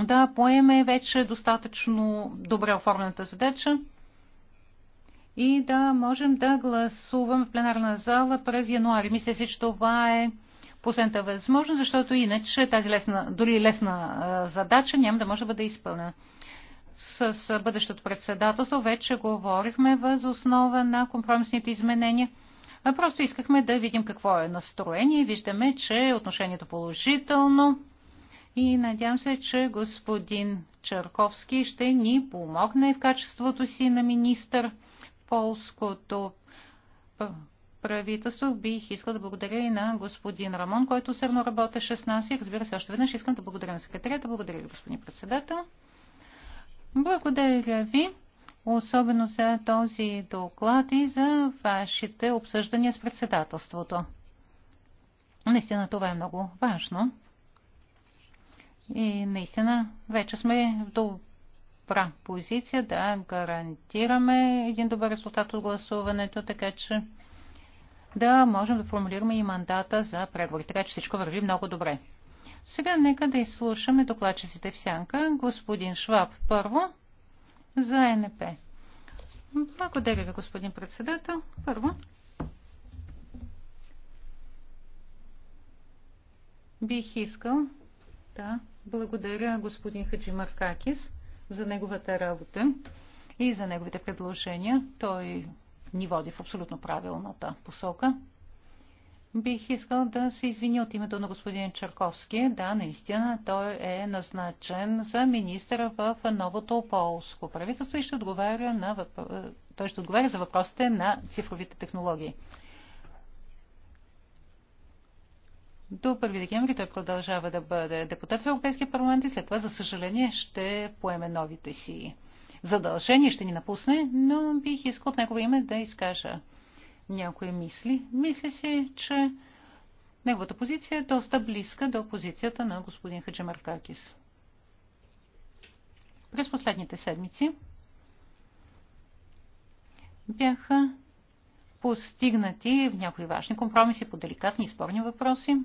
A: да поеме вече достатъчно добре оформената задача и да можем да гласуваме в пленарна зала през януари. Мисля си, че това е последната възможност, защото иначе тази лесна, дори лесна задача няма да може да бъде изпълнена с бъдещото председателство вече говорихме въз основа на компромисните изменения. Просто искахме да видим какво е настроение. Виждаме, че отношението е положително и надявам се, че господин Черковски ще ни помогне в качеството си на министър полското правителство. Бих искал да благодаря и на господин Рамон, който усърно работеше с нас и разбира се, още веднъж искам да благодаря на секретарията, благодаря ви, господин председател. Благодаря ви, особено за този доклад и за вашите обсъждания с председателството. Наистина това е много важно. И наистина вече сме в добра позиция да гарантираме един добър резултат от гласуването, така че да можем да формулираме и мандата за преговори. Така че всичко върви много добре. Сега нека да изслушаме докладчиците в сянка. Господин Шваб първо за НП. Благодаря ви, господин председател. Първо. Бих искал да благодаря господин Хаджи Маркакис за неговата работа и за неговите предложения. Той ни води в абсолютно правилната посока. Бих искал да се извини от името на господин Чарковски. Да, наистина, той е назначен за министъра в новото полско правителство и ще отговаря, на въп... той ще отговаря за въпросите на цифровите технологии. До 1 декември той продължава да бъде депутат в Европейския парламент и след това, за съжаление, ще поеме новите си задължения, ще ни напусне, но бих искал от негово име да изкажа някои мисли. Мисля си, че неговата позиция е доста близка до позицията на господин Хаджамаркакис. През последните седмици бяха постигнати някои важни компромиси по деликатни и спорни въпроси.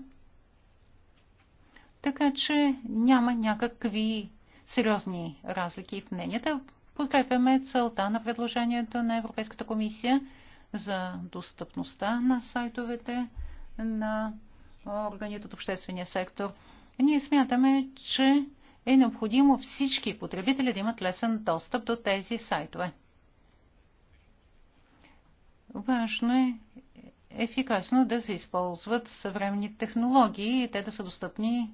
A: Така че няма някакви сериозни разлики в мненията. Подкрепяме целта на предложението на Европейската комисия – за достъпността на сайтовете на органите от обществения сектор. Ние смятаме, че е необходимо всички потребители да имат лесен достъп до тези сайтове. Важно е ефикасно да се използват съвременни технологии и те да са достъпни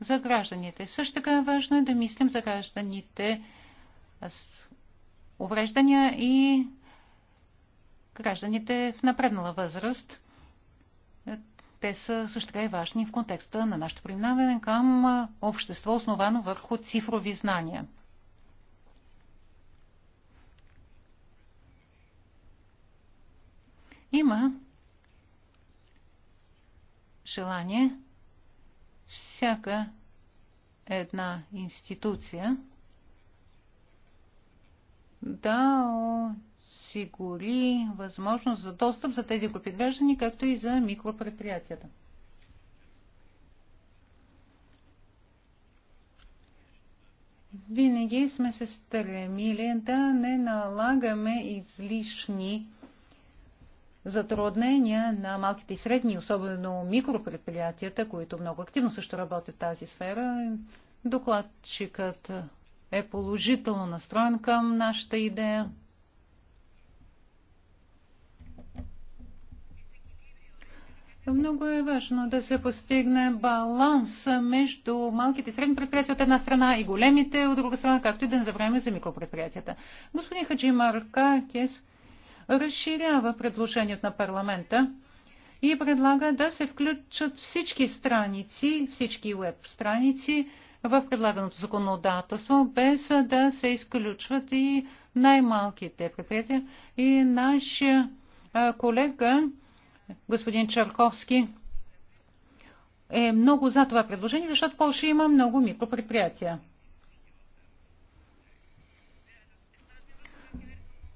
A: за гражданите. Също така е важно е да мислим за гражданите с увреждания и гражданите в напреднала възраст. Те са също така и важни в контекста на нашето преминаване към общество, основано върху цифрови знания. Има желание всяка една институция да осигури възможност за достъп за тези групи граждани, както и за микропредприятията. Винаги сме се стремили да не налагаме излишни затруднения на малките и средни, особено микропредприятията, които много активно също работят в тази сфера. Докладчикът е положително настроен към нашата идея. Много е важно да се постигне баланс между малките и средни предприятия от една страна и големите от друга страна, както и да не забравяме за микропредприятията. Господин Хаджи Маркакис разширява предложението на парламента и предлага да се включат всички страници, всички веб страници в предлаганото законодателство, без да се изключват и най-малките предприятия. И нашия колега господин Чарковски е много за това предложение, защото в Польша има много микропредприятия.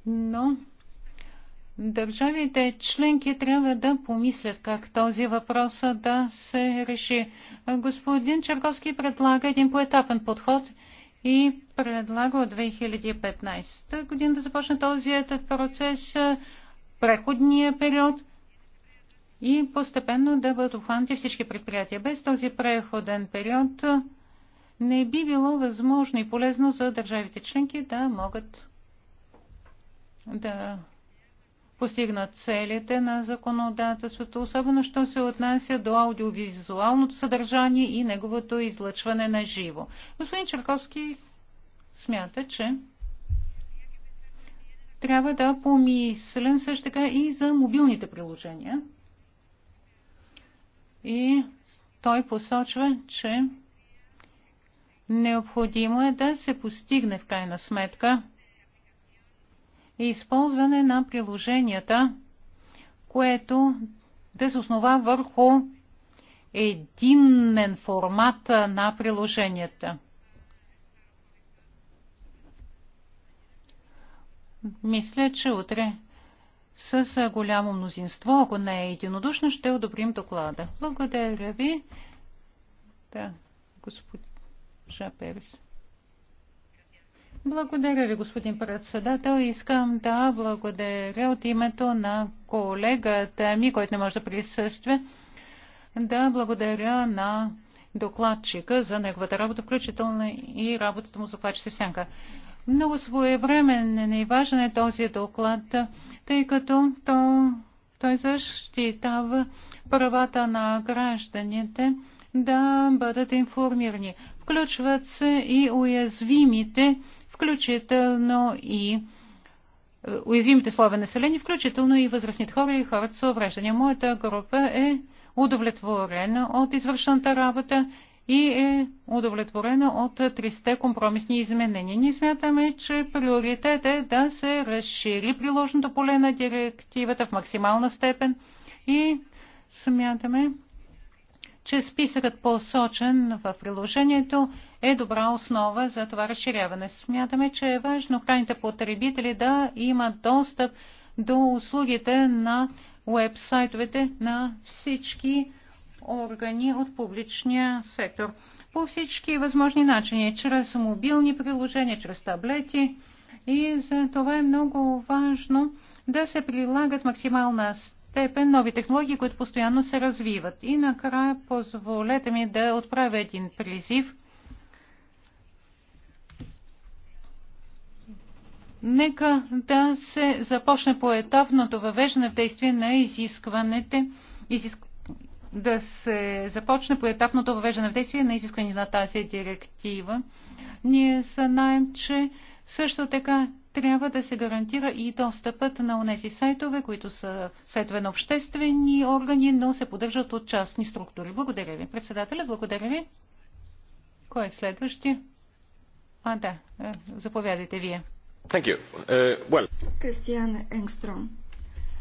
A: Но държавите членки трябва да помислят как този въпрос да се реши. Господин Черковски предлага един поетапен подход и предлага от 2015 година да започне този процес, преходния период и постепенно да бъдат обхванати всички предприятия. Без този преходен период не би било възможно и полезно за държавите членки да могат да постигнат целите на законодателството, особено що се отнася до аудиовизуалното съдържание и неговото излъчване на живо. Господин Черковски смята, че трябва да помислен също така и за мобилните приложения – и той посочва, че необходимо е да се постигне в крайна сметка използване на приложенията, което да се основа върху единен формат на приложенията. Мисля, че утре с голямо мнозинство, ако не е единодушно, ще одобрим доклада. Благодаря ви. Да, госпожа Перес. Благодаря ви, господин председател. Искам да благодаря от името на колегата ми, който не може да присъства, да благодаря на докладчика за неговата работа, включително и работата му с докладчица Сянка. Много своевременен и важен е този доклад, тъй като то, той защитава правата на гражданите да бъдат информирани. Включват се и уязвимите, включително и уязвимите слове население, включително и възрастните хора и хората с увреждания. Моята група е удовлетворена от извършената работа и е удовлетворена от 300 компромисни изменения. Ние смятаме, че приоритет е да се разшири приложното поле на директивата в максимална степен и смятаме, че списъкът посочен в приложението е добра основа за това разширяване. Смятаме, че е важно крайните потребители да имат достъп до услугите на уебсайтовете на всички органи от публичния сектор. По всички възможни начини, чрез мобилни приложения, чрез таблети. И за това е много важно да се прилагат максимална степен нови технологии, които постоянно се развиват. И накрая позволете ми да отправя един призив. Нека да се започне поетапното въвеждане в действие на изискваните, изиск, да се започне поетапното въвеждане в действие на изискване на тази директива. Ние знаем, че също така трябва да се гарантира и достъпът на онези сайтове, които са сайтове на обществени органи, но се поддържат от частни структури. Благодаря ви. Председателя, благодаря ви. Кой е следващия? А, да. Е, заповядайте вие. Uh,
B: Кристиан Енгстром. Uh, well.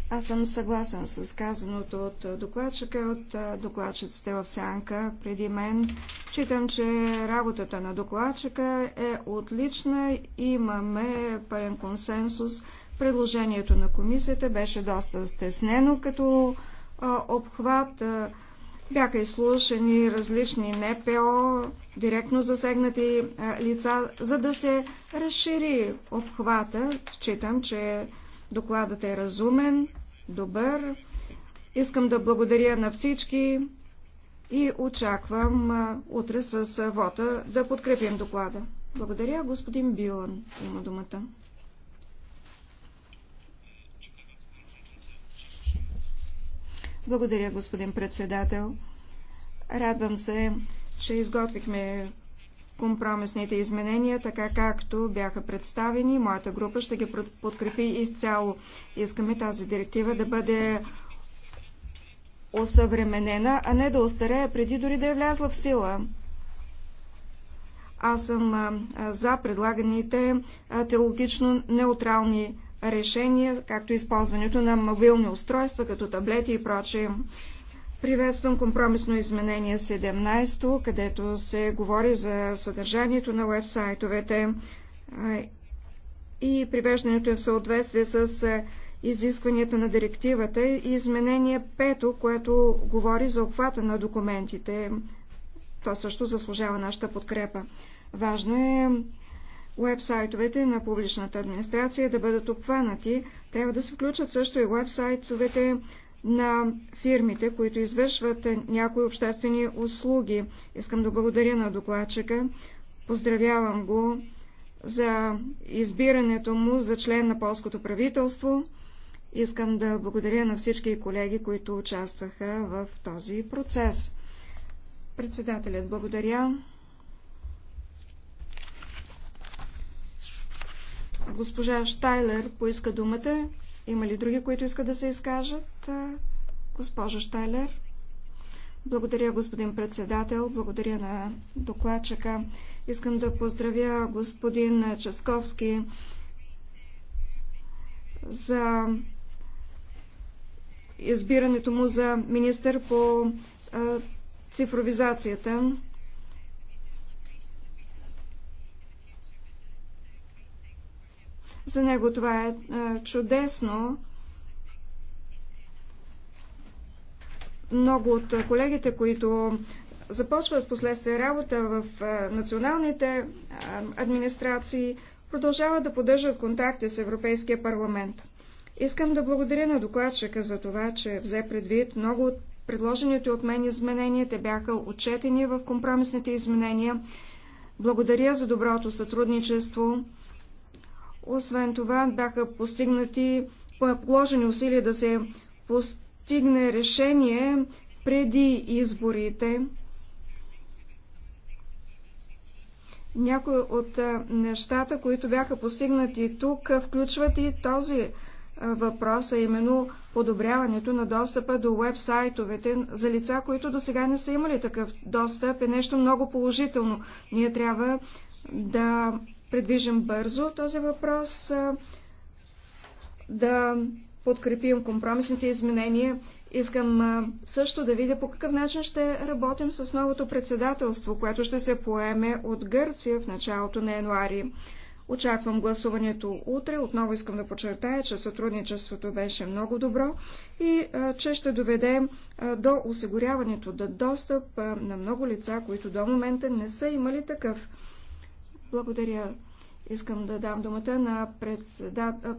B: Аз съм съгласен с казаното от докладчика, от докладчиците в сянка преди мен. Читам, че работата на докладчика е отлична. и Имаме пълен консенсус. Предложението на комисията беше доста стеснено като обхват. Бяха изслушани различни НПО, директно засегнати лица, за да се разшири обхвата. Читам, че Докладът е разумен, добър. Искам да благодаря на всички и очаквам утре с вота да подкрепим доклада. Благодаря, господин Билан. Има думата. Благодаря, господин председател. Радвам се, че изготвихме компромисните изменения, така както бяха представени. Моята група ще ги подкрепи изцяло. Искаме тази директива да бъде осъвременена, а не да остарее преди дори да е влязла в сила. Аз съм за предлаганите теологично неутрални решения, както използването на мобилни устройства, като таблети и прочие. Приветствам компромисно изменение 17, където се говори за съдържанието на уебсайтовете и привеждането в съответствие с изискванията на директивата и изменение 5, което говори за обхвата на документите. То също заслужава нашата подкрепа. Важно е Уебсайтовете на публичната администрация да бъдат обхванати. Трябва да се включат също и уебсайтовете на фирмите, които извършват някои обществени услуги. Искам да благодаря на докладчика. Поздравявам го за избирането му за член на полското правителство. Искам да благодаря на всички колеги, които участваха в този процес. Председателят благодаря. Госпожа Штайлер поиска думата. Има ли други, които искат да се изкажат? Госпожа Штайлер. Благодаря, господин председател. Благодаря на докладчика. Искам да поздравя господин Часковски за избирането му за министър по цифровизацията. За него това е, е чудесно. Много от колегите, които започват последствие работа в е, националните е, администрации, продължават да поддържат контакти с Европейския парламент. Искам да благодаря на докладчика за това, че взе предвид много от предложените от мен изменения. Те бяха отчетени в компромисните изменения. Благодаря за доброто сътрудничество. Освен това бяха постигнати положени усилия да се постигне решение преди изборите. Някои от нещата, които бяха постигнати тук, включват и този въпрос, а именно подобряването на достъпа до вебсайтовете за лица, които до сега не са имали такъв достъп е нещо много положително. Ние трябва да предвижим бързо този въпрос, да подкрепим компромисните изменения. Искам също да видя по какъв начин ще работим с новото председателство, което ще се поеме от Гърция в началото на януари. Очаквам гласуването утре. Отново искам да подчертая, че сътрудничеството беше много добро и че ще доведе до осигуряването да достъп на много лица, които до момента не са имали такъв. Благодаря. Искам да дам думата на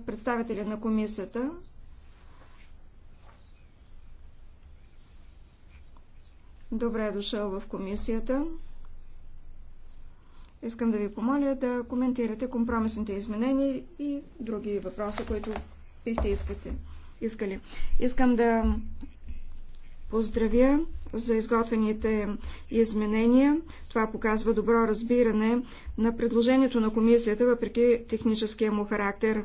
B: представителя на комисията. Добре е дошъл в комисията. Искам да ви помоля да коментирате компромисните изменения и други въпроси, които бихте искате, искали. Искам да поздравя за изготвените изменения. Това показва добро разбиране на предложението на комисията, въпреки техническия му характер.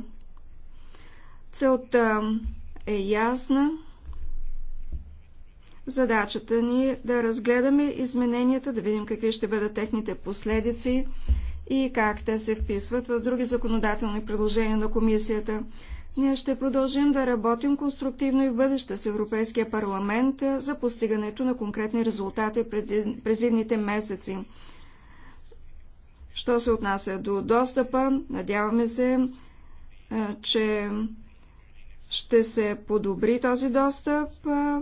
B: Целта е ясна. Задачата ни е да разгледаме измененията, да видим какви ще бъдат техните последици и как те се вписват в други законодателни предложения на комисията. Ние ще продължим да работим конструктивно и в бъдеще с Европейския парламент е, за постигането на конкретни резултати през едните месеци. Що се отнася до достъпа, надяваме се, е, че ще се подобри този достъп е,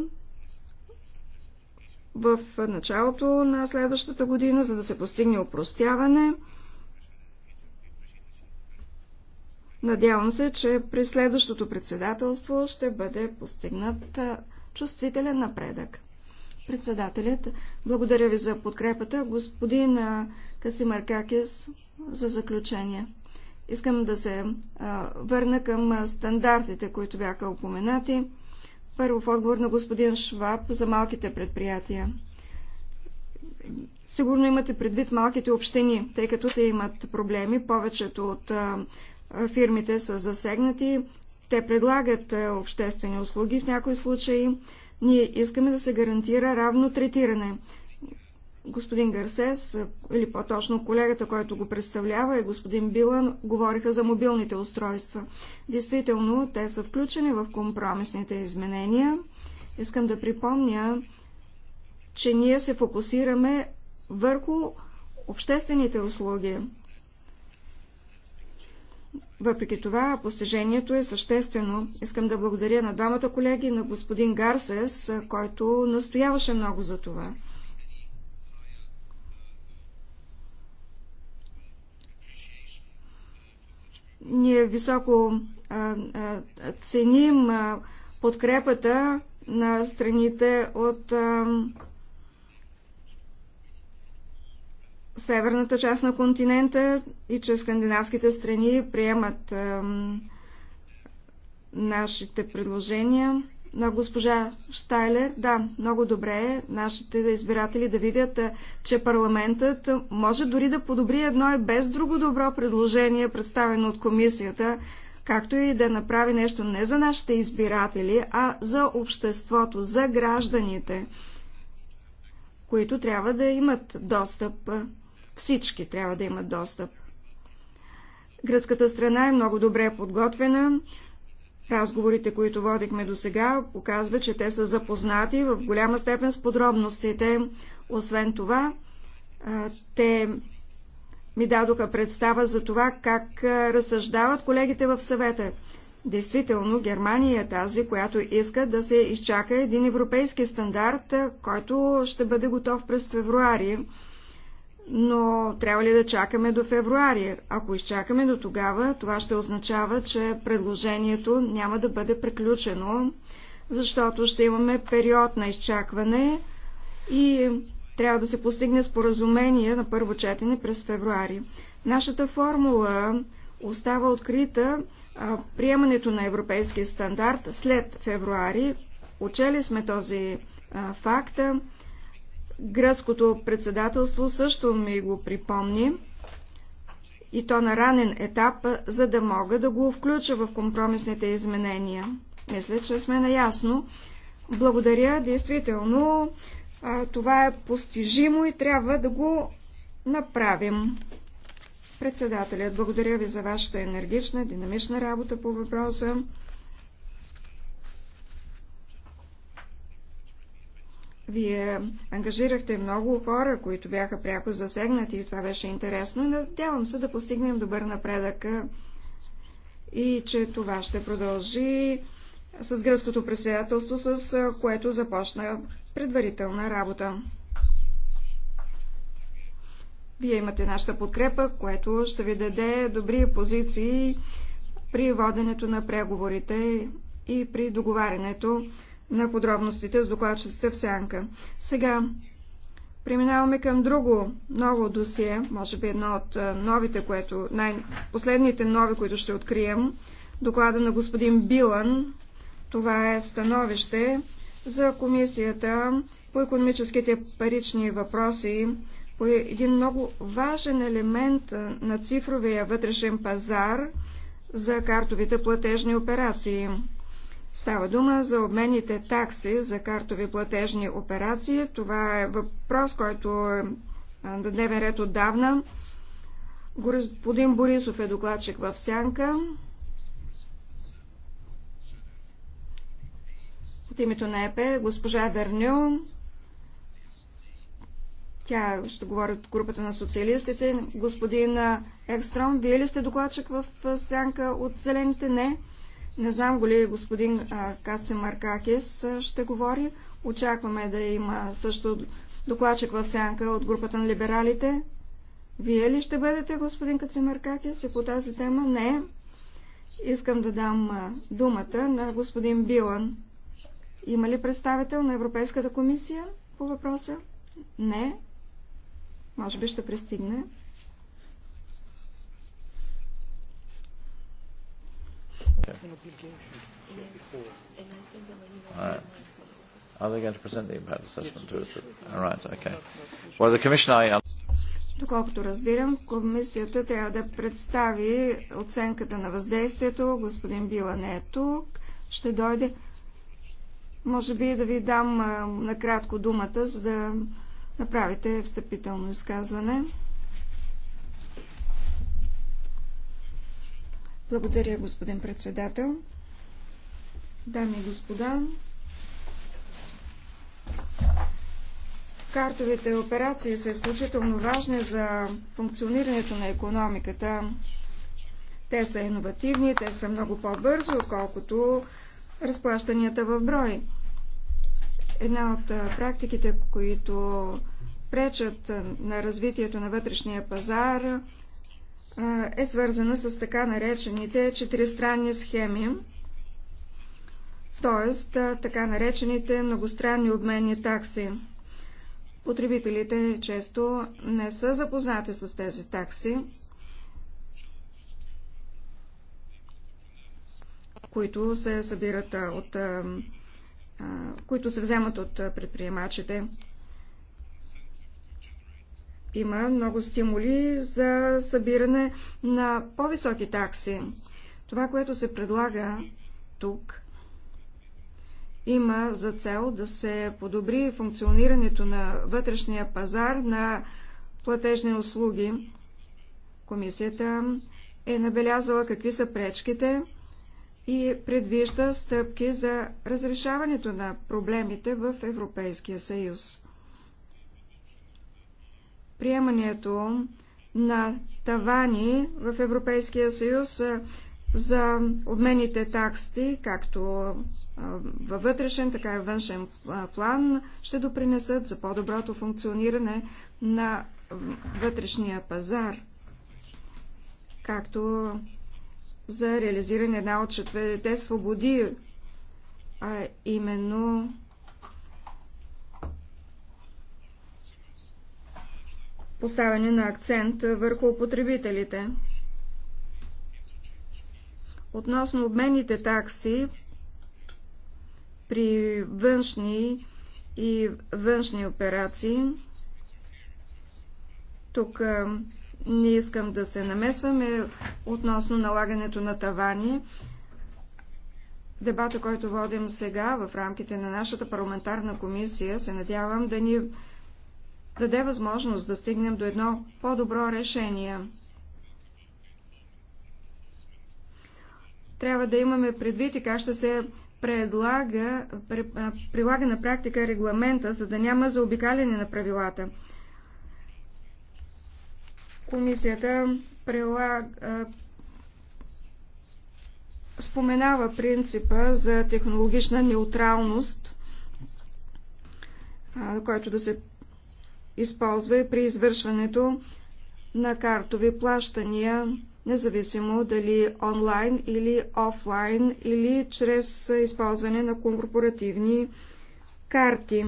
B: в началото на следващата година, за да се постигне упростяване. Надявам се, че при следващото председателство ще бъде постигнат чувствителен напредък. Председателят, благодаря ви за подкрепата. Господин Кацимаркакис, за заключение. Искам да се върна към стандартите, които бяха упоменати. Първо в отговор на господин Шваб за малките предприятия. Сигурно имате предвид малките общини, тъй като те имат проблеми. Повечето от фирмите са засегнати, те предлагат обществени услуги в някои случаи. Ние искаме да се гарантира равно третиране. Господин Гарсес, или по-точно колегата, който го представлява, и господин Билан говориха за мобилните устройства. Действително, те са включени в компромисните изменения. Искам да припомня, че ние се фокусираме върху обществените услуги. Въпреки това, постижението е съществено. Искам да благодаря на двамата колеги, на господин Гарсес, който настояваше много за това. Ние високо а, а, ценим а, подкрепата на страните от а, северната част на континента и че скандинавските страни приемат е, нашите предложения. На госпожа Штайлер, да, много добре е нашите избиратели да видят, че парламентът може дори да подобри едно и без друго добро предложение, представено от комисията, както и да направи нещо не за нашите избиратели, а за обществото, за гражданите които трябва да имат достъп всички трябва да имат достъп. Гръцката страна е много добре подготвена. Разговорите, които водихме до сега, показва, че те са запознати в голяма степен с подробностите. Освен това, те ми дадоха представа за това, как разсъждават колегите в съвета. Действително, Германия е тази, която иска да се изчака един европейски стандарт, който ще бъде готов през февруари но трябва ли да чакаме до февруари? Ако изчакаме до тогава, това ще означава, че предложението няма да бъде приключено, защото ще имаме период на изчакване и трябва да се постигне споразумение на първо четене през февруари. Нашата формула остава открита приемането на европейския стандарт след февруари. Учели сме този факт. Гръцкото председателство също ми го припомни и то на ранен етап, за да мога да го включа в компромисните изменения. Мисля, че сме наясно. Благодаря, действително това е постижимо и трябва да го направим. Председателят, благодаря ви за вашата енергична, динамична работа по въпроса. Вие ангажирахте много хора, които бяха пряко засегнати и това беше интересно. Надявам се да постигнем добър напредък и че това ще продължи с гръцкото председателство, с което започна предварителна работа. Вие имате нашата подкрепа, което ще ви даде добри позиции при воденето на преговорите и при договарянето на подробностите с докладчицата в сянка. Сега преминаваме към друго ново досие, може би едно от е, новите, което, най- последните нови, които ще открием, доклада на господин Билан. Това е становище за комисията по економическите парични въпроси, по един много важен елемент е, на цифровия вътрешен пазар за картовите платежни операции. Става дума за обменните такси за картови платежни операции. Това е въпрос, който е на дневен ред отдавна. Господин Борисов е докладчик в Сянка. От името на ЕП госпожа Вернил. Тя ще говори от групата на социалистите. Господин Екстром, вие ли сте докладчик в Сянка от Зелените? Не. Не знам го ли господин Каци Маркакис ще говори. Очакваме да има също докладчик в сянка от групата на либералите. Вие ли ще бъдете, господин Кацимаркакис, и по тази тема? Не. Искам да дам думата на господин Билан. Има ли представител на Европейската комисия по въпроса? Не. Може би ще пристигне. Okay.
C: right. Are they going to present the impact assessment to us? All right, okay. Well, the commission I...
B: Доколкото разбирам, комисията трябва да представи оценката на въздействието. Господин Била не е тук. Ще дойде. Може би да ви дам накратко думата, за да направите встъпително изказване. Благодаря, господин председател. Дами и господа, картовите операции са изключително важни за функционирането на економиката. Те са иновативни, те са много по-бързи, отколкото разплащанията в брой. Една от практиките, които пречат на развитието на вътрешния пазар, е свързана с така наречените четиристранни схеми, т.е. така наречените многостранни обменни такси. Потребителите често не са запознати с тези такси, които се събират от които се вземат от предприемачите има много стимули за събиране на по-високи такси. Това, което се предлага тук, има за цел да се подобри функционирането на вътрешния пазар на платежни услуги. Комисията е набелязала какви са пречките и предвижда стъпки за разрешаването на проблемите в Европейския съюз приемането на тавани в Европейския съюз за обмените такси, както във вътрешен, така и външен план, ще допринесат за по-доброто функциониране на вътрешния пазар, както за реализиране една от четвърте свободи, а именно поставяне на акцент върху потребителите. Относно обменните такси при външни и външни операции, тук не искам да се намесваме относно налагането на тавани. Дебата, който водим сега в рамките на нашата парламентарна комисия, се надявам да ни даде възможност да стигнем до едно по-добро решение. Трябва да имаме предвид и как ще се предлага, прилага на практика регламента, за да няма заобикаляне на правилата. Комисията прилага, споменава принципа за технологична неутралност, който да се използва и при извършването на картови плащания, независимо дали онлайн или офлайн или чрез използване на корпоративни карти.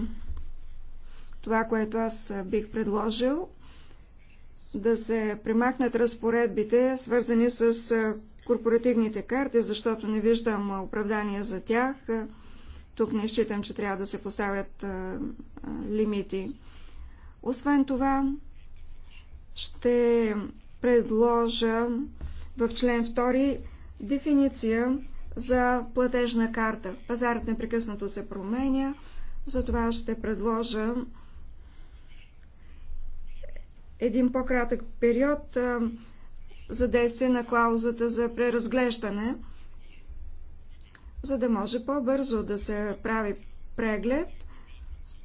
B: Това, което аз бих предложил, да се примахнат разпоредбите, свързани с корпоративните карти, защото не виждам оправдания за тях. Тук не считам, че трябва да се поставят лимити. Освен това, ще предложа в член 2 дефиниция за платежна карта. Пазарът непрекъснато се променя, затова ще предложа един по-кратък период за действие на клаузата за преразглеждане, за да може по-бързо да се прави преглед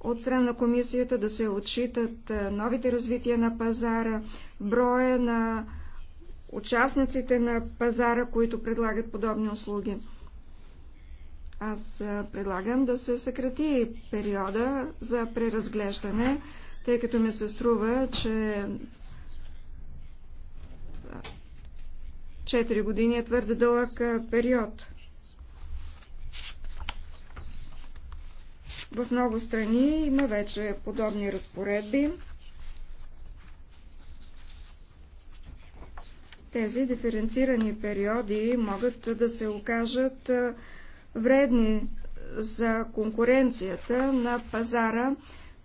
B: от страна на комисията да се отчитат е, новите развития на пазара, броя на участниците на пазара, които предлагат подобни услуги. Аз е, предлагам да се съкрати периода за преразглеждане, тъй като ми се струва, че 4 е, години е твърде дълъг период. В много страни има вече подобни разпоредби. Тези диференцирани периоди могат да се окажат вредни за конкуренцията на пазара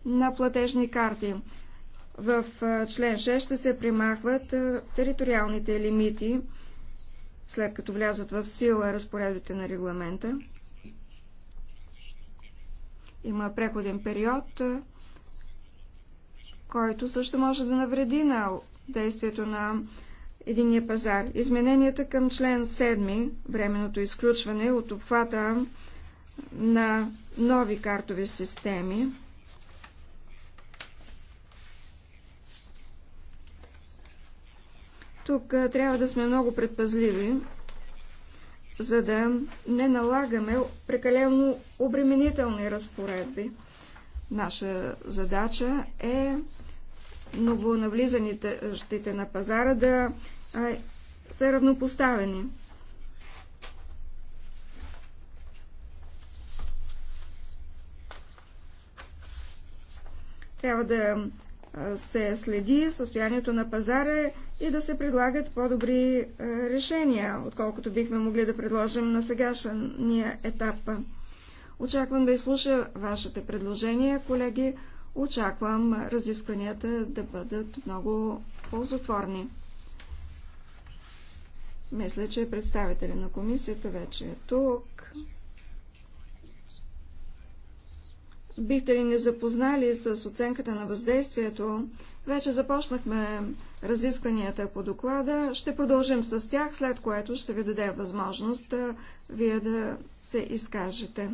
B: на платежни карти. В член 6 ще се примахват териториалните лимити, след като влязат в сила разпоредбите на регламента. Има преходен период, който също може да навреди на действието на единия пазар. Измененията към член 7, временното изключване от обхвата на нови картови системи, Тук трябва да сме много предпазливи, за да не налагаме прекалено обременителни разпоредби. Наша задача е новонавлизаните на пазара да са равнопоставени. Трябва да се следи състоянието на пазара и да се предлагат по-добри е, решения, отколкото бихме могли да предложим на сегашния етап. Очаквам да изслуша вашите предложения, колеги. Очаквам разискванията да бъдат много ползотворни. Мисля, че представителя на комисията вече е тук. Бихте ли ни запознали с оценката на въздействието? Вече започнахме разискванията по доклада. Ще продължим с тях, след което ще ви даде възможност вие да се изкажете.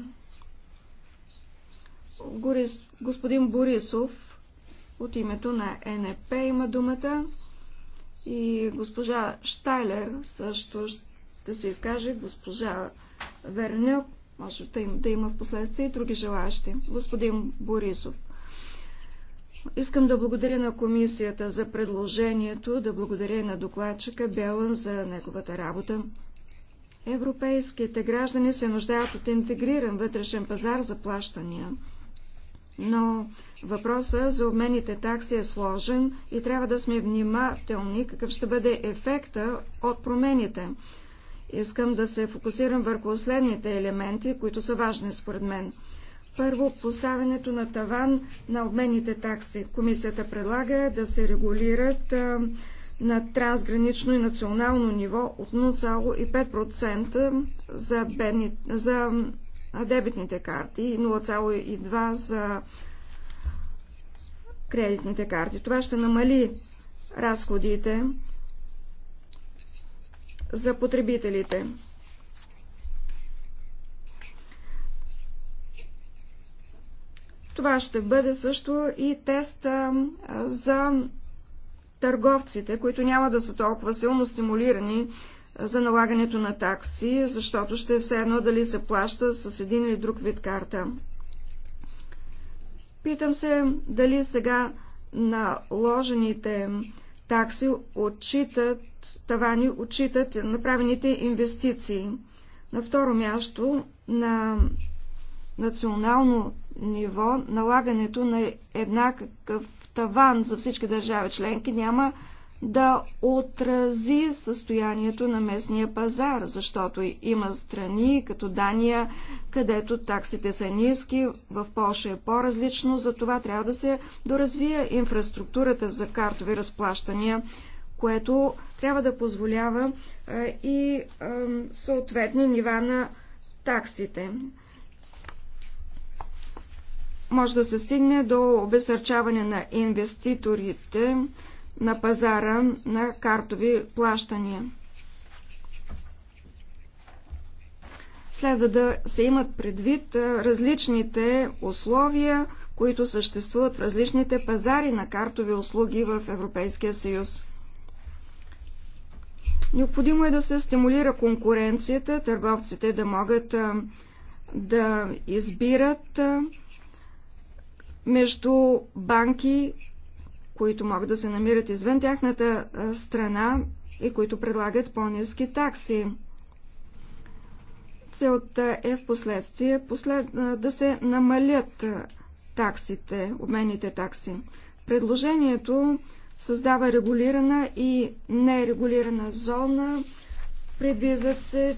B: Горис... Господин Борисов от името на НП има думата и госпожа Штайлер също ще се изкаже, госпожа Вернюк може да има, да има в последствие и други желащи. Господин Борисов. Искам да благодаря на комисията за предложението, да благодаря на докладчика Белан за неговата работа. Европейските граждани се нуждаят от интегриран вътрешен пазар за плащания. Но въпросът за обмените такси е сложен и трябва да сме внимателни какъв ще бъде ефекта от промените. Искам да се фокусирам върху следните елементи, които са важни според мен. Първо, поставянето на таван на обменните такси. Комисията предлага да се регулират на трансгранично и национално ниво от 0,5% за, бедни, за дебетните карти и 0,2% за кредитните карти. Това ще намали разходите за потребителите. Това ще бъде също и тест за търговците, които няма да са толкова силно стимулирани за налагането на такси, защото ще е все едно дали се плаща с един или друг вид карта. Питам се дали сега наложените такси отчитат тавани отчитат направените инвестиции. На второ място, на национално ниво, налагането на еднакъв таван за всички държави членки няма да отрази състоянието на местния пазар, защото има страни, като Дания, където таксите са ниски, в Польша е по-различно, затова трябва да се доразвие инфраструктурата за картови разплащания което трябва да позволява е, и е, съответни нива на таксите. Може да се стигне до обесърчаване на инвеститорите на пазара на картови плащания. Следва да се имат предвид е, различните условия, които съществуват в различните пазари на картови услуги в Европейския съюз. Необходимо е да се стимулира конкуренцията, търговците да могат да избират между банки, които могат да се намират извън тяхната страна и които предлагат по-низки такси. Целта е в последствие послед... да се намалят таксите, обменните такси. Предложението създава регулирана и нерегулирана зона, предвизат се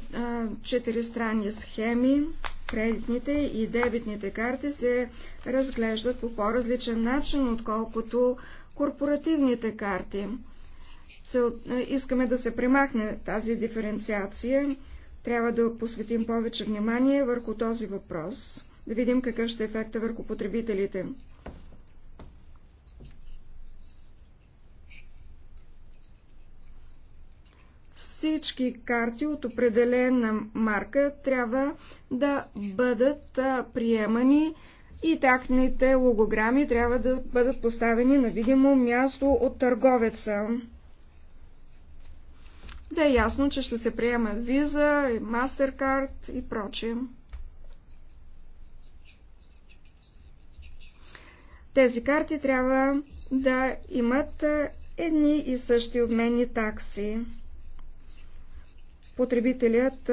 B: четири странни схеми, кредитните и дебитните карти се разглеждат по по-различен начин, отколкото корпоративните карти. Цел... Искаме да се примахне тази диференциация. Трябва да посветим повече внимание върху този въпрос, да видим какъв ще е ефекта върху потребителите. всички карти от определена марка трябва да бъдат приемани и тяхните логограми трябва да бъдат поставени на видимо място от търговеца. Да е ясно, че ще се приема виза, и и прочие. Тези карти трябва да имат едни и същи обменни такси потребителят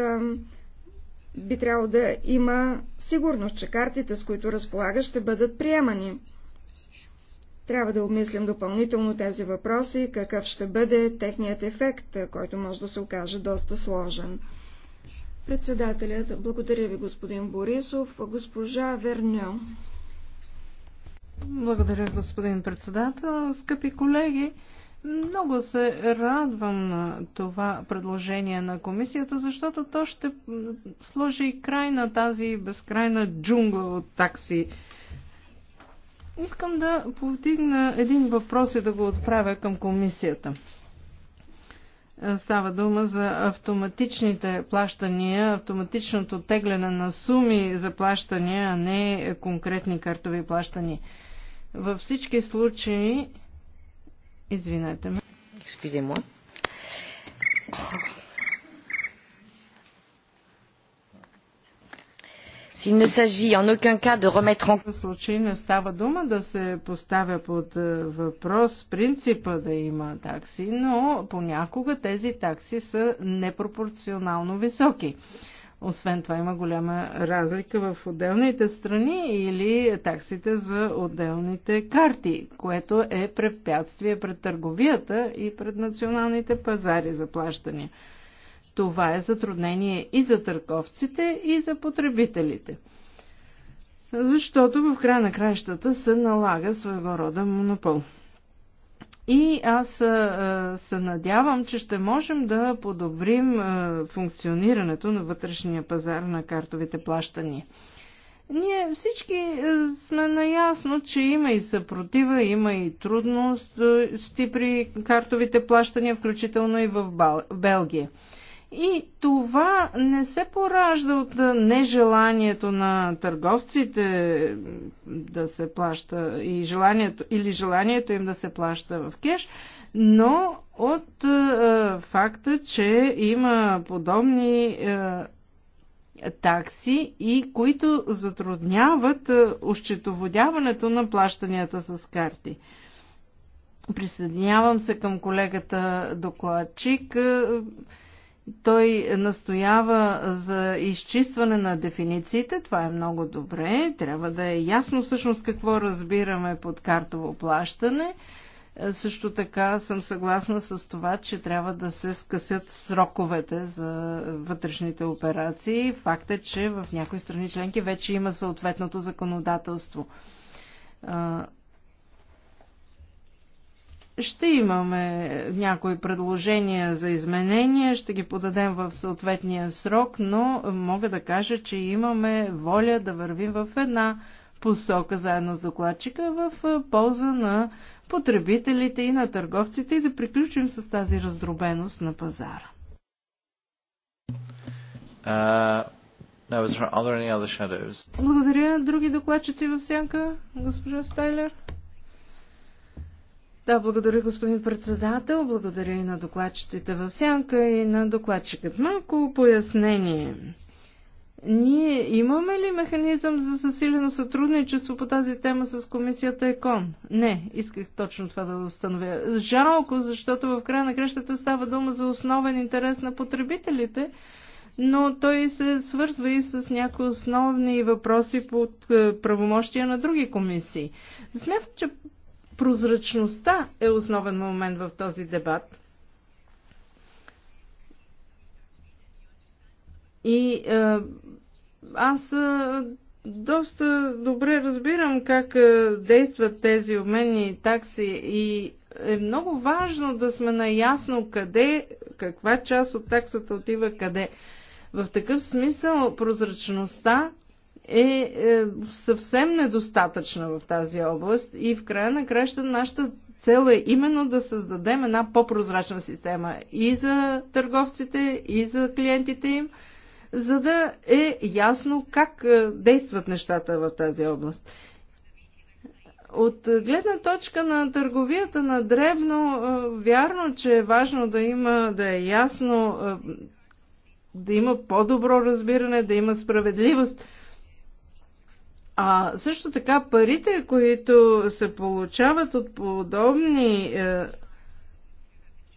B: би трябвало да има сигурност, че картите, с които разполага, ще бъдат приемани. Трябва да обмислим допълнително тези въпроси, какъв ще бъде техният ефект, който може да се окаже доста сложен. Председателят, благодаря ви, господин Борисов. Госпожа Верньо.
C: Благодаря, господин председател. Скъпи колеги, много се радвам на това предложение на комисията, защото то ще сложи край на тази безкрайна джунгла от такси. Искам да повдигна един въпрос и да го отправя към комисията. Става дума за автоматичните плащания, автоматичното тегляне на суми за плащания, а не конкретни картови плащания. Във всички случаи Извинете ме. Excusez-moi. S'il ne s'agit en aucun cas de remettre en случай не става дума да се поставя под е, въпрос принципа да има такси, но понякога тези такси са непропорционално високи. Освен това има голяма разлика в отделните страни или таксите за отделните карти, което е препятствие пред търговията и пред националните пазари за плащания. Това е затруднение и за търговците, и за потребителите. Защото в края на краищата се налага своего рода монопол. И аз се надявам, че ще можем да подобрим функционирането на вътрешния пазар на картовите плащания. Ние всички сме наясно, че има и съпротива, има и трудности при картовите плащания, включително и в Белгия. И това не се поражда от нежеланието на търговците да се плаща и желанието, или желанието им да се плаща в кеш, но от е, факта, че има подобни е, такси и които затрудняват ощетоводяването на плащанията с карти. Присъединявам се към колегата докладчик. Е, той настоява за изчистване на дефинициите. Това е много добре. Трябва да е ясно всъщност какво разбираме под картово плащане. Е, също така съм съгласна с това, че трябва да се скъсят сроковете за вътрешните операции. Факт е, че в някои страни членки вече има съответното законодателство. Е, ще имаме някои предложения за изменения, ще ги подадем в съответния срок, но мога да кажа, че имаме воля да вървим в една посока заедно с докладчика в полза на потребителите и на търговците и да приключим с тази раздробеност на пазара. Uh, Благодаря. Други докладчици в сянка, госпожа Стайлер? Да, благодаря, господин председател. Благодаря и на докладчиците в сянка и на докладчикът. Малко пояснение. Ние имаме ли механизъм за засилено сътрудничество по тази тема с комисията ЕКОН? Не, исках точно това да установя. Жалко, защото в края на крещата става дума за основен интерес на потребителите, но той се свързва и с някои основни въпроси под е, правомощия на други комисии. Смятам, че Прозрачността е основен момент в този дебат. И е, аз е, доста добре разбирам как е, действат тези обменни такси и е много важно да сме наясно къде, каква част от таксата отива къде. В такъв смисъл прозрачността е, е съвсем недостатъчна в тази област и в края на краща нашата цел е именно да създадем една по-прозрачна система и за търговците, и за клиентите им, за да е ясно как е, действат нещата в тази област. От гледна точка на търговията на дребно, е, вярно, че е важно да има, да е ясно, е, да има по-добро разбиране, да има справедливост – а също така парите, които се получават от подобни е,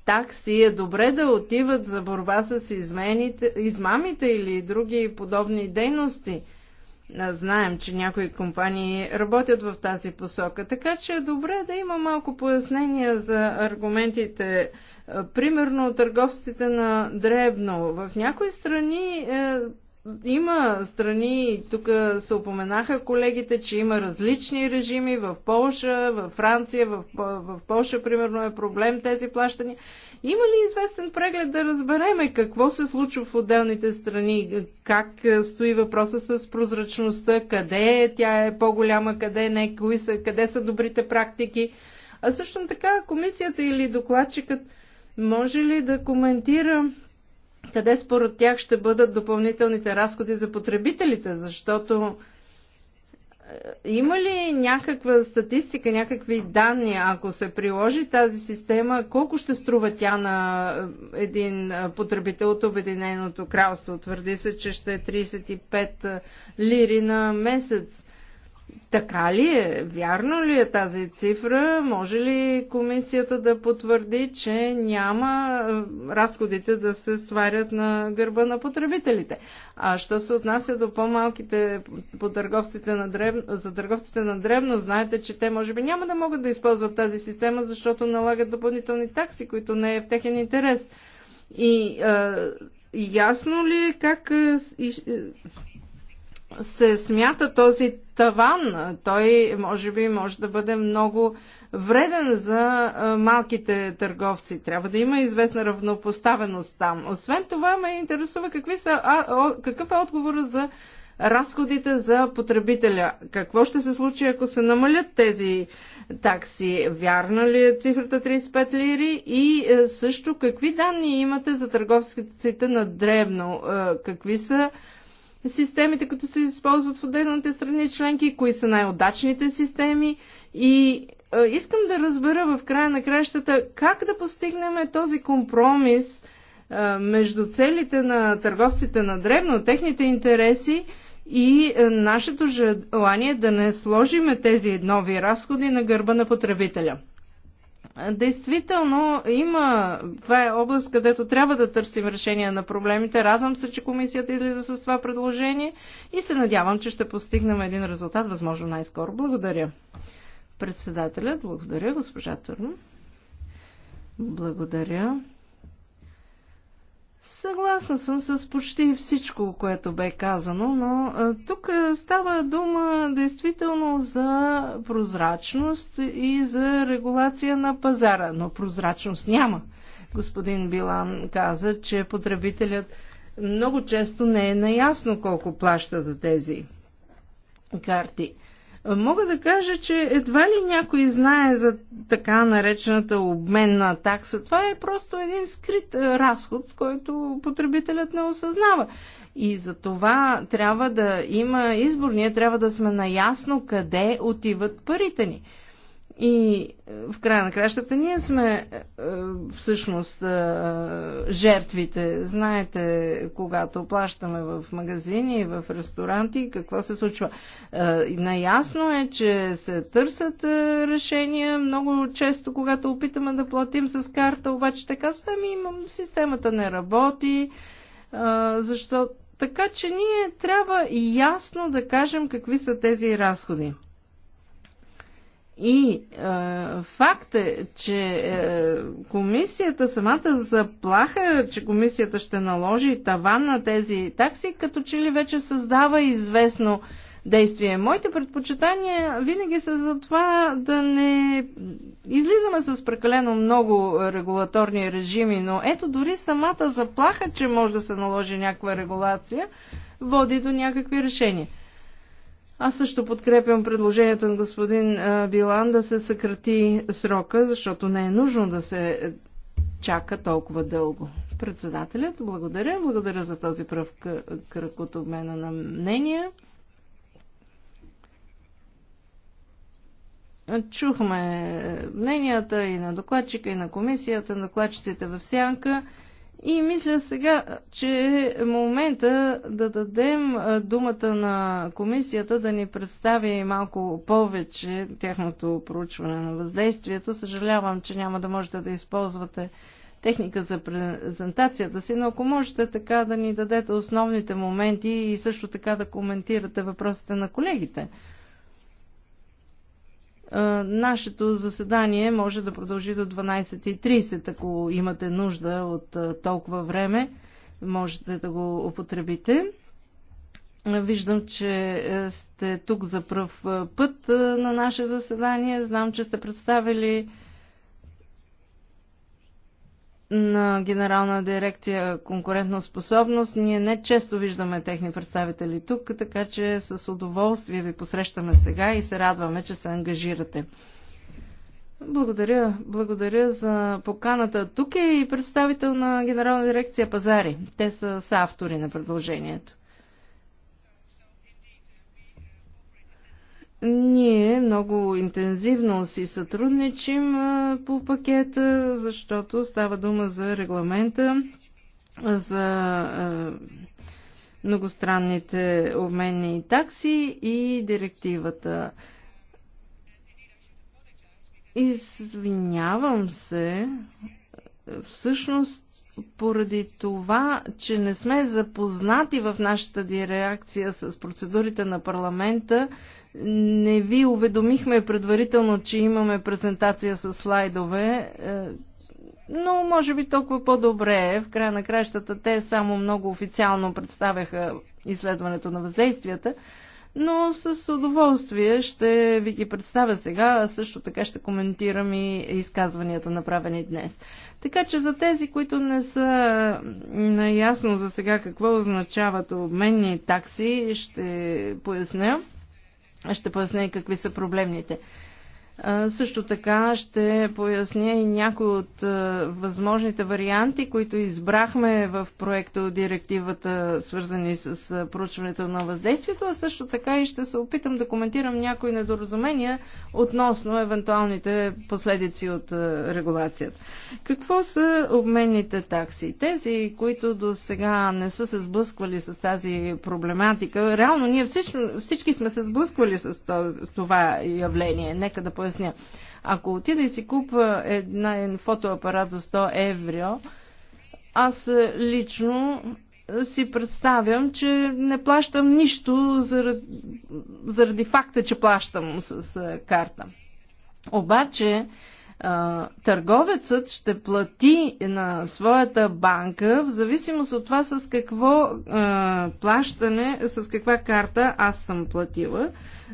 C: такси, е добре да отиват за борба с измените, измамите или други подобни дейности. Знаем, че някои компании работят в тази посока, така че е добре да има малко пояснения за аргументите. Е, примерно търговците на дребно. В някои страни е, има страни, тук се упоменаха колегите, че има различни режими в Полша, в Франция, в, в Полша примерно е проблем тези плащания. Има ли известен преглед да разбереме какво се случва в отделните страни, как стои въпроса с прозрачността, къде е тя е по-голяма, къде не, кои са, къде са добрите практики? А също така комисията или докладчикът може ли да коментира къде според тях ще бъдат допълнителните разходи за потребителите, защото е, има ли някаква статистика, някакви данни, ако се приложи тази система, колко ще струва тя на е, един е, потребител от Обединеното кралство? Твърди се, че ще е 35 лири на месец. Така ли е? Вярно ли е тази цифра? Може ли комисията да потвърди, че няма е, разходите да се стварят на гърба на потребителите? А що се отнася до по-малките по търговците на дребно, за търговците на дребно, знаете, че те може би няма да могат да използват тази система, защото налагат допълнителни такси, които не е в техен интерес. И а, е, ясно ли е как е, се смята този таван. Той, може би, може да бъде много вреден за малките търговци. Трябва да има известна равнопоставеност там. Освен това, ме интересува какви са, а, о, какъв е отговорът за разходите за потребителя. Какво ще се случи, ако се намалят тези такси? Вярна ли е цифрата 35 лири? И е, също какви данни имате за търговските на дребно? Е, какви са системите, като се използват в отделните страни членки, кои са най-удачните системи и е, искам да разбера в края на кращата как да постигнем този компромис е, между целите на търговците на древно, техните интереси и е, нашето желание да не сложиме тези нови разходи на гърба на потребителя. Действително има, това е област, където трябва да търсим решение на проблемите. Радвам се, че комисията излиза с това предложение и се надявам, че ще постигнем един резултат, възможно най-скоро. Благодаря. Председателят, благодаря, госпожа Търно. Благодаря. Съгласна съм с почти всичко, което бе казано, но тук става дума действително за прозрачност и за регулация на пазара, но прозрачност няма. Господин Билан каза, че потребителят много често не е наясно колко плаща за тези карти. Мога да кажа, че едва ли някой знае за така наречената обменна такса. Това е просто един скрит е, разход, който потребителят не осъзнава. И за това трябва да има избор. Ние трябва да сме наясно къде отиват парите ни. И е, в края на кращата ние сме е, всъщност е, жертвите. Знаете, когато плащаме в магазини, в ресторанти, какво се случва. Наясно е, че се търсят решения. Много често, когато опитаме да платим с карта, обаче те казват, ами имам, системата не работи, Защо така че ние трябва ясно да кажем какви са тези разходи. И е, факт е, че е, комисията, самата заплаха, че комисията ще наложи таван на тези такси, като че ли вече създава известно действие. Моите предпочитания винаги са за това да не излизаме с прекалено много регулаторни режими, но ето дори самата заплаха, че може да се наложи някаква регулация, води до някакви решения. Аз също подкрепям предложението на господин Билан да се съкрати срока, защото не е нужно да се чака толкова дълго. Председателят, благодаря. Благодаря за този пръв кръг от обмена на мнения. Чухме мненията и на докладчика, и на комисията, на докладчиците в сянка. И мисля сега, че е момента да дадем думата на комисията да ни представи малко повече тяхното проучване на въздействието. Съжалявам, че няма да можете да използвате техника за презентацията си, но ако можете така да ни дадете основните моменти и също така да коментирате въпросите на колегите. Е, нашето заседание може да продължи до 12.30, ако имате нужда от е, толкова време, можете да го употребите. Виждам, че е, сте тук за пръв път на наше заседание. Знам, че сте представили на Генерална дирекция конкурентна способност. Ние не често виждаме техни представители тук, така че с удоволствие ви посрещаме сега и се радваме, че се ангажирате. Благодаря. Благодаря за поканата. Тук е и представител на Генерална дирекция Пазари. Те са, са автори на предложението. Ние много интензивно си сътрудничим по пакета, защото става дума за регламента, за многостранните обменни такси и директивата. Извинявам се, всъщност поради това, че не сме запознати в нашата дирекция с процедурите на парламента, не ви уведомихме предварително, че имаме презентация с слайдове, е, но може би толкова по-добре. Е. В края на кращата те само много официално представяха изследването на въздействията, но с удоволствие ще ви ги представя сега, а също така ще коментирам и изказванията направени днес. Така че за тези, които не са наясно за сега какво означават обменни такси, ще поясня ще поясня какви са проблемните. Също така ще поясня и някои от възможните варианти, които избрахме в проекта от директивата, свързани с проучването на въздействието, а също така и ще се опитам да коментирам някои недоразумения относно евентуалните последици от регулацията. Какво са обменните такси? Тези, които до сега не са се сблъсквали с тази проблематика, реално ние всички, всички сме се сблъсквали с това явление. Нека да поясня. Ако отида и си купа една фотоапарат за 100 евро, аз лично си представям, че не плащам нищо заради, заради факта, че плащам с карта. Обаче, търговецът ще плати на своята банка в зависимост от това с какво а, плащане, с каква карта аз съм платила.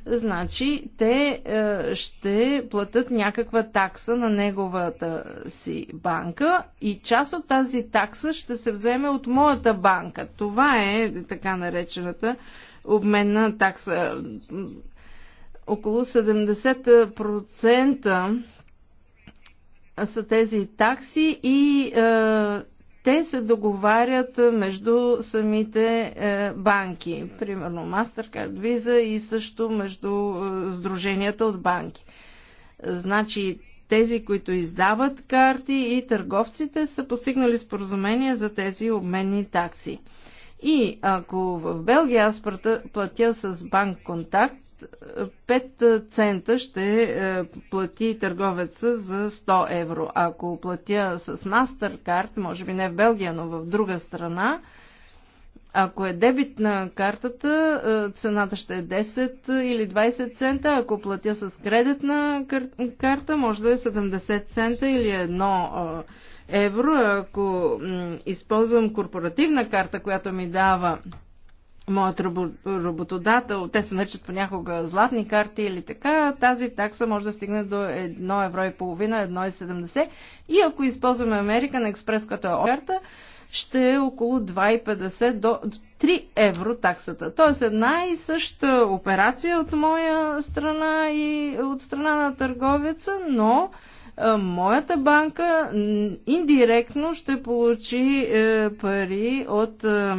C: Значи те а, ще платят някаква такса на неговата си банка и част от тази такса ще се вземе от моята банка. Това е така наречената обменна такса. Около 70% са тези такси и е, те се договарят между самите е, банки, примерно Mastercard, Visa и също между е, сдруженията от банки. Значи тези, които издават карти и търговците са постигнали споразумение за тези обменни такси. И ако в Белгия аз платя с банк контакт, 5 цента ще е, плати търговеца за 100 евро. Ако платя с MasterCard, може би не в Белгия, но в друга страна, ако е дебит на картата, е, цената ще е 10 или 20 цента. Ако платя с кредитна карта, може да е 70 цента или 1 е, евро. Ако използвам корпоративна карта, която ми дава моят работодател, те се наричат понякога златни карти или така, тази такса може да стигне до 1 евро и половина, 1,70 и ако използваме Американ Експрес, като е карта, ще е около 2,50 до 3 евро таксата. Тоест една и съща операция от моя страна и от страна на търговеца, но е, моята банка индиректно ще получи е, пари от е,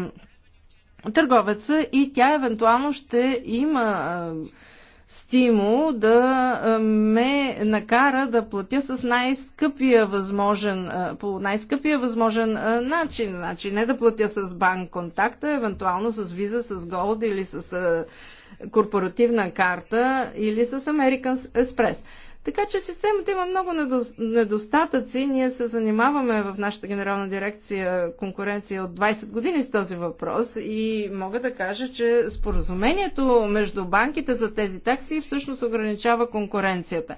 C: търговеца и тя евентуално ще има стимул да ме накара да платя с най-скъпия възможен, по най-скъпия възможен начин. Значи не да платя с банк контакта, евентуално с виза, с голд или с корпоративна карта или с American Express. Така че системата има много недостатъци. Ние се занимаваме в нашата генерална дирекция конкуренция от 20 години с този въпрос и мога да кажа, че споразумението между банките за тези такси всъщност ограничава конкуренцията.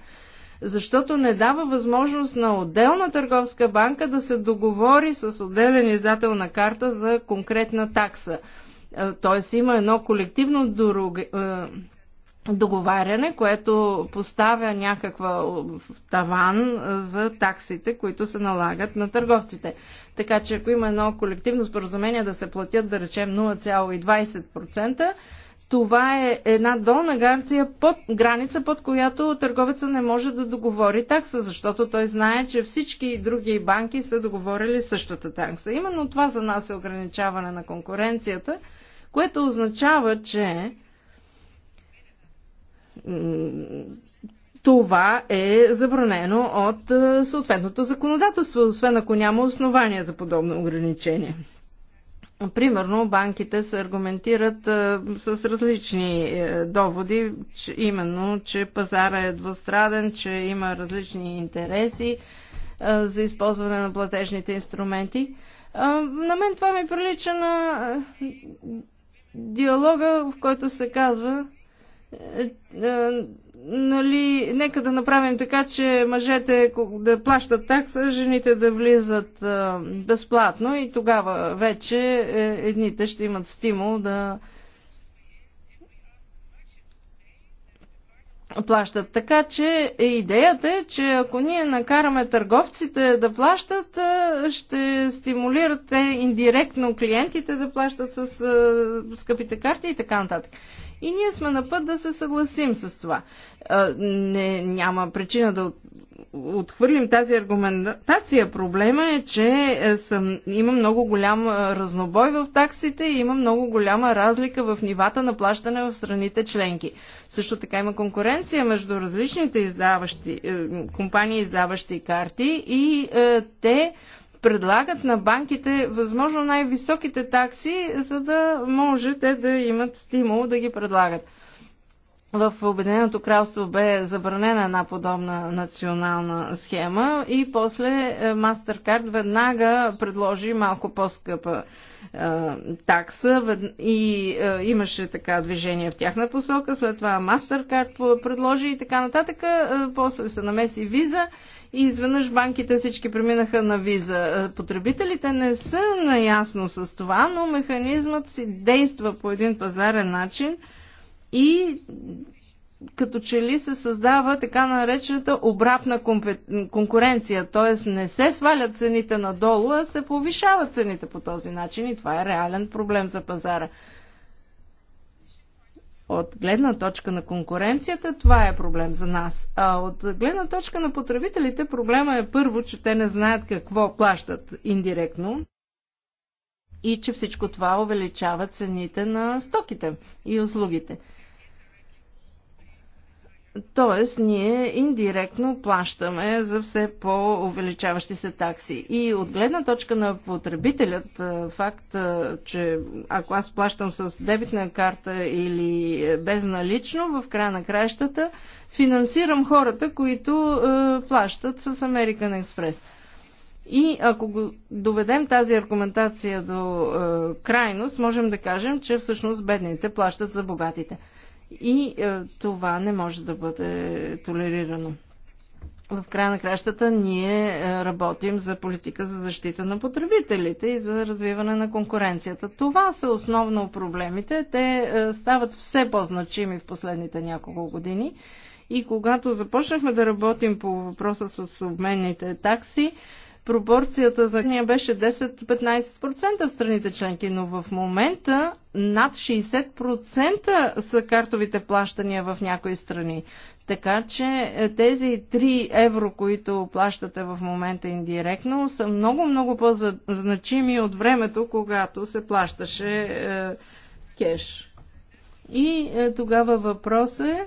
C: Защото не дава възможност на отделна търговска банка да се договори с отделен издател на карта за конкретна такса. Е, тоест има едно колективно е, договаряне, което поставя някаква таван за таксите, които се налагат на търговците. Така че ако има едно колективно споразумение да се платят, да речем 0,20%, това е една долна гарция под граница, под която търговеца не може да договори такса, защото той знае, че всички други банки са договорили същата такса. Именно това за нас е ограничаване на конкуренцията, което означава, че това е забранено от е, съответното законодателство, освен ако няма основания за подобно ограничение. Примерно, банките се аргументират е, с различни е, доводи, че, именно, че пазара е двустраден, че има различни интереси за използване на платежните инструменти. на мен това ми прилича на диалога, в който се казва, е, е, нали, нека да направим така, че мъжете да плащат такса, жените да влизат е, безплатно и тогава вече едните ще имат стимул да плащат. Така че идеята е, че ако ние накараме търговците да плащат, ще стимулират те индиректно клиентите да плащат с скъпите карти и така нататък. И ние сме на път да се съгласим с това. Не, няма причина да отхвърлим тази аргументация. Проблема е, че е, съм, има много голям разнобой в таксите и има много голяма разлика в нивата на плащане в страните членки. Също така има конкуренция между различните издаващи, е, компании, издаващи карти и е, те предлагат на банките възможно най-високите такси, за да може те да имат стимул да ги предлагат. В Обединеното кралство бе забранена една подобна национална схема и после е, Mastercard веднага предложи малко по-скъпа е, такса и е, имаше така движение в тяхна посока. След това Mastercard предложи и така нататък. Е, после се намеси виза и изведнъж банките всички преминаха на виза. Е, потребителите не са наясно с това, но механизмът си действа по един пазарен начин и като че ли се създава така наречената обратна конкуренция, т.е. не се свалят цените надолу, а се повишават цените по този начин и това е реален проблем за пазара. От гледна точка на конкуренцията това е проблем за нас. А от гледна точка на потребителите проблема е първо, че те не знаят какво плащат индиректно и че всичко това увеличава цените на стоките и услугите. Тоест, ние индиректно плащаме за все по-увеличаващи се такси. И от гледна точка на потребителят, факт, че ако аз плащам с дебитна карта или е, безналично, в края на краищата финансирам хората, които е, плащат с American Express. И ако го доведем тази аргументация до е, крайност, можем да кажем, че всъщност бедните плащат за богатите и е, това не може да бъде толерирано. В края на кращата ние е, работим за политика за защита на потребителите и за развиване на конкуренцията. Това са основно проблемите. Те е, стават все по-значими в последните няколко години. И когато започнахме да работим по въпроса с обменните такси, пропорцията за нея беше 10-15% в страните членки, но в момента над 60% са картовите плащания в някои страни. Така че е, тези 3 евро, които плащате в момента индиректно, са много-много по-значими от времето, когато се плащаше е, кеш. И е, тогава въпрос е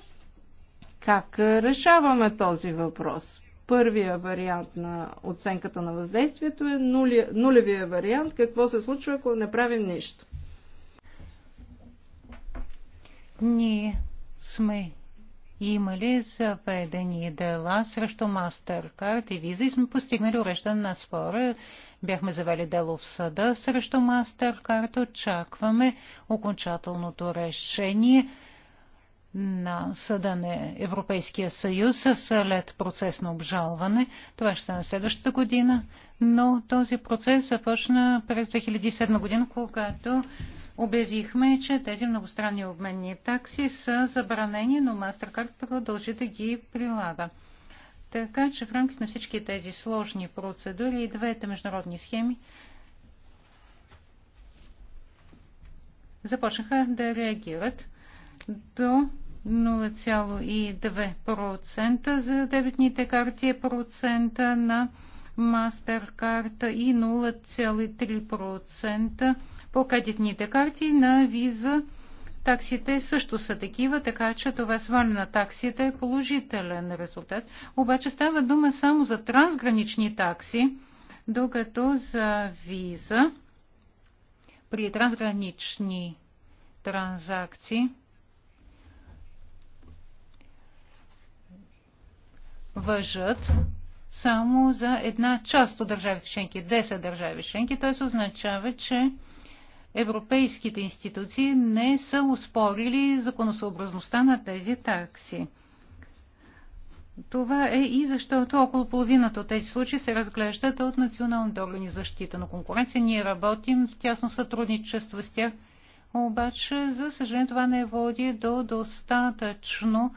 C: как е, решаваме този въпрос? първия вариант на оценката на
A: въздействието
C: е нули, нулевия вариант, какво се случва, ако не правим нищо.
A: Ние сме имали заведени дела срещу Mastercard и Visa и сме постигнали уреждане на спора. Бяхме завели дело в съда срещу Mastercard. Очакваме окончателното решение на съда на Европейския съюз след процес на обжалване. Това ще стане следващата година, но този процес започна през 2007 година, когато обявихме, че тези многостранни обменни такси са забранени, но MasterCard продължи да ги прилага. Така че в рамките на всички тези сложни процедури и двете международни схеми започнаха да реагират до 0,2% за дебетните карти, е процента на MasterCard и 0,3% по кредитните карти на виза. Таксите също са такива, така че това сваляне на таксите е положителен резултат. Обаче става дума само за трансгранични такси, докато за виза при трансгранични транзакции въжат само за една част от държавите членки, 10 държави членки, т.е. означава, че европейските институции не са успорили законосъобразността на тези такси. Това е и защото около половината от тези случаи се разглеждат от националните органи защита на конкуренция. Ние работим в тясно сътрудничество с тях, обаче, за съжаление, това не води до достатъчно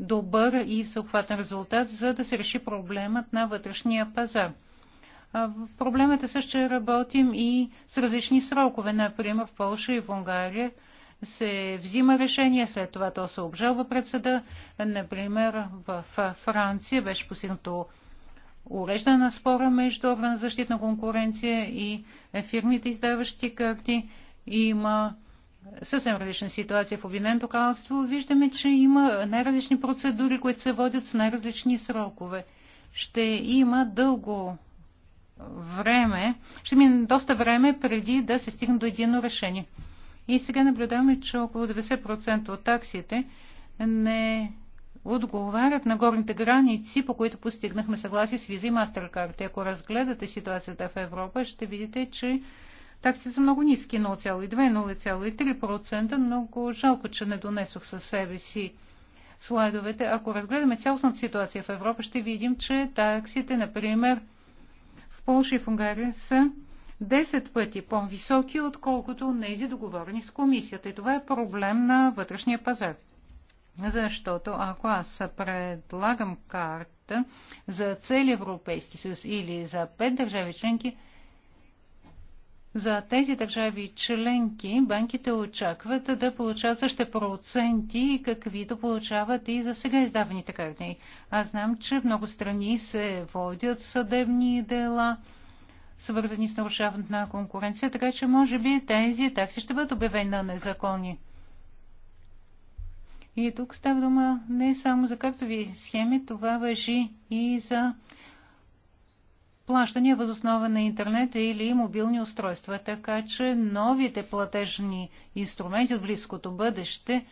A: добър и съхватен резултат, за да се реши проблемът на вътрешния пазар. Проблемът е също, че работим и с различни срокове. Например, в Польша и в Унгария се взима решение, след това то се обжалва пред съда. Например, в Франция беше посигнато уреждане на спора между орган за защита на конкуренция и фирмите, издаващи карти. Има съвсем различна ситуация в Обединеното кралство, виждаме, че има най-различни процедури, които се водят с най-различни срокове. Ще има дълго време, ще мине доста време преди да се стигне до едино решение. И сега наблюдаваме, че около 90% от таксите не отговарят на горните граници, по които постигнахме съгласие с визи и MasterCard. Ако разгледате ситуацията в Европа, ще видите, че Таксите са много ниски, 0,2-0,3%. Много жалко, че не донесох със себе си слайдовете. Ако разгледаме цялостната ситуация в Европа, ще видим, че таксите, например, в Польша и в Унгария са 10 пъти по-високи, отколкото нези договорени с комисията. И това е проблем на вътрешния пазар. Защото ако аз предлагам карта за цели Европейски съюз или за 5 държави членки, за тези държави членки банките очакват да получат същите проценти, каквито получават и за сега издаваните карти. Аз знам, че в много страни се водят съдебни дела, свързани с нарушаването на конкуренция, така че може би тези такси ще бъдат обявени на незаконни. И тук става дума не само за картови схеми, това въжи и за плащания въз основа на интернет или мобилни устройства, така че новите платежни инструменти от близкото бъдеще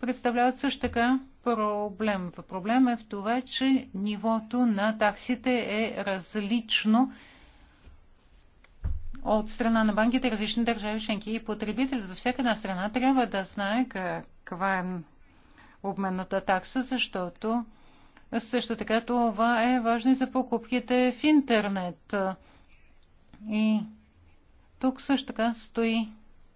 A: представляват също така проблем. Проблем е в това, че нивото на таксите е различно от страна на банките различни държави членки и потребителите във всяка една страна трябва да знае каква е обменната такса, защото също така това е важно и за покупките в интернет. И тук също така стои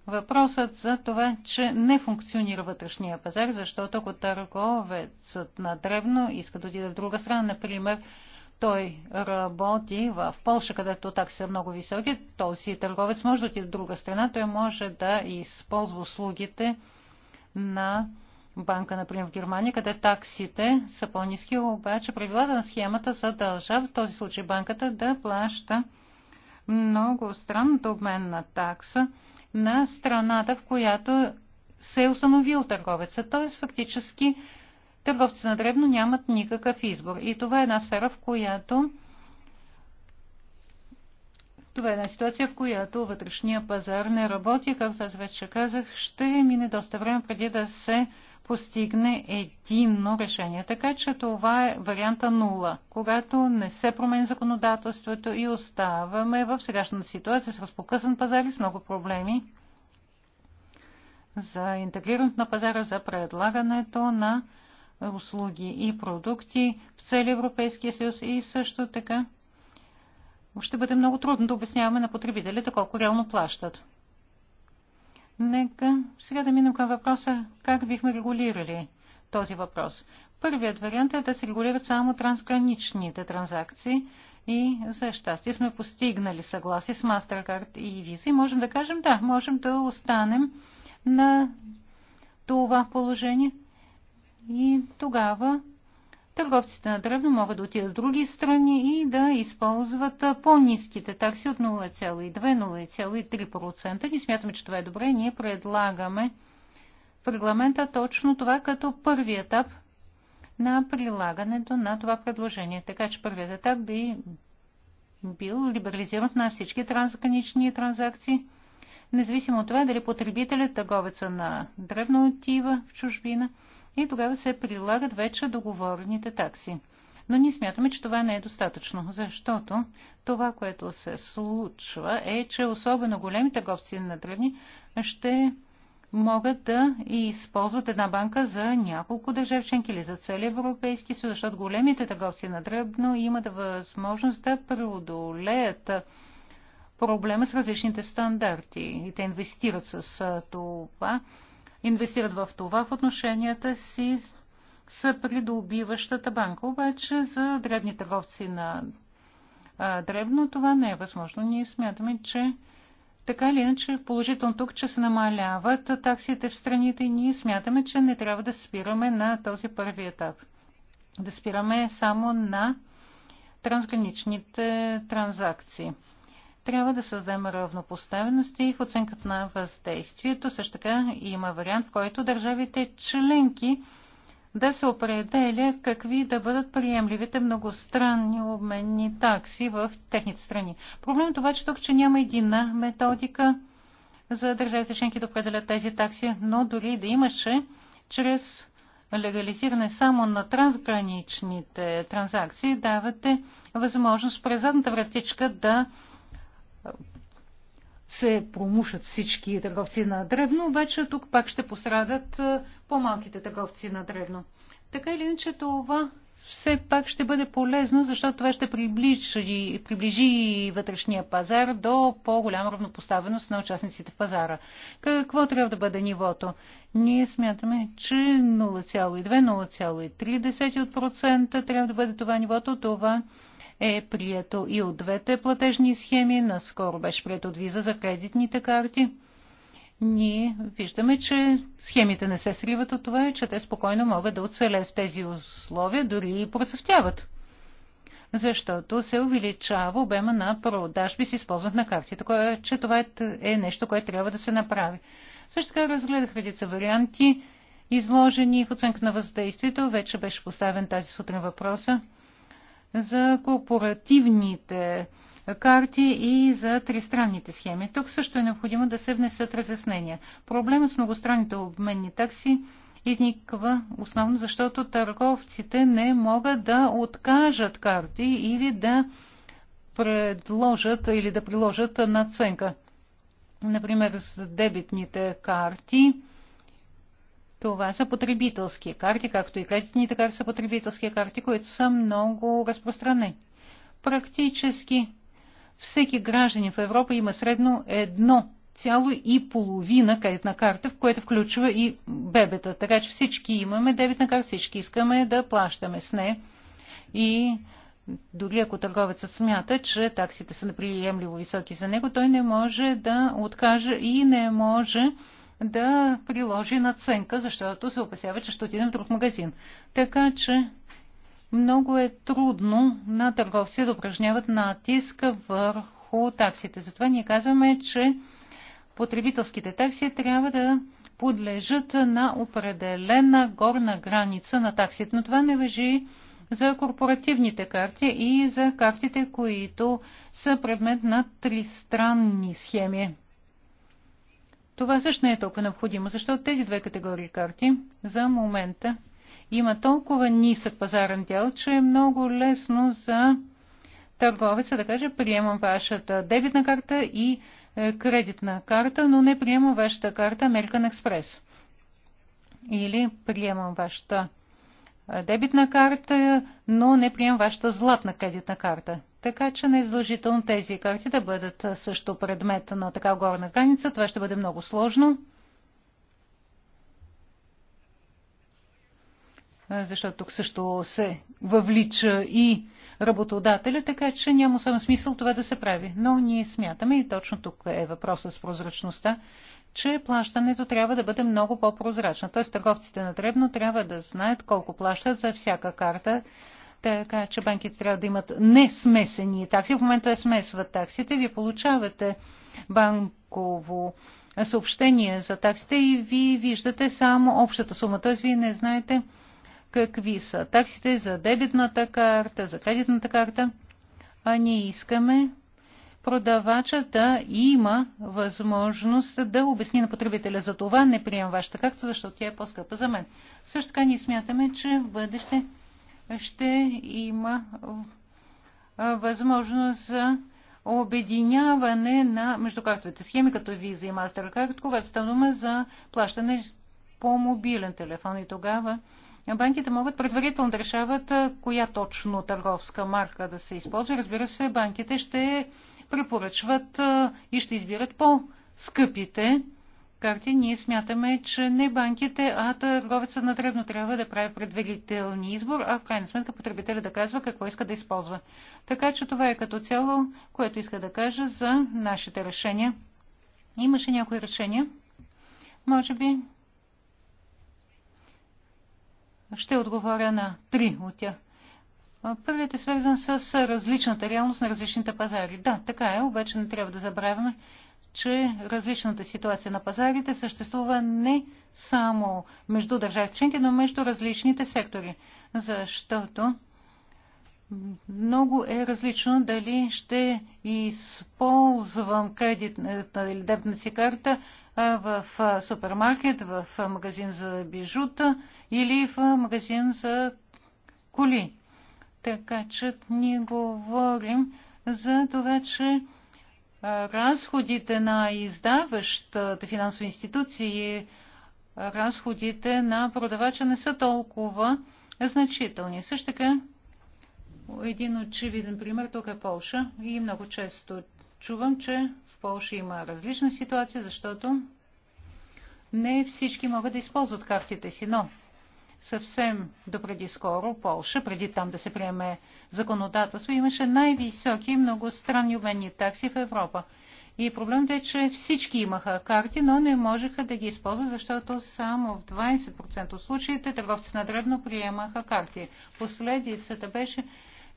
A: въпросът за това, че не функционира вътрешния пазар, защото ако търговецът на древно иска да отиде в друга страна, например, той работи в Польша, където такси са много високи, този търговец може да отиде в друга страна, той може да използва услугите на банка, например, в Германия, къде таксите са по-низки, обаче правилата на схемата задължава в този случай банката да плаща много странната обменна такса на страната, в която се е установил търговеца. Т.е. фактически търговците на дребно нямат никакъв избор. И това е една сфера, в която това е една ситуация, в която вътрешния пазар не работи. Както аз вече казах, ще мине доста време преди да се постигне единно решение. Така че това е варианта нула, когато не се промени законодателството и оставаме в сегашната ситуация с разпокъсан пазар и с много проблеми за интегрирането на пазара, за предлагането на услуги и продукти в целия Европейския съюз и също така ще бъде много трудно да обясняваме на потребителите колко реално плащат. Нека сега да минем към въпроса как бихме регулирали този въпрос. Първият вариант е да се регулират само трансграничните транзакции и за щастие сме постигнали съгласие с MasterCard и Visa и можем да кажем да, можем да останем на това положение и тогава търговците на древно могат да отидат в други страни и да използват по-низките такси от 0,2-0,3%. Ние смятаме, че това е добре. Ние предлагаме в регламента точно това като първи етап на прилагането на това предложение. Така че първият етап би бил либерализиран на всички трансгранични транзакции, независимо от това дали потребителят, търговеца на древно отива в чужбина – и тогава се прилагат вече договорените такси. Но ние смятаме, че това не е достатъчно, защото това, което се случва е, че особено големи търговци на древни ще могат да използват една банка за няколко държавченки членки или за цели Европейски съюз, защото големите търговци на дребно имат възможност да преодолеят проблема с различните стандарти и те инвестират с това инвестират в това в отношенията си с придобиващата банка. Обаче за дребни търговци на а, дребно това не е възможно. Ние смятаме, че така или иначе е положително тук, че се намаляват таксите в страните и ние смятаме, че не трябва да спираме на този първи етап. Да спираме само на трансграничните транзакции. Трябва да създаме равнопоставености в оценката на въздействието. Също така има вариант, в който държавите членки да се определя какви да бъдат приемливите многостранни обменни такси в техните страни. Проблемът обаче е тук, че няма единна методика за държавите членки да определят тези такси, но дори да имаше, чрез легализиране само на трансграничните транзакции, давате възможност през задната вратичка да се промушат всички търговци на древно, вече тук пак ще пострадат по-малките търговци на древно. Така или иначе това все пак ще бъде полезно, защото това ще приближи, приближи вътрешния пазар до по-голяма равнопоставеност на участниците в пазара. Какво трябва да бъде нивото? Ние смятаме, че 0,2-0,3% трябва да бъде това нивото. Това е прието и от двете платежни схеми. Наскоро беше прието от виза за кредитните карти. Ние виждаме, че схемите не се сриват от това и че те спокойно могат да оцелят в тези условия, дори и процъфтяват. Защото се увеличава обема на продажби с използват на карти. Така че това е, е нещо, което трябва да се направи. Също така разгледах редица варианти изложени в оценка на въздействието. Вече беше поставен тази сутрин въпроса за корпоративните карти и за тристранните схеми. Тук също е необходимо да се внесат разяснения. Проблемът с многостранните обменни такси изниква основно защото търговците не могат да откажат карти или да предложат или да приложат наценка. Например, с дебитните карти – това са потребителски карти, както и кредитните така са потребителски карти, които са много разпространени. Практически всеки гражданин в Европа има средно едно цяло и половина кредитна карта, в което включва и бебета. Така че всички имаме дебитна карта, всички искаме да плащаме с не. И дори ако търговецът смята, че таксите са неприемливо високи за него, той не може да откаже и не може да приложи наценка, защото се опасява, че ще отидем в друг магазин. Така че много е трудно на търговците да упражняват натиска върху таксите. Затова ние казваме, че потребителските такси трябва да подлежат на определена горна граница на таксите. Но това не въжи за корпоративните карти и за картите, които са предмет на тристранни схеми това също не е толкова необходимо, защото тези две категории карти за момента има толкова нисък пазарен дял, че е много лесно за търговеца да каже, приемам вашата дебитна карта и е, кредитна карта, но не приемам вашата карта American Express. Или приемам вашата е, дебитна карта, но не приемам вашата златна кредитна карта. Така че не е задължително тези карти да бъдат е, също предмет на така горна граница. Това ще бъде много сложно. Е, защото тук също се въвлича и работодателя, така че няма особен смисъл това да се прави. Но ние смятаме, и точно тук е въпросът с прозрачността, че плащането трябва да бъде много по-прозрачно. Т.е. търговците на дребно трябва да знаят колко плащат за всяка карта, така че банките трябва да имат несмесени такси. В момента е смесват таксите, вие получавате банково съобщение за таксите и ви виждате само общата сума. Т.е. вие не знаете какви са таксите за дебитната карта, за кредитната карта. А ние искаме Продавачата да има възможност да обясни на потребителя за това. Не приемам вашата карта, защото тя е по-скъпа за мен. Също така ние смятаме, че в бъдеще ще има възможност за обединяване на междукартовите схеми, като Visa и MasterCard, когато става дума за плащане по мобилен телефон и тогава банките могат предварително да решават коя точно търговска марка да се използва. Разбира се, банките ще препоръчват и ще избират по-скъпите карти. Ние смятаме, че не банките, а търговеца на дребно трябва да прави предварителни избор, а в крайна сметка потребителя да казва какво иска да използва. Така че това е като цяло, което иска да кажа за нашите решения. Имаше някои решения? Може би ще отговоря на три от тях. Първият е свързан с различната реалност на различните пазари. Да, така е, обаче не трябва да забравяме, че различната ситуация на пазарите съществува не само между държавите членки, но между различните сектори. Защото много е различно дали ще използвам кредитната или дебна си карта в супермаркет, в магазин за бижута или в магазин за коли. Така че ние говорим за това, че разходите на издаващата финансова институция и разходите на продавача не са толкова значителни. Също така, един очевиден пример тук е Полша и много често чувам, че в Полша има различна ситуация, защото не всички могат да използват картите си, но съвсем до преди скоро Полша, преди там да се приеме законодателство, имаше най-високи многостранни обменни такси в Европа. И проблемът е, че всички имаха карти, но не можеха да ги използват, защото само в 20% от случаите търговци на дребно приемаха карти. Последицата беше,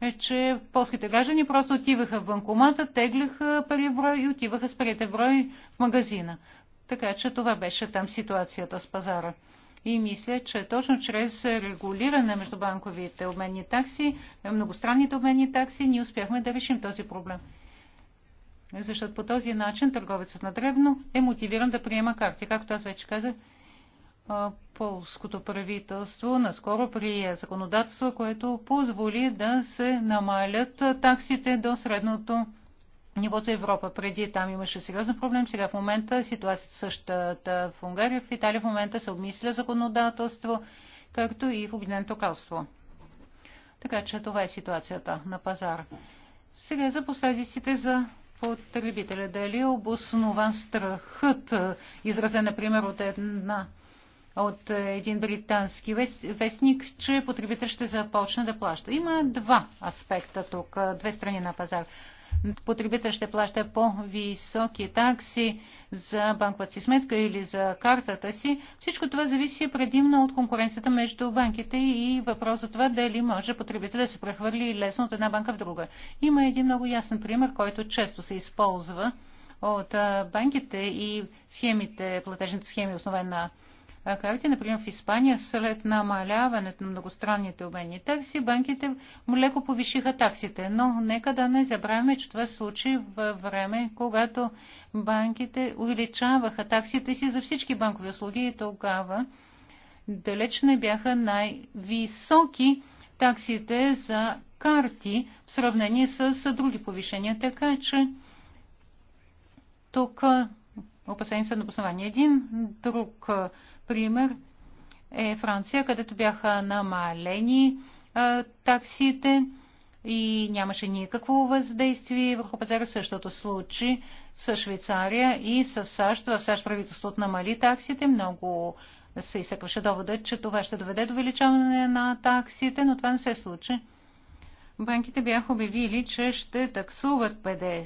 A: е, че полските граждани просто отиваха в банкомата, теглиха пари в брой и отиваха с парите в брой в магазина. Така че това беше там ситуацията с пазара. И мисля, че точно чрез регулиране между банковите обменни такси, многостранните обменни такси, ние успяхме да решим този проблем. Защото по този начин търговецът на дребно е мотивиран да приема карти. Както аз вече казах, полското правителство наскоро прие законодателство, което позволи да се намалят таксите до средното нивото Европа. Преди там имаше сериозен проблем, сега в момента ситуацията е същата в Унгария, в Италия в момента се обмисля законодателство, както и в Обединеното кралство. Така че това е ситуацията на пазара. Сега за последиците за потребителя. Дали е обоснован страхът, изразен, например, от една от един британски вестник, че потребител ще започне да плаща. Има два аспекта тук, две страни на пазар потребител ще плаща по-високи такси за банковата си сметка или за картата си. Всичко това зависи предимно от конкуренцията между банките и въпрос за това дали може потребителя да се прехвърли лесно от една банка в друга. Има един много ясен пример, който често се използва от банките и схемите, платежните схеми, основен на а карти, например, в Испания, след намаляването на многостранните обменни такси, банките леко повишиха таксите. Но нека да не забравяме, че това се случи във време, когато банките увеличаваха таксите си за всички банкови услуги и тогава далеч не бяха най-високи таксите за карти в сравнение с други повишения. Така че тук опасени са на обоснование. Един друг пример е Франция, където бяха намалени а, таксите и нямаше никакво въздействие върху пазара. Същото случи с Швейцария и с САЩ. В САЩ правителството намали таксите. Много се изсъкваше довода, че това ще доведе до увеличаване на таксите, но това не се случи. Банките бяха обявили, че ще таксуват 50,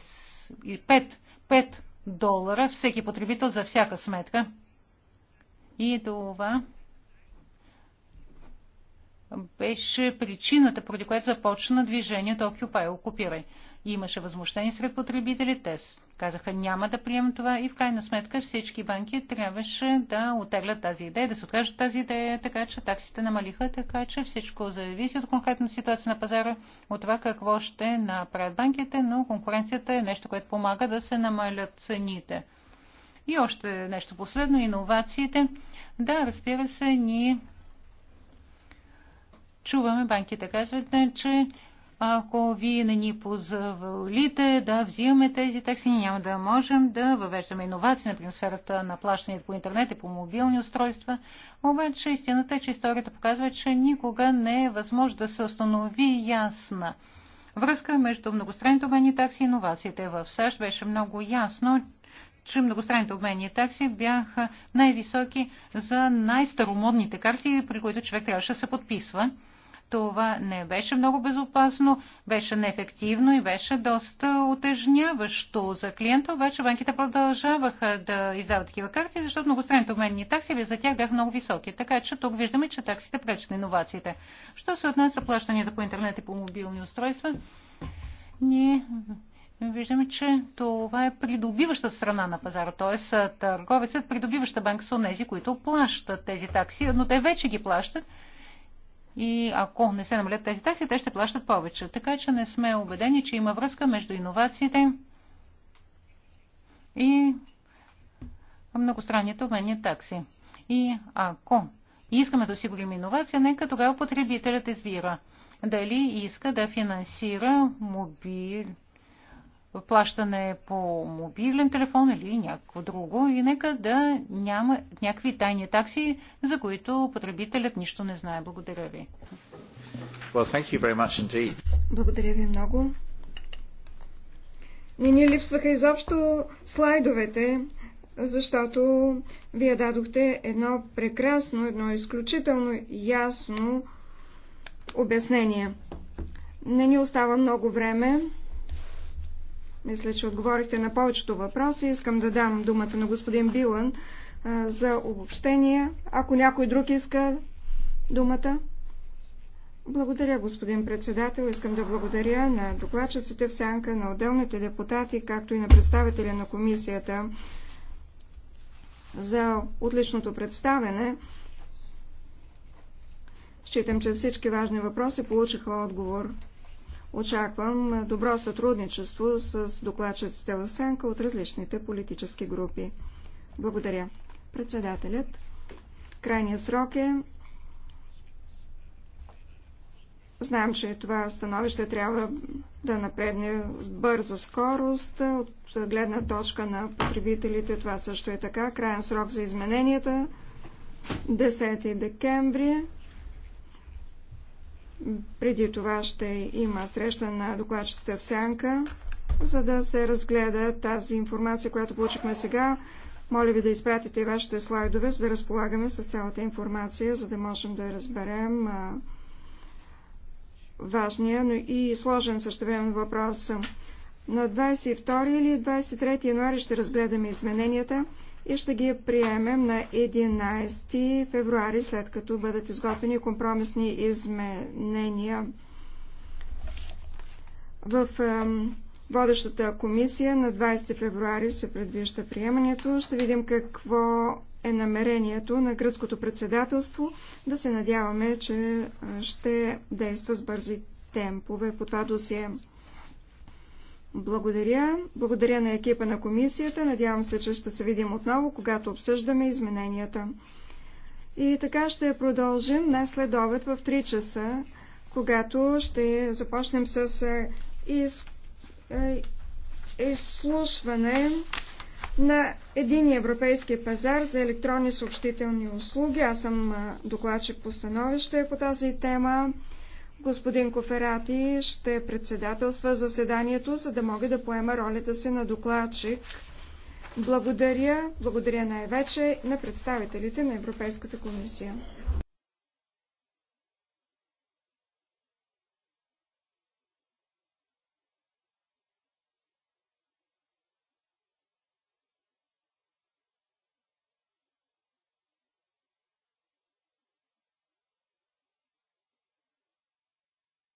A: 5, 5 долара всеки потребител за всяка сметка. И това беше причината, поради която започна движението Occupy И Имаше възмущение сред потребители, те казаха няма да приемем това и в крайна сметка всички банки трябваше да отеглят тази идея, да се откажат тази идея, така че таксите намалиха, така че всичко зависи от конкретната ситуация на пазара, от това какво ще направят банките, но конкуренцията е нещо, което помага да се намалят цените. И още нещо последно, иновациите. Да, разбира се, ние чуваме банките казват, е, че ако вие не ни позволите да взимаме тези такси, няма да можем да въвеждаме иновации, например, сферата на плащането по интернет и по мобилни устройства. Обаче истината е, че историята показва, че никога не е възможно да се установи ясна връзка между многостранните обменни такси и иновациите. В САЩ беше много ясно, че многостранните обменни такси бяха най-високи за най-старомодните карти, при които човек трябваше да се подписва. Това не беше много безопасно, беше неефективно и беше доста отежняващо за клиента, обаче банките продължаваха да издават такива карти, защото многостранните обменни такси за тях бяха много високи. Така че тук виждаме, че таксите пречат на иновациите. Що се отнася за плащанията по интернет и по мобилни устройства? Ние виждаме, че това е придобиваща страна на пазара, т.е. търговецът придобиваща банка са тези, които плащат тези такси, но те вече ги плащат и ако не се намалят тези такси, те ще плащат повече. Така че не сме убедени, че има връзка между иновациите и многостранните обменни такси. И ако искаме да осигурим иновация, нека тогава потребителят избира дали иска да финансира мобилен плащане по мобилен телефон или някакво друго и нека да няма някакви тайни такси, за които потребителят нищо не знае. Благодаря ви. Well, thank you very much indeed.
B: Благодаря ви много. Не ни липсваха изобщо слайдовете, защото вие дадохте едно прекрасно, едно изключително ясно обяснение. Не ни остава много време. Мисля, че отговорихте на повечето въпроси. Искам да дам думата на господин Билан за обобщение. Ако някой друг иска думата. Благодаря, господин председател. Искам да благодаря на докладчиците в сянка, на отделните депутати, както и на представителя на комисията за отличното представене. Считам, че всички важни въпроси получиха отговор. Очаквам добро сътрудничество с докладчиците в Сенка от различните политически групи. Благодаря. Председателят. Крайният срок е Знаем, че това становище трябва да напредне с бърза скорост. От гледна точка на потребителите това също е така. Крайен срок за измененията 10 декември преди това ще има среща на докладчицата в Сянка, за да се разгледа тази информация, която получихме сега. Моля ви да изпратите вашите слайдове, за да разполагаме с цялата информация, за да можем да разберем важния, но и сложен време въпрос. На 22 или 23 януари ще разгледаме измененията и ще ги приемем на 11 февруари, след като бъдат изготвени компромисни изменения. В водещата комисия на 20 февруари се предвижда приемането. Ще видим какво е намерението на гръцкото председателство. Да се надяваме, че ще действа с бързи темпове по това досие. Благодаря. Благодаря на екипа на комисията. Надявам се, че ще се видим отново, когато обсъждаме измененията. И така ще продължим днес след обед в 3 часа, когато ще започнем с е, из... Е, изслушване на един европейски пазар за електронни съобщителни услуги. Аз съм е, докладчик по становище по тази тема. Господин Коферати ще председателства заседанието, за да мога да поема ролята си на докладчик. Благодаря, благодаря най-вече на представителите на Европейската комисия.